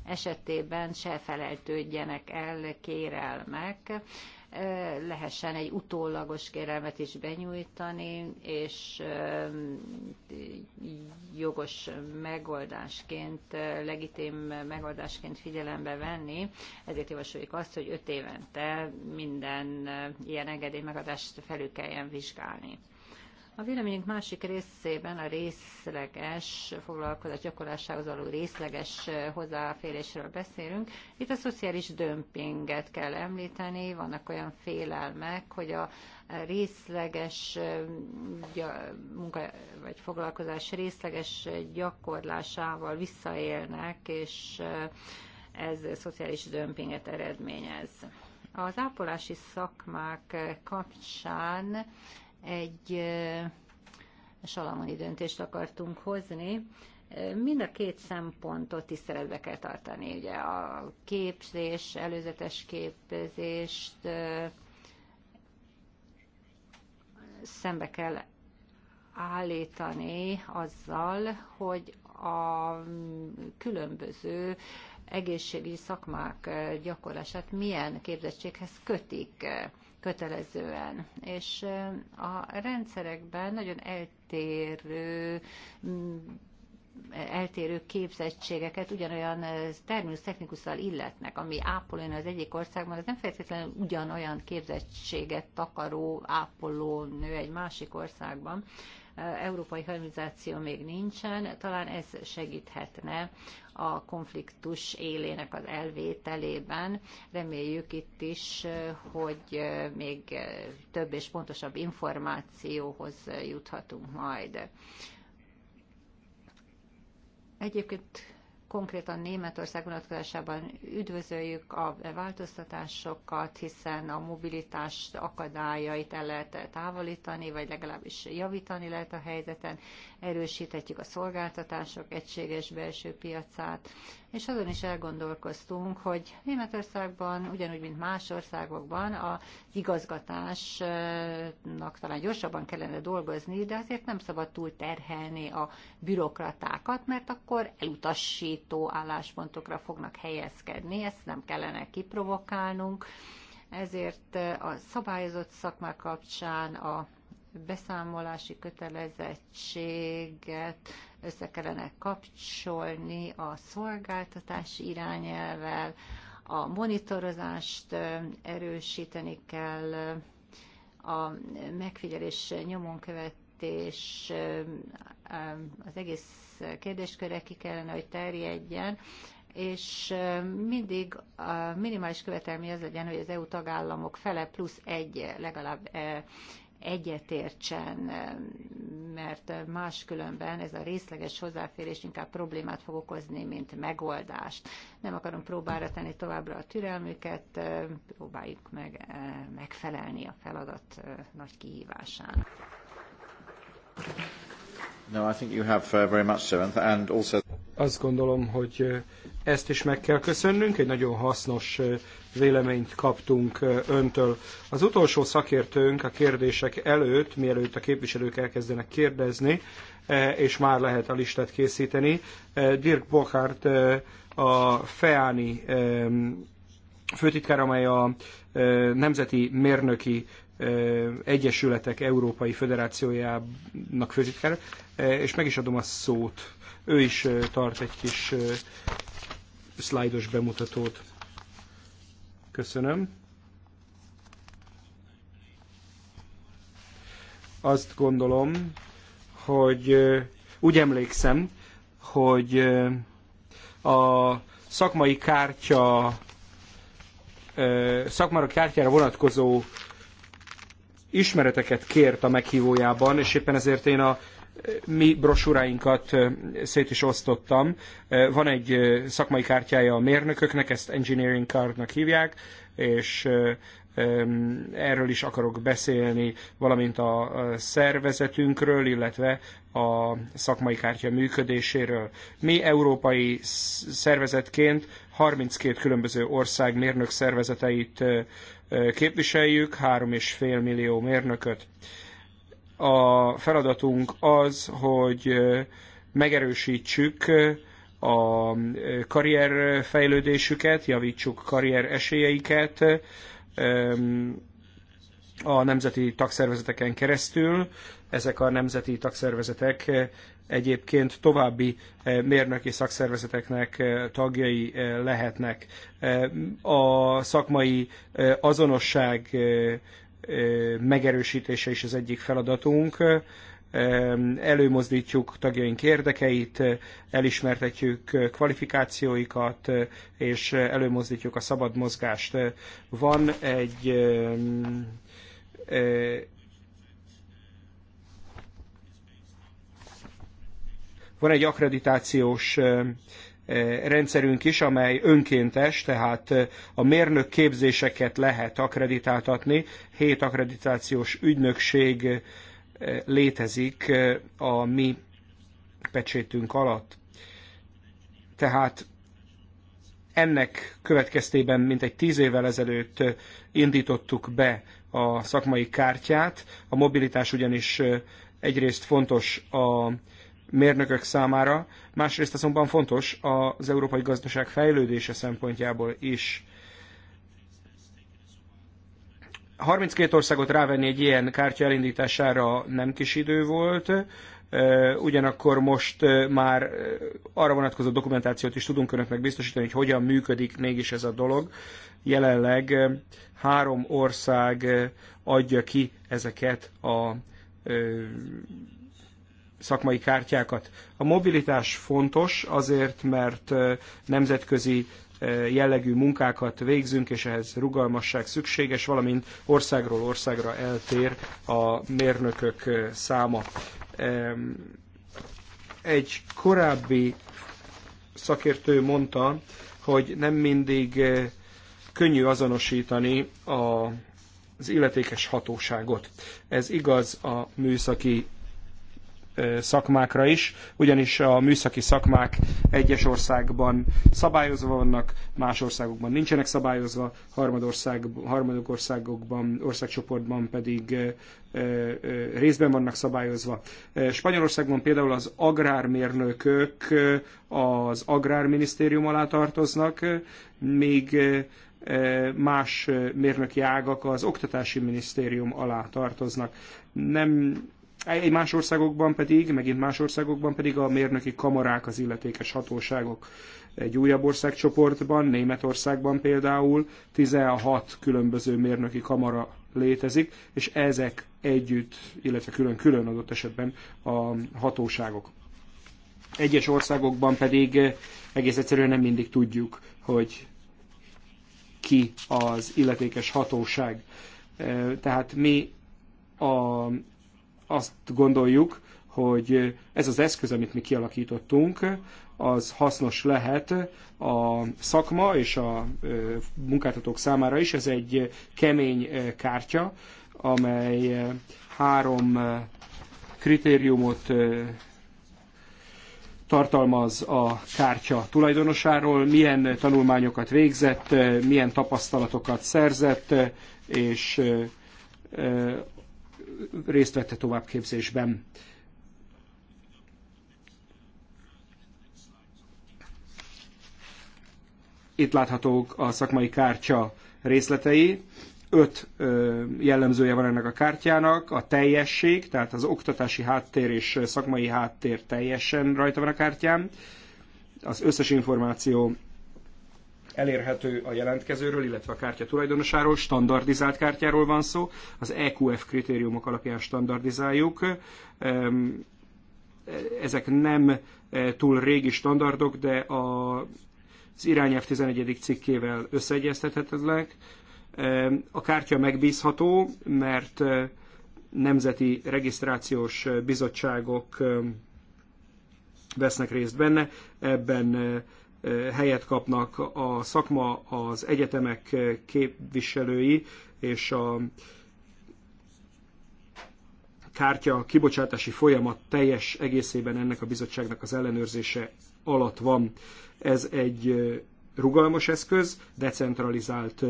esetében se feleltődjenek el kérelmek lehessen egy utólagos kérelmet is benyújtani, és jogos megoldásként, legitim megoldásként figyelembe venni. Ezért javasoljuk azt, hogy öt évente minden ilyen engedély megadást felül kelljen vizsgálni. A véleményünk másik részében a részleges foglalkozás gyakorlásához való részleges eh, hozzáférésről beszélünk. Itt a szociális dömpinget kell említeni, vannak olyan félelmek, hogy a részleges eh, munka vagy foglalkozás részleges gyakorlásával visszaélnek, és eh, ez szociális dömpinget eredményez. Az ápolási szakmák kapcsán egy salamoni döntést akartunk hozni. Mind a két szempontot tiszteletbe kell tartani. Ugye a képzés, előzetes képzést szembe kell állítani azzal, hogy a különböző egészségügyi szakmák gyakorlását milyen képzettséghez kötik kötelezően. És a rendszerekben nagyon eltérő mm, eltérő képzettségeket ugyanolyan terminus technikussal illetnek, ami ápolóin az egyik országban, az nem feltétlenül ugyanolyan képzettséget takaró ápolónő egy másik országban európai harmonizáció még nincsen, talán ez segíthetne a konfliktus élének az elvételében. Reméljük itt is, hogy még több és pontosabb információhoz juthatunk majd. Egyébként konkrétan Németország vonatkozásában üdvözöljük a változtatásokat, hiszen a mobilitás akadályait el lehet távolítani, vagy legalábbis javítani lehet a helyzeten erősíthetjük a szolgáltatások egységes belső piacát, és azon is elgondolkoztunk, hogy Németországban, ugyanúgy, mint más országokban, az igazgatásnak talán gyorsabban kellene dolgozni, de azért nem szabad túl terhelni a bürokratákat, mert akkor elutasító álláspontokra fognak helyezkedni, ezt nem kellene kiprovokálnunk ezért a szabályozott szakmák kapcsán a beszámolási kötelezettséget össze kellene kapcsolni a szolgáltatási irányelvel, a monitorozást erősíteni kell, a megfigyelés nyomon követés az egész kérdéskörre ki kellene, hogy terjedjen, és mindig a minimális követelmény az legyen, hogy az EU tagállamok fele plusz egy legalább egyetértsen, mert máskülönben ez a részleges hozzáférés inkább problémát fog okozni, mint megoldást. Nem akarom próbára tenni továbbra a türelmüket, próbáljuk meg eh, megfelelni a feladat eh, nagy kihívásának. No, I think you have uh, very much so, and also. Azt gondolom, hogy ezt is meg kell köszönnünk, egy nagyon hasznos véleményt kaptunk öntől. Az utolsó szakértőnk a kérdések előtt, mielőtt a képviselők elkezdenek kérdezni, és már lehet a listát készíteni, Dirk Bochart a FEANI főtitkár, amely a Nemzeti Mérnöki Egyesületek Európai Föderációjának főtitkára, és meg is adom a szót. Ő is tart egy kis szlájdos bemutatót. Köszönöm. Azt gondolom, hogy úgy emlékszem, hogy a szakmai kártya szakmai kártyára vonatkozó ismereteket kért a meghívójában, és éppen ezért én a eh, mi brosúráinkat eh, szét is osztottam. Eh, van egy szakmai kártyája a mérnököknek, ezt engineering cardnak hívják, és erről is akarok beszélni, valamint a szervezetünkről, illetve a szakmai kártya működéséről. Mi európai szervezetként 32 különböző ország mérnök szervezeteit képviseljük, 3,5 millió mérnököt. A feladatunk az, hogy megerősítsük a karrierfejlődésüket, javítsuk karrier esélyeiket a nemzeti tagszervezeteken keresztül. Ezek a nemzeti tagszervezetek egyébként további eh, mérnöki szakszervezeteknek eh, tagjai eh, lehetnek. A szakmai azonosság megerősítése is az egyik feladatunk. Előmozdítjuk tagjaink érdekeit, elismertetjük kvalifikációikat, és előmozdítjuk a szabad mozgást. Van egy Van egy akkreditációs rendszerünk is, amely önkéntes, tehát a mérnök képzéseket lehet akkreditáltatni. Hét akkreditációs ügynökség létezik a mi pecsétünk alatt. Tehát ennek következtében mintegy tíz évvel ezelőtt indítottuk be a szakmai kártyát. A mobilitás ugyanis egyrészt fontos a mérnökök számára, másrészt azonban fontos az európai gazdaság fejlődése szempontjából is. 32 országot rávenni egy ilyen kártya elindítására nem kis idő volt, ugyanakkor most már arra vonatkozó dokumentációt is tudunk önöknek biztosítani, hogy hogyan működik mégis ez a dolog. Jelenleg három ország adja ki ezeket a szakmai kártyákat. A mobilitás fontos azért, mert nemzetközi jellegű munkákat végzünk, és ehhez rugalmasság szükséges, valamint országról országra eltér a mérnökök száma. Egy korábbi szakértő mondta, hogy nem mindig könnyű azonosítani a az illetékes hatóságot. Ez igaz a műszaki szakmákra is, ugyanis a műszaki szakmák egyes országban szabályozva vannak, más országokban nincsenek szabályozva, harmadország, harmadik országokban, országcsoportban pedig részben vannak szabályozva. Spanyolországban például az agrármérnökök az agrárminisztérium alá tartoznak, még más mérnöki ágak az oktatási minisztérium alá tartoznak. Nem egy más országokban pedig, megint más országokban pedig a mérnöki kamarák, az illetékes hatóságok. Egy újabb országcsoportban, Németországban például 16 különböző mérnöki kamara létezik, és ezek együtt, illetve külön-külön adott esetben a hatóságok. Egyes országokban pedig egész egyszerűen nem mindig tudjuk, hogy ki az illetékes hatóság. Tehát mi a azt gondoljuk, hogy ez az eszköz, amit mi kialakítottunk, az hasznos lehet a szakma és a munkáltatók számára is. Ez egy kemény kártya, amely három kritériumot tartalmaz a kártya tulajdonosáról, milyen tanulmányokat végzett, milyen tapasztalatokat szerzett, és részt vett továbbképzésben. Itt láthatók a szakmai kártya részletei. Öt jellemzője van ennek a kártyának, a teljesség, tehát az oktatási háttér és szakmai háttér teljesen rajta van a kártyán, az összes információ elérhető a jelentkezőről, illetve a kártya tulajdonosáról, standardizált kártyáról van szó, az EQF kritériumok alapján standardizáljuk. Ezek nem e, túl régi standardok, de a, az irányelv 11. cikkével összeegyeztethetetlenek. A kártya megbízható, mert e, nemzeti regisztrációs bizottságok vesznek részt benne, ebben e, helyet kapnak a szakma, az egyetemek képviselői és a kártya kibocsátási folyamat teljes egészében ennek a bizottságnak az ellenőrzése alatt van. Ez egy rugalmas eszköz, decentralizált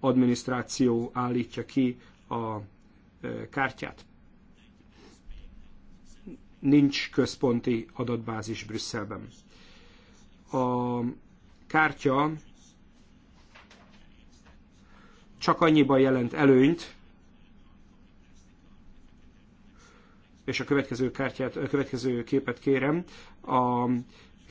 adminisztráció állítja ki a kártyát. Nincs központi adatbázis Brüsszelben a kártya csak annyiban jelent előnyt, és a következő, kártyát, a következő képet kérem, a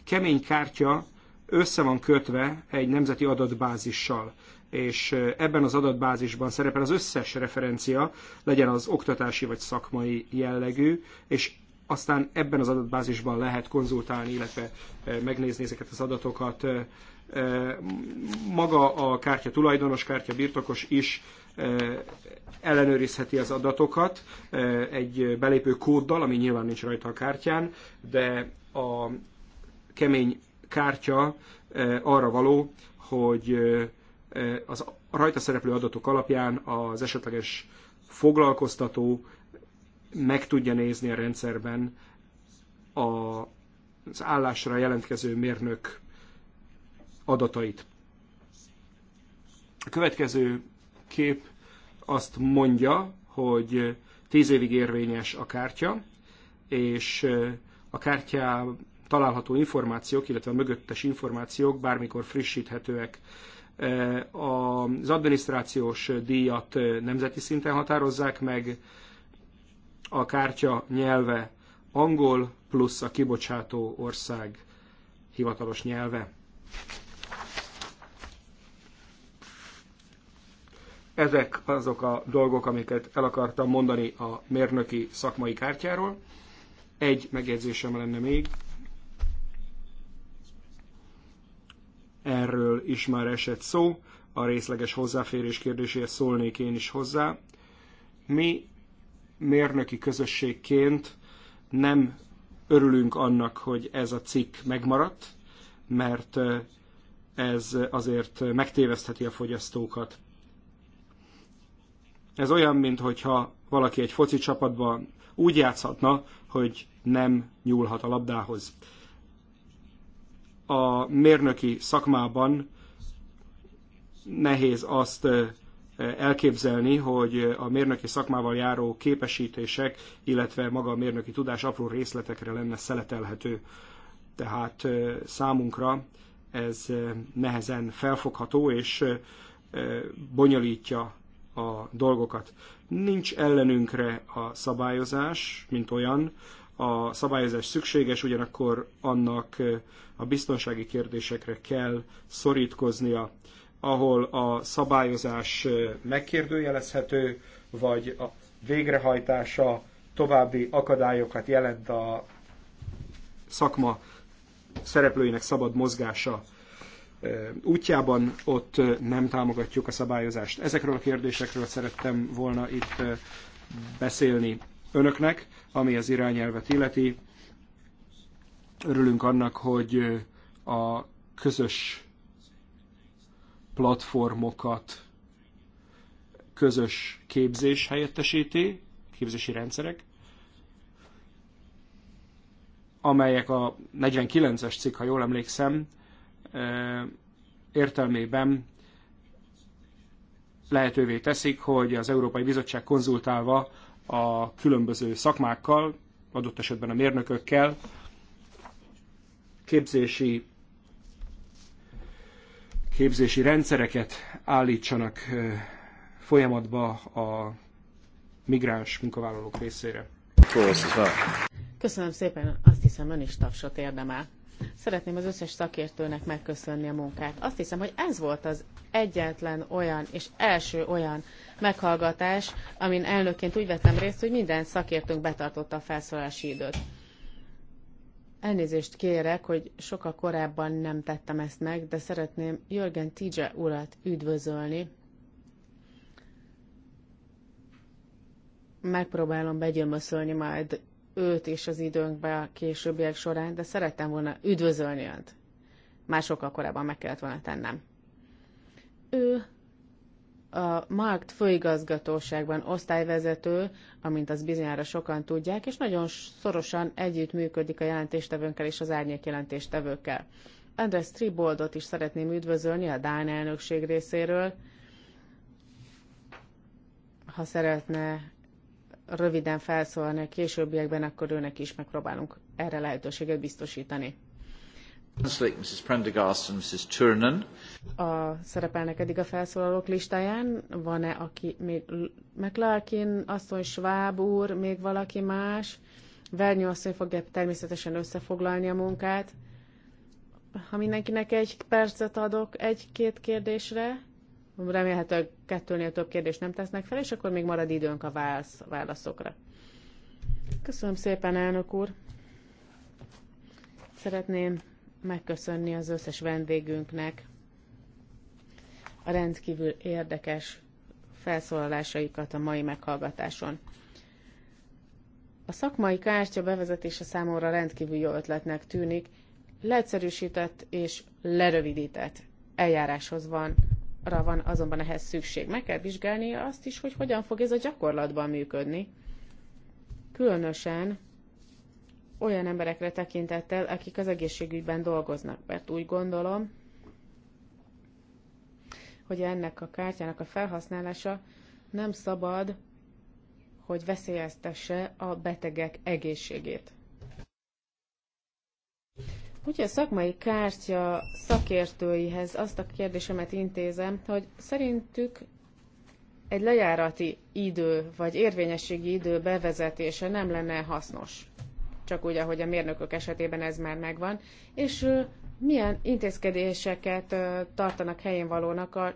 kemény kártya össze van kötve egy nemzeti adatbázissal és ebben az adatbázisban szerepel az összes referencia, legyen az oktatási vagy szakmai jellegű, és aztán ebben az adatbázisban lehet konzultálni, illetve eh, megnézni ezeket az adatokat. Eh, eh, maga a kártya tulajdonos, kártya birtokos is ellenőrizheti az adatokat egy belépő kóddal, ami nyilván nincs rajta a kártyán, de a kemény kártya arra való, hogy az rajta szereplő adatok alapján az esetleges foglalkoztató meg tudja nézni a rendszerben a, az állásra jelentkező mérnök adatait. A következő kép azt mondja, hogy 10 évig érvényes a kártya, és a kártya található információk, illetve a mögöttes információk bármikor frissíthetőek. Az adminisztrációs díjat nemzeti szinten határozzák meg, a kártya nyelve angol, plusz a kibocsátó ország hivatalos nyelve. Ezek azok a dolgok, amiket el akartam mondani a mérnöki szakmai kártyáról. Egy megjegyzésem lenne még. Erről is már esett szó. A részleges hozzáférés kérdéséhez szólnék én is hozzá. Mi mérnöki közösségként nem örülünk annak, hogy ez a cikk megmaradt, mert ez azért megtévesztheti a fogyasztókat. Ez olyan, mintha valaki egy foci csapatban úgy játszhatna, hogy nem nyúlhat a labdához. A mérnöki szakmában nehéz azt elképzelni, hogy a mérnöki szakmával járó képesítések, illetve maga a mérnöki tudás apró részletekre lenne szeletelhető. Tehát számunkra ez nehezen felfogható, és bonyolítja a dolgokat. Nincs ellenünkre a szabályozás, mint olyan. A szabályozás szükséges, ugyanakkor annak a biztonsági kérdésekre kell szorítkoznia ahol a szabályozás megkérdőjelezhető, vagy a végrehajtása további akadályokat jelent a szakma szereplőinek szabad mozgása útjában, ott nem támogatjuk a szabályozást. Ezekről a kérdésekről szerettem volna itt beszélni önöknek, ami az irányelvet illeti. Örülünk annak, hogy a közös platformokat közös képzés helyettesíti, képzési rendszerek, amelyek a 49-es cikk, ha jól emlékszem, értelmében lehetővé teszik, hogy az Európai Bizottság konzultálva a különböző szakmákkal, adott esetben a mérnökökkel, képzési képzési rendszereket állítsanak folyamatba a migráns munkavállalók részére. Köszönöm szépen, azt hiszem ön is tapsot érdemel. Szeretném az összes szakértőnek megköszönni a munkát. Azt hiszem, hogy ez volt az egyetlen olyan és első olyan meghallgatás, amin elnökként úgy vettem részt, hogy minden szakértőnk betartotta a felszólási időt. Elnézést kérek, hogy sokkal korábban nem tettem ezt meg, de szeretném Jörgen Tige urat üdvözölni. Megpróbálom begyömöszölni majd őt és az időnkbe a későbbiek során, de szerettem volna üdvözölni önt. Már sokkal korábban meg kellett volna tennem. Ő a Markt főigazgatóságban osztályvezető, amint az bizonyára sokan tudják, és nagyon szorosan együttműködik a jelentéstevőnkkel és az árnyék jelentéstevőkkel. Andres Triboldot is szeretném üdvözölni a Dán elnökség részéről. Ha szeretne röviden felszólni a későbbiekben, akkor őnek is megpróbálunk erre lehetőséget biztosítani. A szerepelnek eddig a felszólalók listáján. Van-e, aki még McLarkin, asszony Schwab úr, még valaki más? Vernyő asszony fogja természetesen összefoglalni a munkát. Ha mindenkinek egy percet adok egy-két kérdésre, remélhetőleg kettőnél több kérdést nem tesznek fel, és akkor még marad időnk a válasz, válaszokra. Köszönöm szépen, elnök úr! Szeretném megköszönni az összes vendégünknek a rendkívül érdekes felszólalásaikat a mai meghallgatáson. A szakmai kártya bevezetése számomra rendkívül jó ötletnek tűnik, leegyszerűsített és lerövidített eljáráshoz van, arra van azonban ehhez szükség. Meg kell vizsgálni azt is, hogy hogyan fog ez a gyakorlatban működni. Különösen olyan emberekre tekintettel, akik az egészségügyben dolgoznak, mert úgy gondolom, hogy ennek a kártyának a felhasználása nem szabad, hogy veszélyeztesse a betegek egészségét. Úgyhogy a szakmai kártya szakértőihez azt a kérdésemet intézem, hogy szerintük egy lejárati idő vagy érvényességi idő bevezetése nem lenne hasznos csak úgy, ahogy a mérnökök esetében ez már megvan, és milyen intézkedéseket tartanak helyén valónak a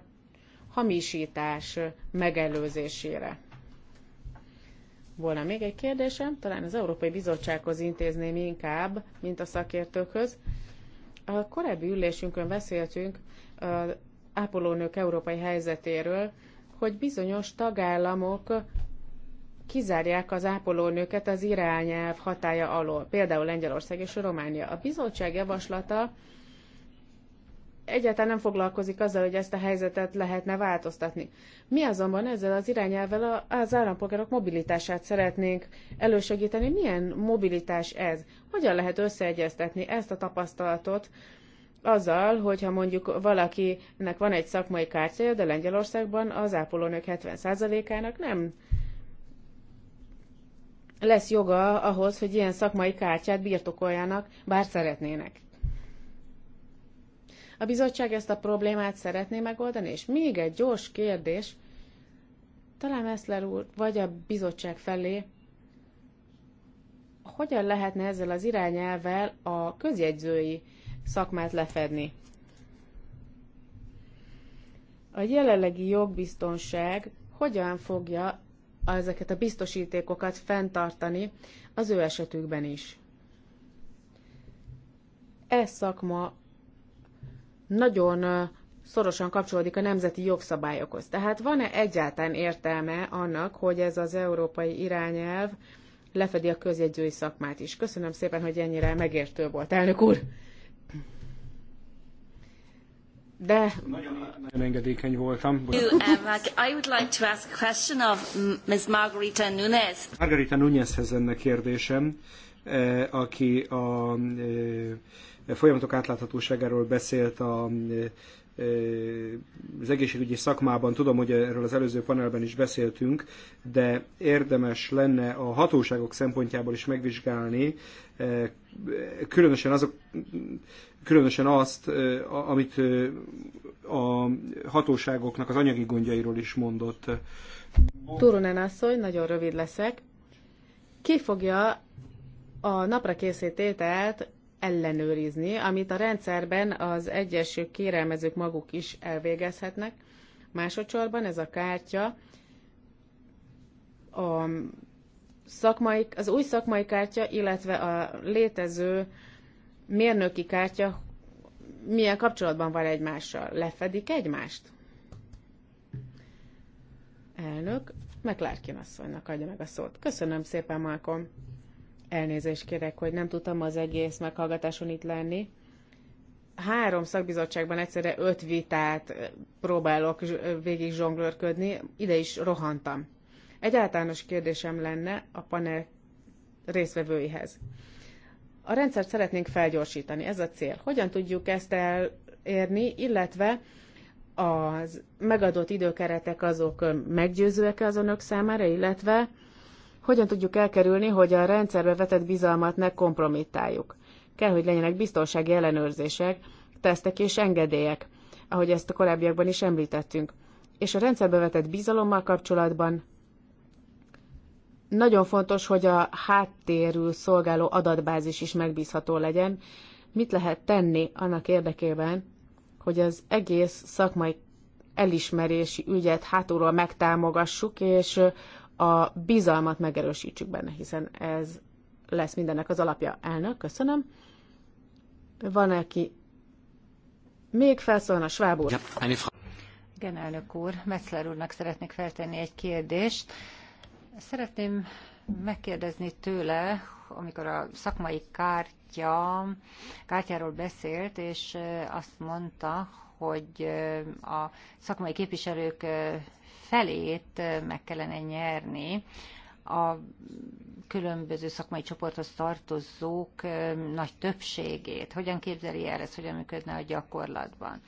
hamisítás megelőzésére. Volna még egy kérdésem, talán az Európai Bizottsághoz intézném inkább, mint a szakértőkhöz. A korábbi ülésünkön beszéltünk ápolónők európai helyzetéről, hogy bizonyos tagállamok kizárják az ápolónőket az irányelv hatája alól, például Lengyelország és Románia. A bizottság javaslata egyáltalán nem foglalkozik azzal, hogy ezt a helyzetet lehetne változtatni. Mi azonban ezzel az irányelvel az állampolgárok mobilitását szeretnénk elősegíteni. Milyen mobilitás ez? Hogyan lehet összeegyeztetni ezt a tapasztalatot azzal, hogyha mondjuk valakinek van egy szakmai kártyája, de Lengyelországban az ápolónők 70%-ának nem lesz joga ahhoz, hogy ilyen szakmai kártyát birtokoljanak, bár szeretnének. A bizottság ezt a problémát szeretné megoldani, és még egy gyors kérdés, talán Eszler úr, vagy a bizottság felé, hogyan lehetne ezzel az irányelvel a közjegyzői szakmát lefedni? A jelenlegi jogbiztonság hogyan fogja ezeket a biztosítékokat fenntartani az ő esetükben is. Ez szakma nagyon szorosan kapcsolódik a nemzeti jogszabályokhoz. Tehát van-e egyáltalán értelme annak, hogy ez az európai irányelv lefedi a közjegyzői szakmát is? Köszönöm szépen, hogy ennyire megértő volt, elnök úr! de... Nagyon, nagyon engedékeny voltam. Um, I would like to ask a question of Ms. Margarita Nunes. Margarita Nunezhez lenne kérdésem, eh, aki eh, a folyamatok átláthatóságáról beszélt a eh, az egészségügyi szakmában, tudom, hogy erről az előző panelben is beszéltünk, de érdemes lenne a hatóságok szempontjából is megvizsgálni, különösen azok különösen azt, amit a hatóságoknak az anyagi gondjairól is mondott. Turunen asszony, nagyon rövid leszek. Ki fogja a napra készített ételt ellenőrizni, amit a rendszerben az egyes kérelmezők maguk is elvégezhetnek. Másodszorban ez a kártya a szakmai, az új szakmai kártya, illetve a létező mérnöki kártya milyen kapcsolatban van egymással? Lefedik egymást? Elnök, McLarkin asszonynak adja meg a szót. Köszönöm szépen, Malcolm. Elnézést kérek, hogy nem tudtam az egész meghallgatáson itt lenni. Három szakbizottságban egyszerre öt vitát eh, próbálok eh, végig zsonglőrködni, ide is rohantam. Egy általános kérdésem lenne a panel részvevőihez. A rendszert szeretnénk felgyorsítani, ez a cél. Hogyan tudjuk ezt elérni, illetve az megadott időkeretek azok meggyőzőek az önök számára, illetve hogyan tudjuk elkerülni, hogy a rendszerbe vetett bizalmat ne kompromittáljuk. Kell, hogy legyenek biztonsági ellenőrzések, tesztek és engedélyek, ahogy ezt a korábbiakban is említettünk. És a rendszerbe vetett bizalommal kapcsolatban nagyon fontos, hogy a háttérül szolgáló adatbázis is megbízható legyen. Mit lehet tenni annak érdekében, hogy az egész szakmai elismerési ügyet hátulról megtámogassuk, és a bizalmat megerősítsük benne, hiszen ez lesz mindennek az alapja. Elnök, köszönöm. Van, aki még felszólna, Schwab úr. Igen, elnök úr, Metzler úrnak szeretnék feltenni egy kérdést. Szeretném megkérdezni tőle, amikor a szakmai kártya, kártyáról beszélt, és azt mondta, hogy a szakmai képviselők felét meg kellene nyerni, a különböző szakmai csoporthoz tartozók nagy többségét. Hogyan képzeli el ezt, hogyan működne a gyakorlatban?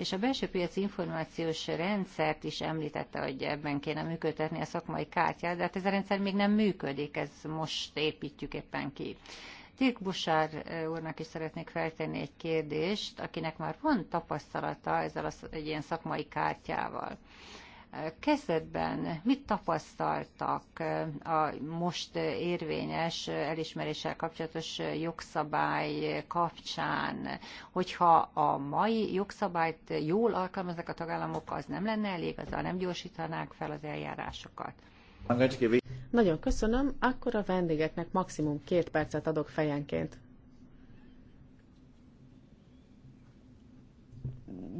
és a belső piaci információs rendszert is említette, hogy ebben kéne működtetni a szakmai kártyát, de hát ez a rendszer még nem működik, ez most építjük éppen ki. Dirk Busár úrnak is szeretnék feltenni egy kérdést, akinek már van tapasztalata ezzel az, egy ilyen szakmai kártyával. Kezdetben mit tapasztaltak eh, a most eh, érvényes eh, elismeréssel kapcsolatos jogszabály kapcsán? Hogyha a mai jogszabályt jól alkalmaznak a tagállamok, az nem lenne elég, azzal nem gyorsítanák fel az eljárásokat? Nagyon köszönöm, akkor a vendégeknek maximum két percet adok fejenként.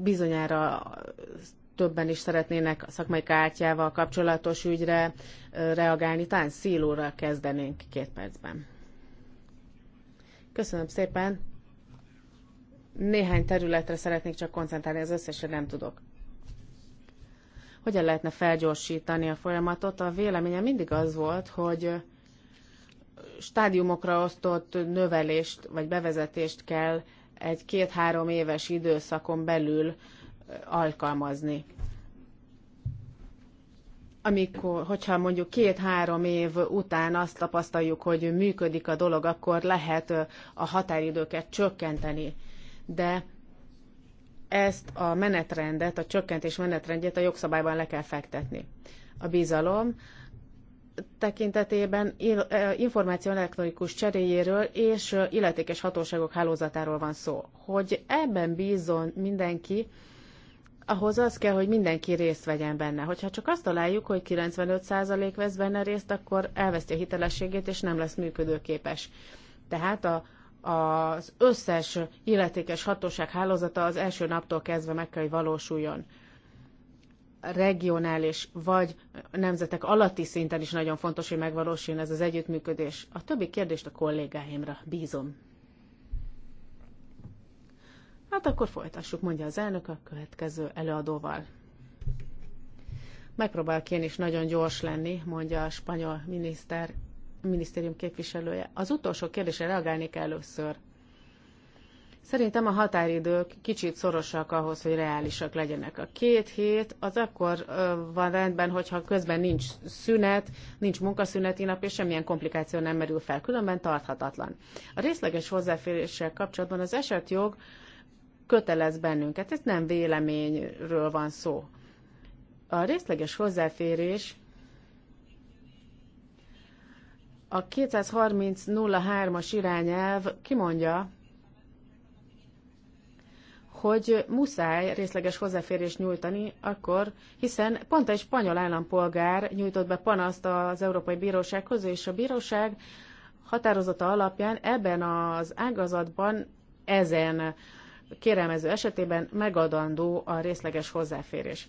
bizonyára többen is szeretnének a szakmai kártyával kapcsolatos ügyre reagálni. Talán Szílóra kezdenénk két percben. Köszönöm szépen. Néhány területre szeretnék csak koncentrálni, az összesre nem tudok. Hogyan lehetne felgyorsítani a folyamatot? A véleményem mindig az volt, hogy stádiumokra osztott növelést vagy bevezetést kell egy két-három éves időszakon belül alkalmazni. Amikor, hogyha mondjuk két-három év után azt tapasztaljuk, hogy működik a dolog, akkor lehet a határidőket csökkenteni. De ezt a menetrendet, a csökkentés menetrendjét a jogszabályban le kell fektetni. A bizalom tekintetében információ elektronikus cseréjéről és illetékes hatóságok hálózatáról van szó. Hogy ebben bízon mindenki, ahhoz az kell, hogy mindenki részt vegyen benne. Hogyha csak azt találjuk, hogy 95% vesz benne részt, akkor elveszti a hitelességét, és nem lesz működőképes. Tehát a, az összes illetékes hatóság hálózata az első naptól kezdve meg kell, hogy valósuljon. Regionális vagy nemzetek alatti szinten is nagyon fontos, hogy megvalósuljon ez az együttműködés. A többi kérdést a kollégáimra bízom. Hát akkor folytassuk, mondja az elnök a következő előadóval. Megpróbálok én is nagyon gyors lenni, mondja a spanyol miniszter, minisztérium képviselője. Az utolsó kérdésre reagálnék először. Szerintem a határidők kicsit szorosak ahhoz, hogy reálisak legyenek. A két hét az akkor van rendben, hogyha közben nincs szünet, nincs munkaszüneti nap, és semmilyen komplikáció nem merül fel, különben tarthatatlan. A részleges hozzáféréssel kapcsolatban az esetjog kötelez bennünket. Ez nem véleményről van szó. A részleges hozzáférés a 230.03-as irányelv kimondja, hogy muszáj részleges hozzáférést nyújtani, akkor, hiszen pont egy spanyol állampolgár nyújtott be panaszt az Európai Bírósághoz, és a bíróság határozata alapján ebben az ágazatban ezen kérelmező esetében megadandó a részleges hozzáférés.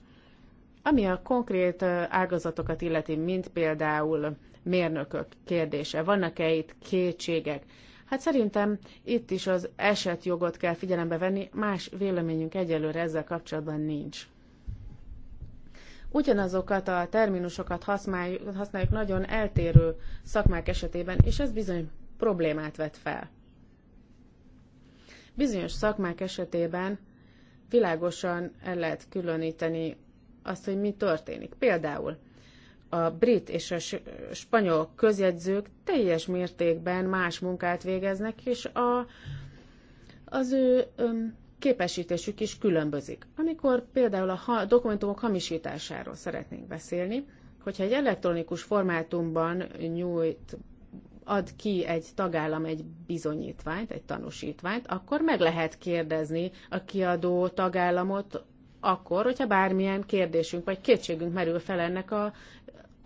Ami a konkrét ágazatokat illeti, mint például mérnökök kérdése, vannak-e itt kétségek? Hát szerintem itt is az esetjogot kell figyelembe venni, más véleményünk egyelőre ezzel kapcsolatban nincs. Ugyanazokat a terminusokat használjuk, használjuk nagyon eltérő szakmák esetében, és ez bizony problémát vet fel. Bizonyos szakmák esetében világosan el lehet különíteni azt, hogy mi történik. Például a brit és a spanyol közjegyzők teljes mértékben más munkát végeznek, és a, az ő öm, képesítésük is különbözik. Amikor például a ha, dokumentumok hamisításáról szeretnénk beszélni, hogyha egy elektronikus formátumban nyújt ad ki egy tagállam egy bizonyítványt, egy tanúsítványt, akkor meg lehet kérdezni a kiadó tagállamot akkor, hogyha bármilyen kérdésünk vagy kétségünk merül fel ennek a,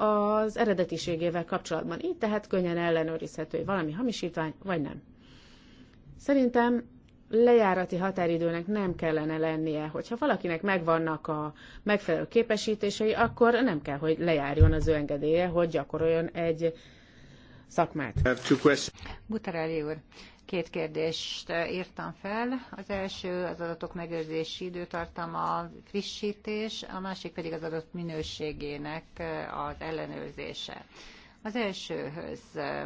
az eredetiségével kapcsolatban. Így tehát könnyen ellenőrizhető, hogy valami hamisítvány, vagy nem. Szerintem lejárati határidőnek nem kellene lennie, hogyha valakinek megvannak a megfelelő képesítései, akkor nem kell, hogy lejárjon az ő engedélye, hogy gyakoroljon egy szakmát. Butarelli úr, két kérdést eh, írtam fel. Az első az adatok megőrzési időtartama frissítés, a másik pedig az adat minőségének eh, az ellenőrzése. Az elsőhöz eh,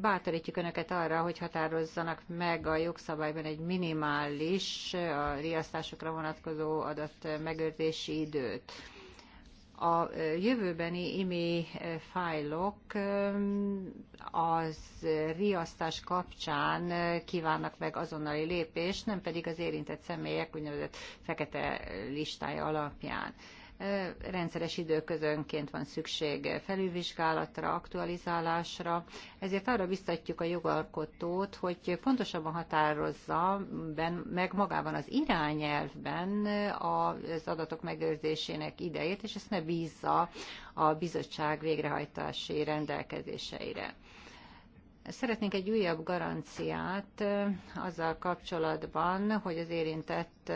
bátorítjuk Önöket arra, hogy határozzanak meg a jogszabályban egy minimális a riasztásokra vonatkozó adat megőrzési időt a jövőbeni IMI fájlok az riasztás kapcsán kívánnak meg azonnali lépést, nem pedig az érintett személyek úgynevezett fekete listája alapján rendszeres időközönként van szükség felülvizsgálatra, aktualizálásra, ezért arra biztatjuk a jogalkotót, hogy pontosabban határozza ben, meg magában az irányelvben az adatok megőrzésének idejét, és ezt ne bízza a bizottság végrehajtási rendelkezéseire. Szeretnénk egy újabb garanciát azzal kapcsolatban, hogy az érintett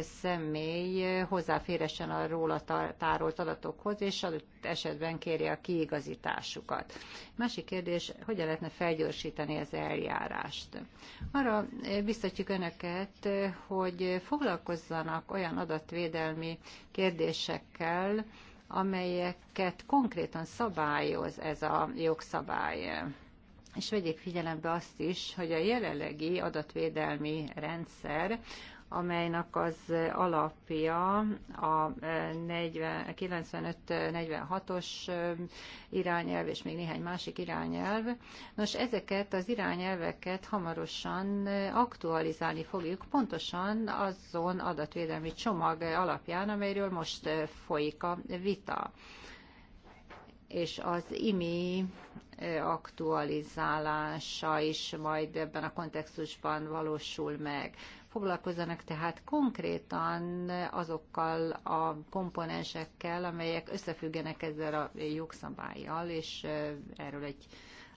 személy hozzáférhessen a róla tárolt adatokhoz, és adott esetben kérje a kiigazításukat. Másik kérdés, hogyan lehetne felgyorsítani az eljárást? Arra biztatjuk Önöket, hogy foglalkozzanak olyan adatvédelmi kérdésekkel, amelyeket konkrétan szabályoz ez a jogszabály és vegyék figyelembe azt is, hogy a jelenlegi adatvédelmi rendszer, amelynek az alapja a 95-46-os e, e, irányelv, és még néhány másik irányelv. Nos, ezeket az irányelveket hamarosan aktualizálni fogjuk, pontosan azon adatvédelmi csomag alapján, amelyről most e, folyik a vita és az IMI aktualizálása is majd ebben a kontextusban valósul meg. Foglalkozzanak tehát konkrétan azokkal a komponensekkel, amelyek összefüggenek ezzel a jogszabályjal, és erről egy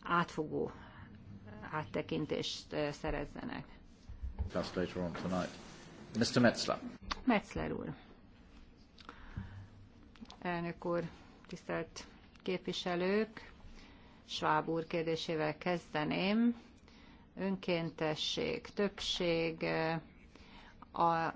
átfogó áttekintést szerezzenek. Mr. Metzler. Metzler úr. Elnök úr, tisztelt képviselők, Schwab úr kérdésével kezdeném. Önkéntesség, többség, a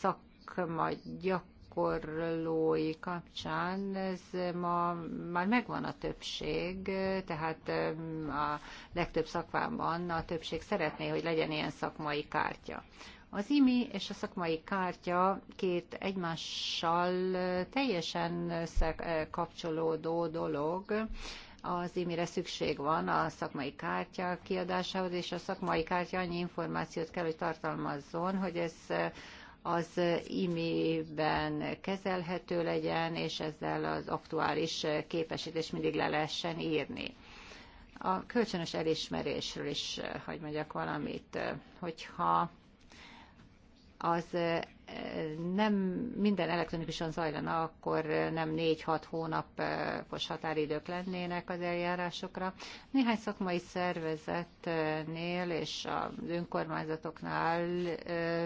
szakma gyakorlói kapcsán ez ma már megvan a többség, tehát um, a legtöbb szakmában a többség szeretné, hogy legyen ilyen szakmai kártya. Az IMI és a szakmai kártya két egymással teljesen kapcsolódó dolog. Az imire szükség van a szakmai kártya kiadásához, és a szakmai kártya annyi információt kell, hogy tartalmazzon, hogy ez az imi kezelhető legyen, és ezzel az aktuális képesítés mindig le lehessen írni. A kölcsönös elismerésről is, hogy mondjak valamit, hogyha az nem minden elektronikusan zajlana, akkor nem 4-6 hónapos határidők lennének az eljárásokra. Néhány szakmai szervezetnél és az önkormányzatoknál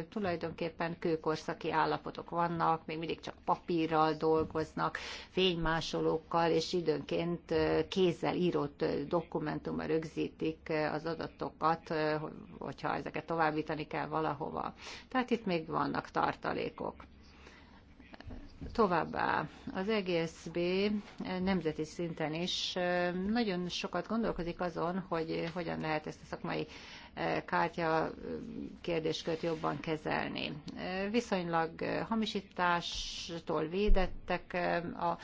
tulajdonképpen kőkorszaki állapotok vannak, még mindig csak papírral dolgoznak, fénymásolókkal, és időnként kézzel írott dokumentummal rögzítik az adatokat, hogyha ezeket továbbítani kell valahova. Tehát itt még vannak tartalmak tartalékok. Továbbá az EGSB nemzeti szinten is nagyon sokat gondolkozik azon, hogy hogyan lehet ezt a szakmai kártya kérdéskört jobban kezelni. Viszonylag hamisítástól védettek a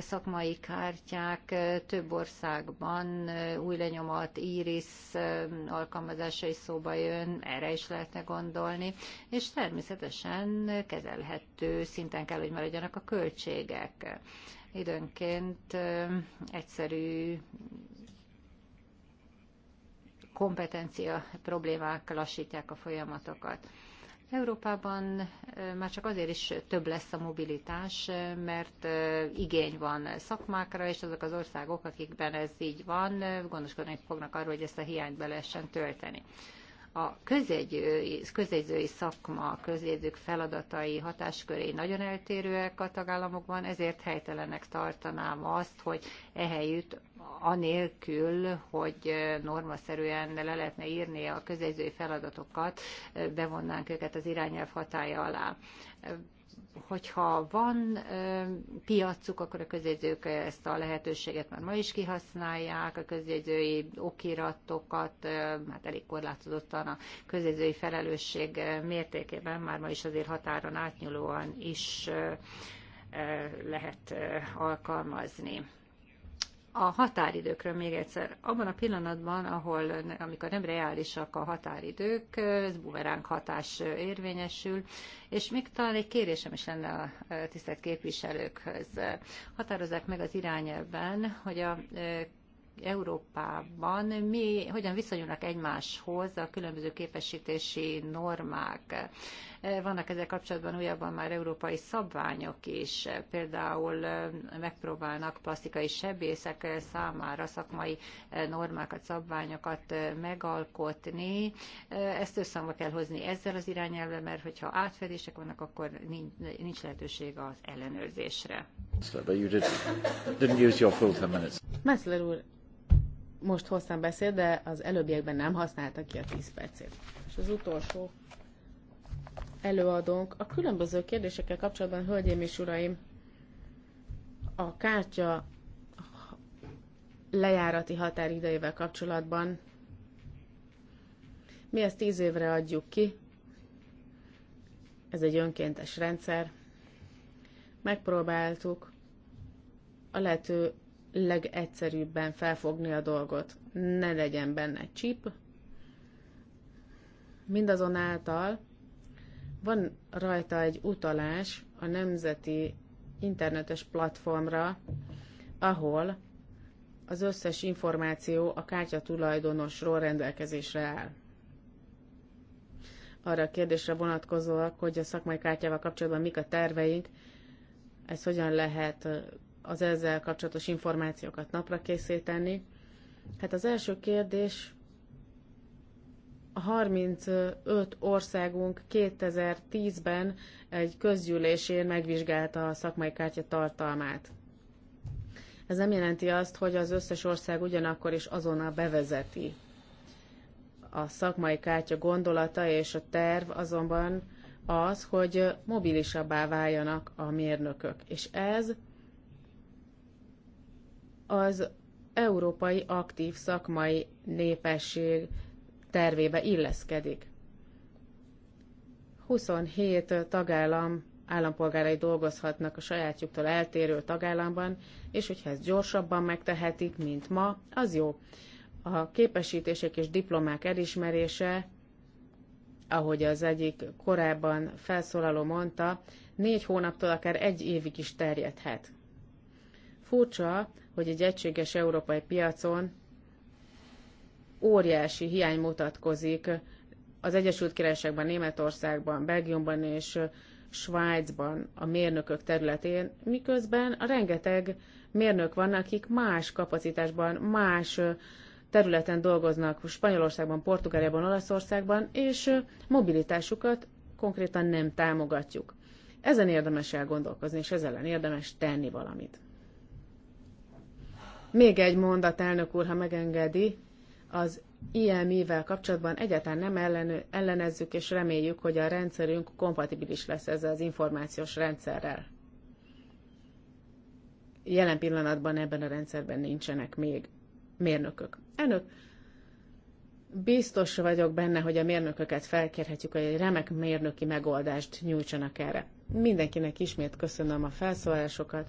szakmai kártyák több országban új lenyomat, íris alkalmazása is szóba jön, erre is lehetne gondolni, és természetesen kezelhető szinten kell, hogy maradjanak a költségek. Időnként egyszerű kompetencia problémák lassítják a folyamatokat. Európában már csak azért is több lesz a mobilitás, mert igény van szakmákra, és azok az országok, akikben ez így van, gondoskodni fognak arról, hogy ezt a hiányt be lehessen tölteni a közjegyzői, közjegyzői szakma, a közjegyzők feladatai, hatáskörei nagyon eltérőek a tagállamokban, ezért helytelenek tartanám azt, hogy ehelyütt anélkül, hogy normaszerűen le lehetne írni a közjegyzői feladatokat, bevonnánk őket az irányelv hatája alá hogyha van piacuk, akkor a közjegyzők ezt a lehetőséget már ma is kihasználják, a közjegyzői okiratokat, hát elég korlátozottan a közjegyzői felelősség mértékében már ma is azért határon átnyúlóan is lehet alkalmazni. A határidőkről még egyszer. Abban a pillanatban, ahol, amikor nem reálisak a határidők, ez buveránk hatás érvényesül, és még talán egy kérésem is lenne a eh, tisztelt képviselőkhöz. Határozzák meg az irányelben, hogy a eh, Európában mi hogyan viszonyulnak egymáshoz a különböző képesítési normák. Vannak ezzel kapcsolatban újabban már európai szabványok is. Például megpróbálnak plastikai sebészek számára szakmai normákat, szabványokat megalkotni. Ezt összhangba kell hozni ezzel az irányelvvel, mert hogyha átfedések vannak, akkor nincs lehetőség az ellenőrzésre. Messler úr, most hoztam beszél, de az előbbiekben nem használta ki a 10 percét. És az utolsó előadónk a különböző kérdésekkel kapcsolatban, hölgyeim és uraim, a kártya lejárati határidejével kapcsolatban mi ezt 10 évre adjuk ki, ez egy önkéntes rendszer. Megpróbáltuk a lehető legegyszerűbben felfogni a dolgot. Ne legyen benne csip. Mindazonáltal van rajta egy utalás a nemzeti internetes platformra, ahol az összes információ a kártya tulajdonosról rendelkezésre áll. Arra a kérdésre vonatkozóak, hogy a szakmai kártyával kapcsolatban mik a terveink, ezt hogyan lehet az ezzel kapcsolatos információkat napra készíteni. Hát az első kérdés, a 35 országunk 2010-ben egy közgyűlésén megvizsgálta a szakmai kártya tartalmát. Ez nem jelenti azt, hogy az összes ország ugyanakkor is azonnal bevezeti a szakmai kártya gondolata és a terv azonban az, hogy mobilisabbá váljanak a mérnökök. És ez az európai aktív szakmai népesség tervébe illeszkedik. 27 tagállam állampolgárai dolgozhatnak a sajátjuktól eltérő tagállamban, és hogyha ezt gyorsabban megtehetik, mint ma, az jó. A képesítések és diplomák elismerése, ahogy az egyik korábban felszólaló mondta, négy hónaptól akár egy évig is terjedhet. Furcsa, hogy egy egységes európai piacon óriási hiány mutatkozik az Egyesült Királyságban, Németországban, Belgiumban és Svájcban a mérnökök területén, miközben a rengeteg mérnök van, akik más kapacitásban, más területen dolgoznak Spanyolországban, Portugáliában, Olaszországban, és mobilitásukat konkrétan nem támogatjuk. Ezen érdemes elgondolkozni, és ezzel ellen érdemes tenni valamit. Még egy mondat, elnök úr, ha megengedi, az IMI-vel kapcsolatban egyáltalán nem ellenő, ellenezzük, és reméljük, hogy a rendszerünk kompatibilis lesz ezzel az információs rendszerrel. Jelen pillanatban ebben a rendszerben nincsenek még mérnökök. Elnök, biztos vagyok benne, hogy a mérnököket felkérhetjük, hogy egy remek mérnöki megoldást nyújtsanak erre. Mindenkinek ismét köszönöm a felszólásokat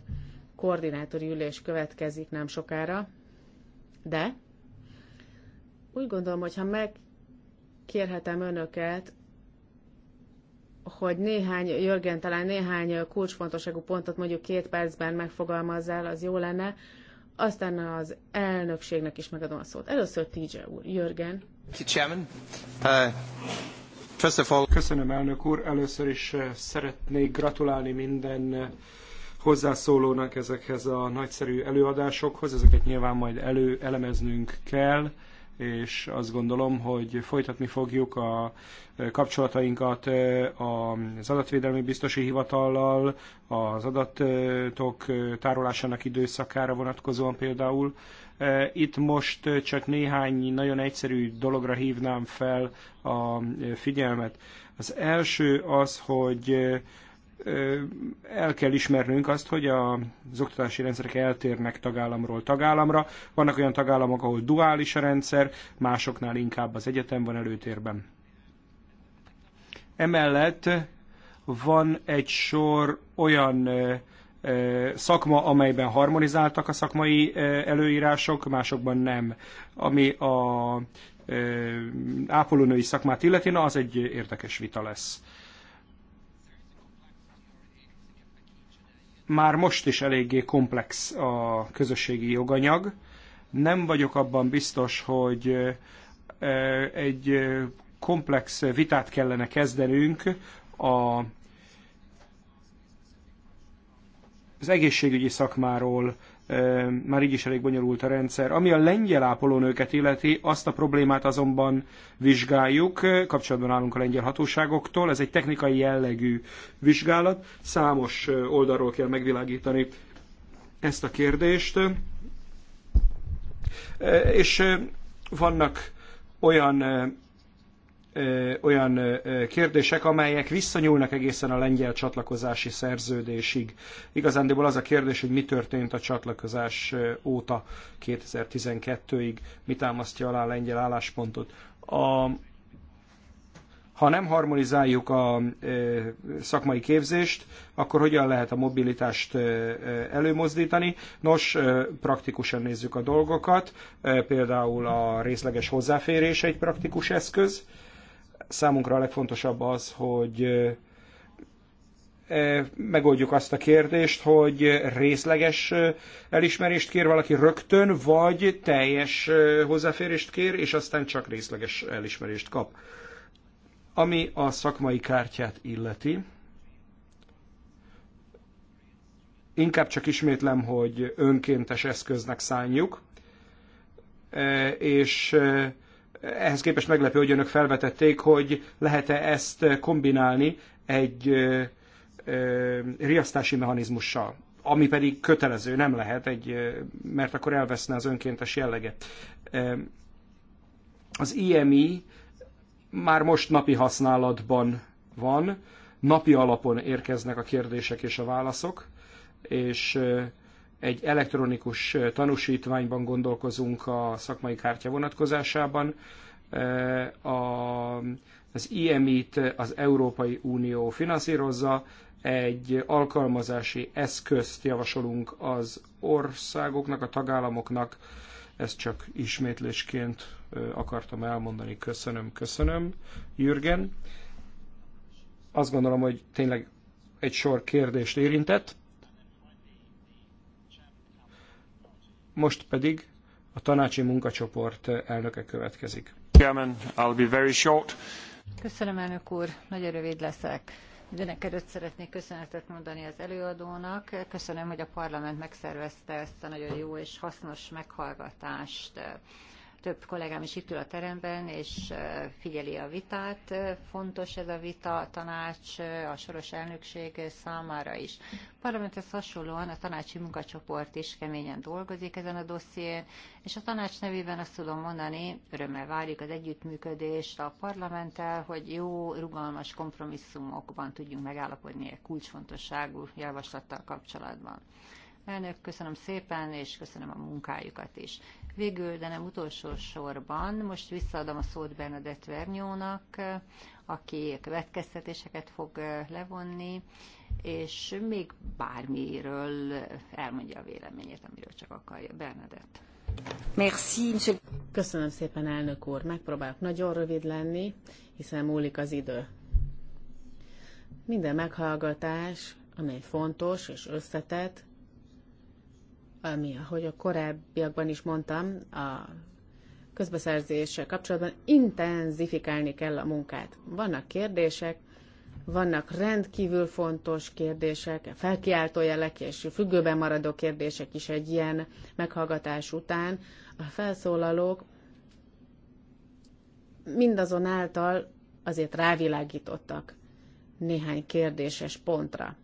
koordinátori ülés következik nem sokára, de úgy gondolom, hogy ha megkérhetem önöket, hogy néhány, Jörgen, talán néhány kulcsfontosságú pontot mondjuk két percben megfogalmazzál, az jó lenne. Aztán az elnökségnek is megadom a szót. Először TJ úr, Jörgen. Uh, Köszönöm, elnök úr. Először is uh, szeretnék gratulálni minden uh, hozzászólónak ezekhez a nagyszerű előadásokhoz. Ezeket nyilván majd elő elemeznünk kell, és azt gondolom, hogy folytatni fogjuk a e, kapcsolatainkat e, az adatvédelmi biztosi hivatallal, az adatok e, tárolásának időszakára vonatkozóan például. Itt most csak néhány nagyon egyszerű dologra hívnám fel a figyelmet. Az első az, hogy el kell ismernünk azt, hogy az oktatási rendszerek eltérnek tagállamról tagállamra. Vannak olyan tagállamok, ahol duális a rendszer, másoknál inkább az egyetem van előtérben. Emellett van egy sor olyan szakma, amelyben harmonizáltak a szakmai előírások, másokban nem. Ami a ápolónői szakmát illeti, na, az egy érdekes vita lesz már most is eléggé komplex a közösségi joganyag. Nem vagyok abban biztos, hogy egy komplex vitát kellene kezdenünk a, az egészségügyi szakmáról, már így is elég bonyolult a rendszer. Ami a lengyel ápolónőket illeti, azt a problémát azonban vizsgáljuk, kapcsolatban állunk a lengyel hatóságoktól, ez egy technikai jellegű vizsgálat, számos oldalról kell megvilágítani ezt a kérdést. És vannak olyan olyan kérdések, amelyek visszanyúlnak egészen a lengyel csatlakozási szerződésig. Igazándiból az a kérdés, hogy mi történt a csatlakozás óta 2012-ig, mi támasztja alá a lengyel álláspontot. A, ha nem harmonizáljuk a szakmai képzést, akkor hogyan lehet a mobilitást előmozdítani? Nos, praktikusan nézzük a dolgokat, például a részleges hozzáférés egy praktikus eszköz, Számunkra a legfontosabb az, hogy e, megoldjuk azt a kérdést, hogy részleges elismerést kér valaki rögtön, vagy teljes hozzáférést kér, és aztán csak részleges elismerést kap. Ami a szakmai kártyát illeti, inkább csak ismétlem, hogy önkéntes eszköznek szánjuk, e, és ehhez képest meglepő, hogy önök felvetették, hogy lehet-e ezt kombinálni egy riasztási mechanizmussal, ami pedig kötelező, nem lehet, egy, mert akkor elveszne az önkéntes jelleget. Az IMI már most napi használatban van, napi alapon érkeznek a kérdések és a válaszok, és egy elektronikus tanúsítványban gondolkozunk a szakmai kártya vonatkozásában. Az IMI-t az Európai Unió finanszírozza, egy alkalmazási eszközt javasolunk az országoknak, a tagállamoknak. Ezt csak ismétlésként akartam elmondani. Köszönöm, köszönöm, Jürgen. Azt gondolom, hogy tényleg egy sor kérdést érintett. Most pedig a tanácsi munkacsoport elnöke következik. Chairman, I'll be very short. Köszönöm, elnök úr, nagyon rövid leszek. Mindenek előtt szeretnék köszönetet mondani az előadónak. Köszönöm, hogy a parlament megszervezte ezt a nagyon jó és hasznos meghallgatást. Több kollégám is itt ül a teremben, és figyeli a vitát. Fontos ez a vita a tanács, a soros elnökség számára is. A parlamenthez hasonlóan a tanácsi munkacsoport is keményen dolgozik ezen a dosszién, és a tanács nevében azt tudom mondani, örömmel várjuk az együttműködést a parlamenttel, hogy jó, rugalmas kompromisszumokban tudjunk megállapodni a kulcsfontosságú javaslattal kapcsolatban. Elnök, köszönöm szépen, és köszönöm a munkájukat is. Végül, de nem utolsó sorban, most visszaadom a szót Bernadette Vernyónak, aki következtetéseket fog levonni, és még bármiről elmondja a véleményét, amiről csak akarja. Bernadette. Merci, monsieur. Köszönöm szépen, elnök úr. Megpróbálok nagyon rövid lenni, hiszen múlik az idő. Minden meghallgatás, amely fontos és összetett, ami, ahogy a korábbiakban is mondtam, a közbeszerzéssel kapcsolatban intenzifikálni kell a munkát. Vannak kérdések, vannak rendkívül fontos kérdések, felkiáltó jelek és függőben maradó kérdések is egy ilyen meghallgatás után. A felszólalók mindazonáltal azért rávilágítottak néhány kérdéses pontra.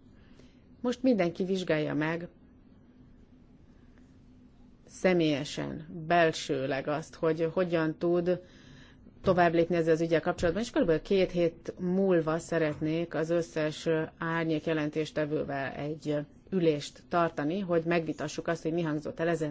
Most mindenki vizsgálja meg, személyesen, belsőleg azt, hogy hogyan tud tovább lépni ezzel az ügyel kapcsolatban, és kb. két hét múlva szeretnék az összes árnyék jelentéstevővel egy ülést tartani, hogy megvitassuk azt, hogy mi hangzott el ezen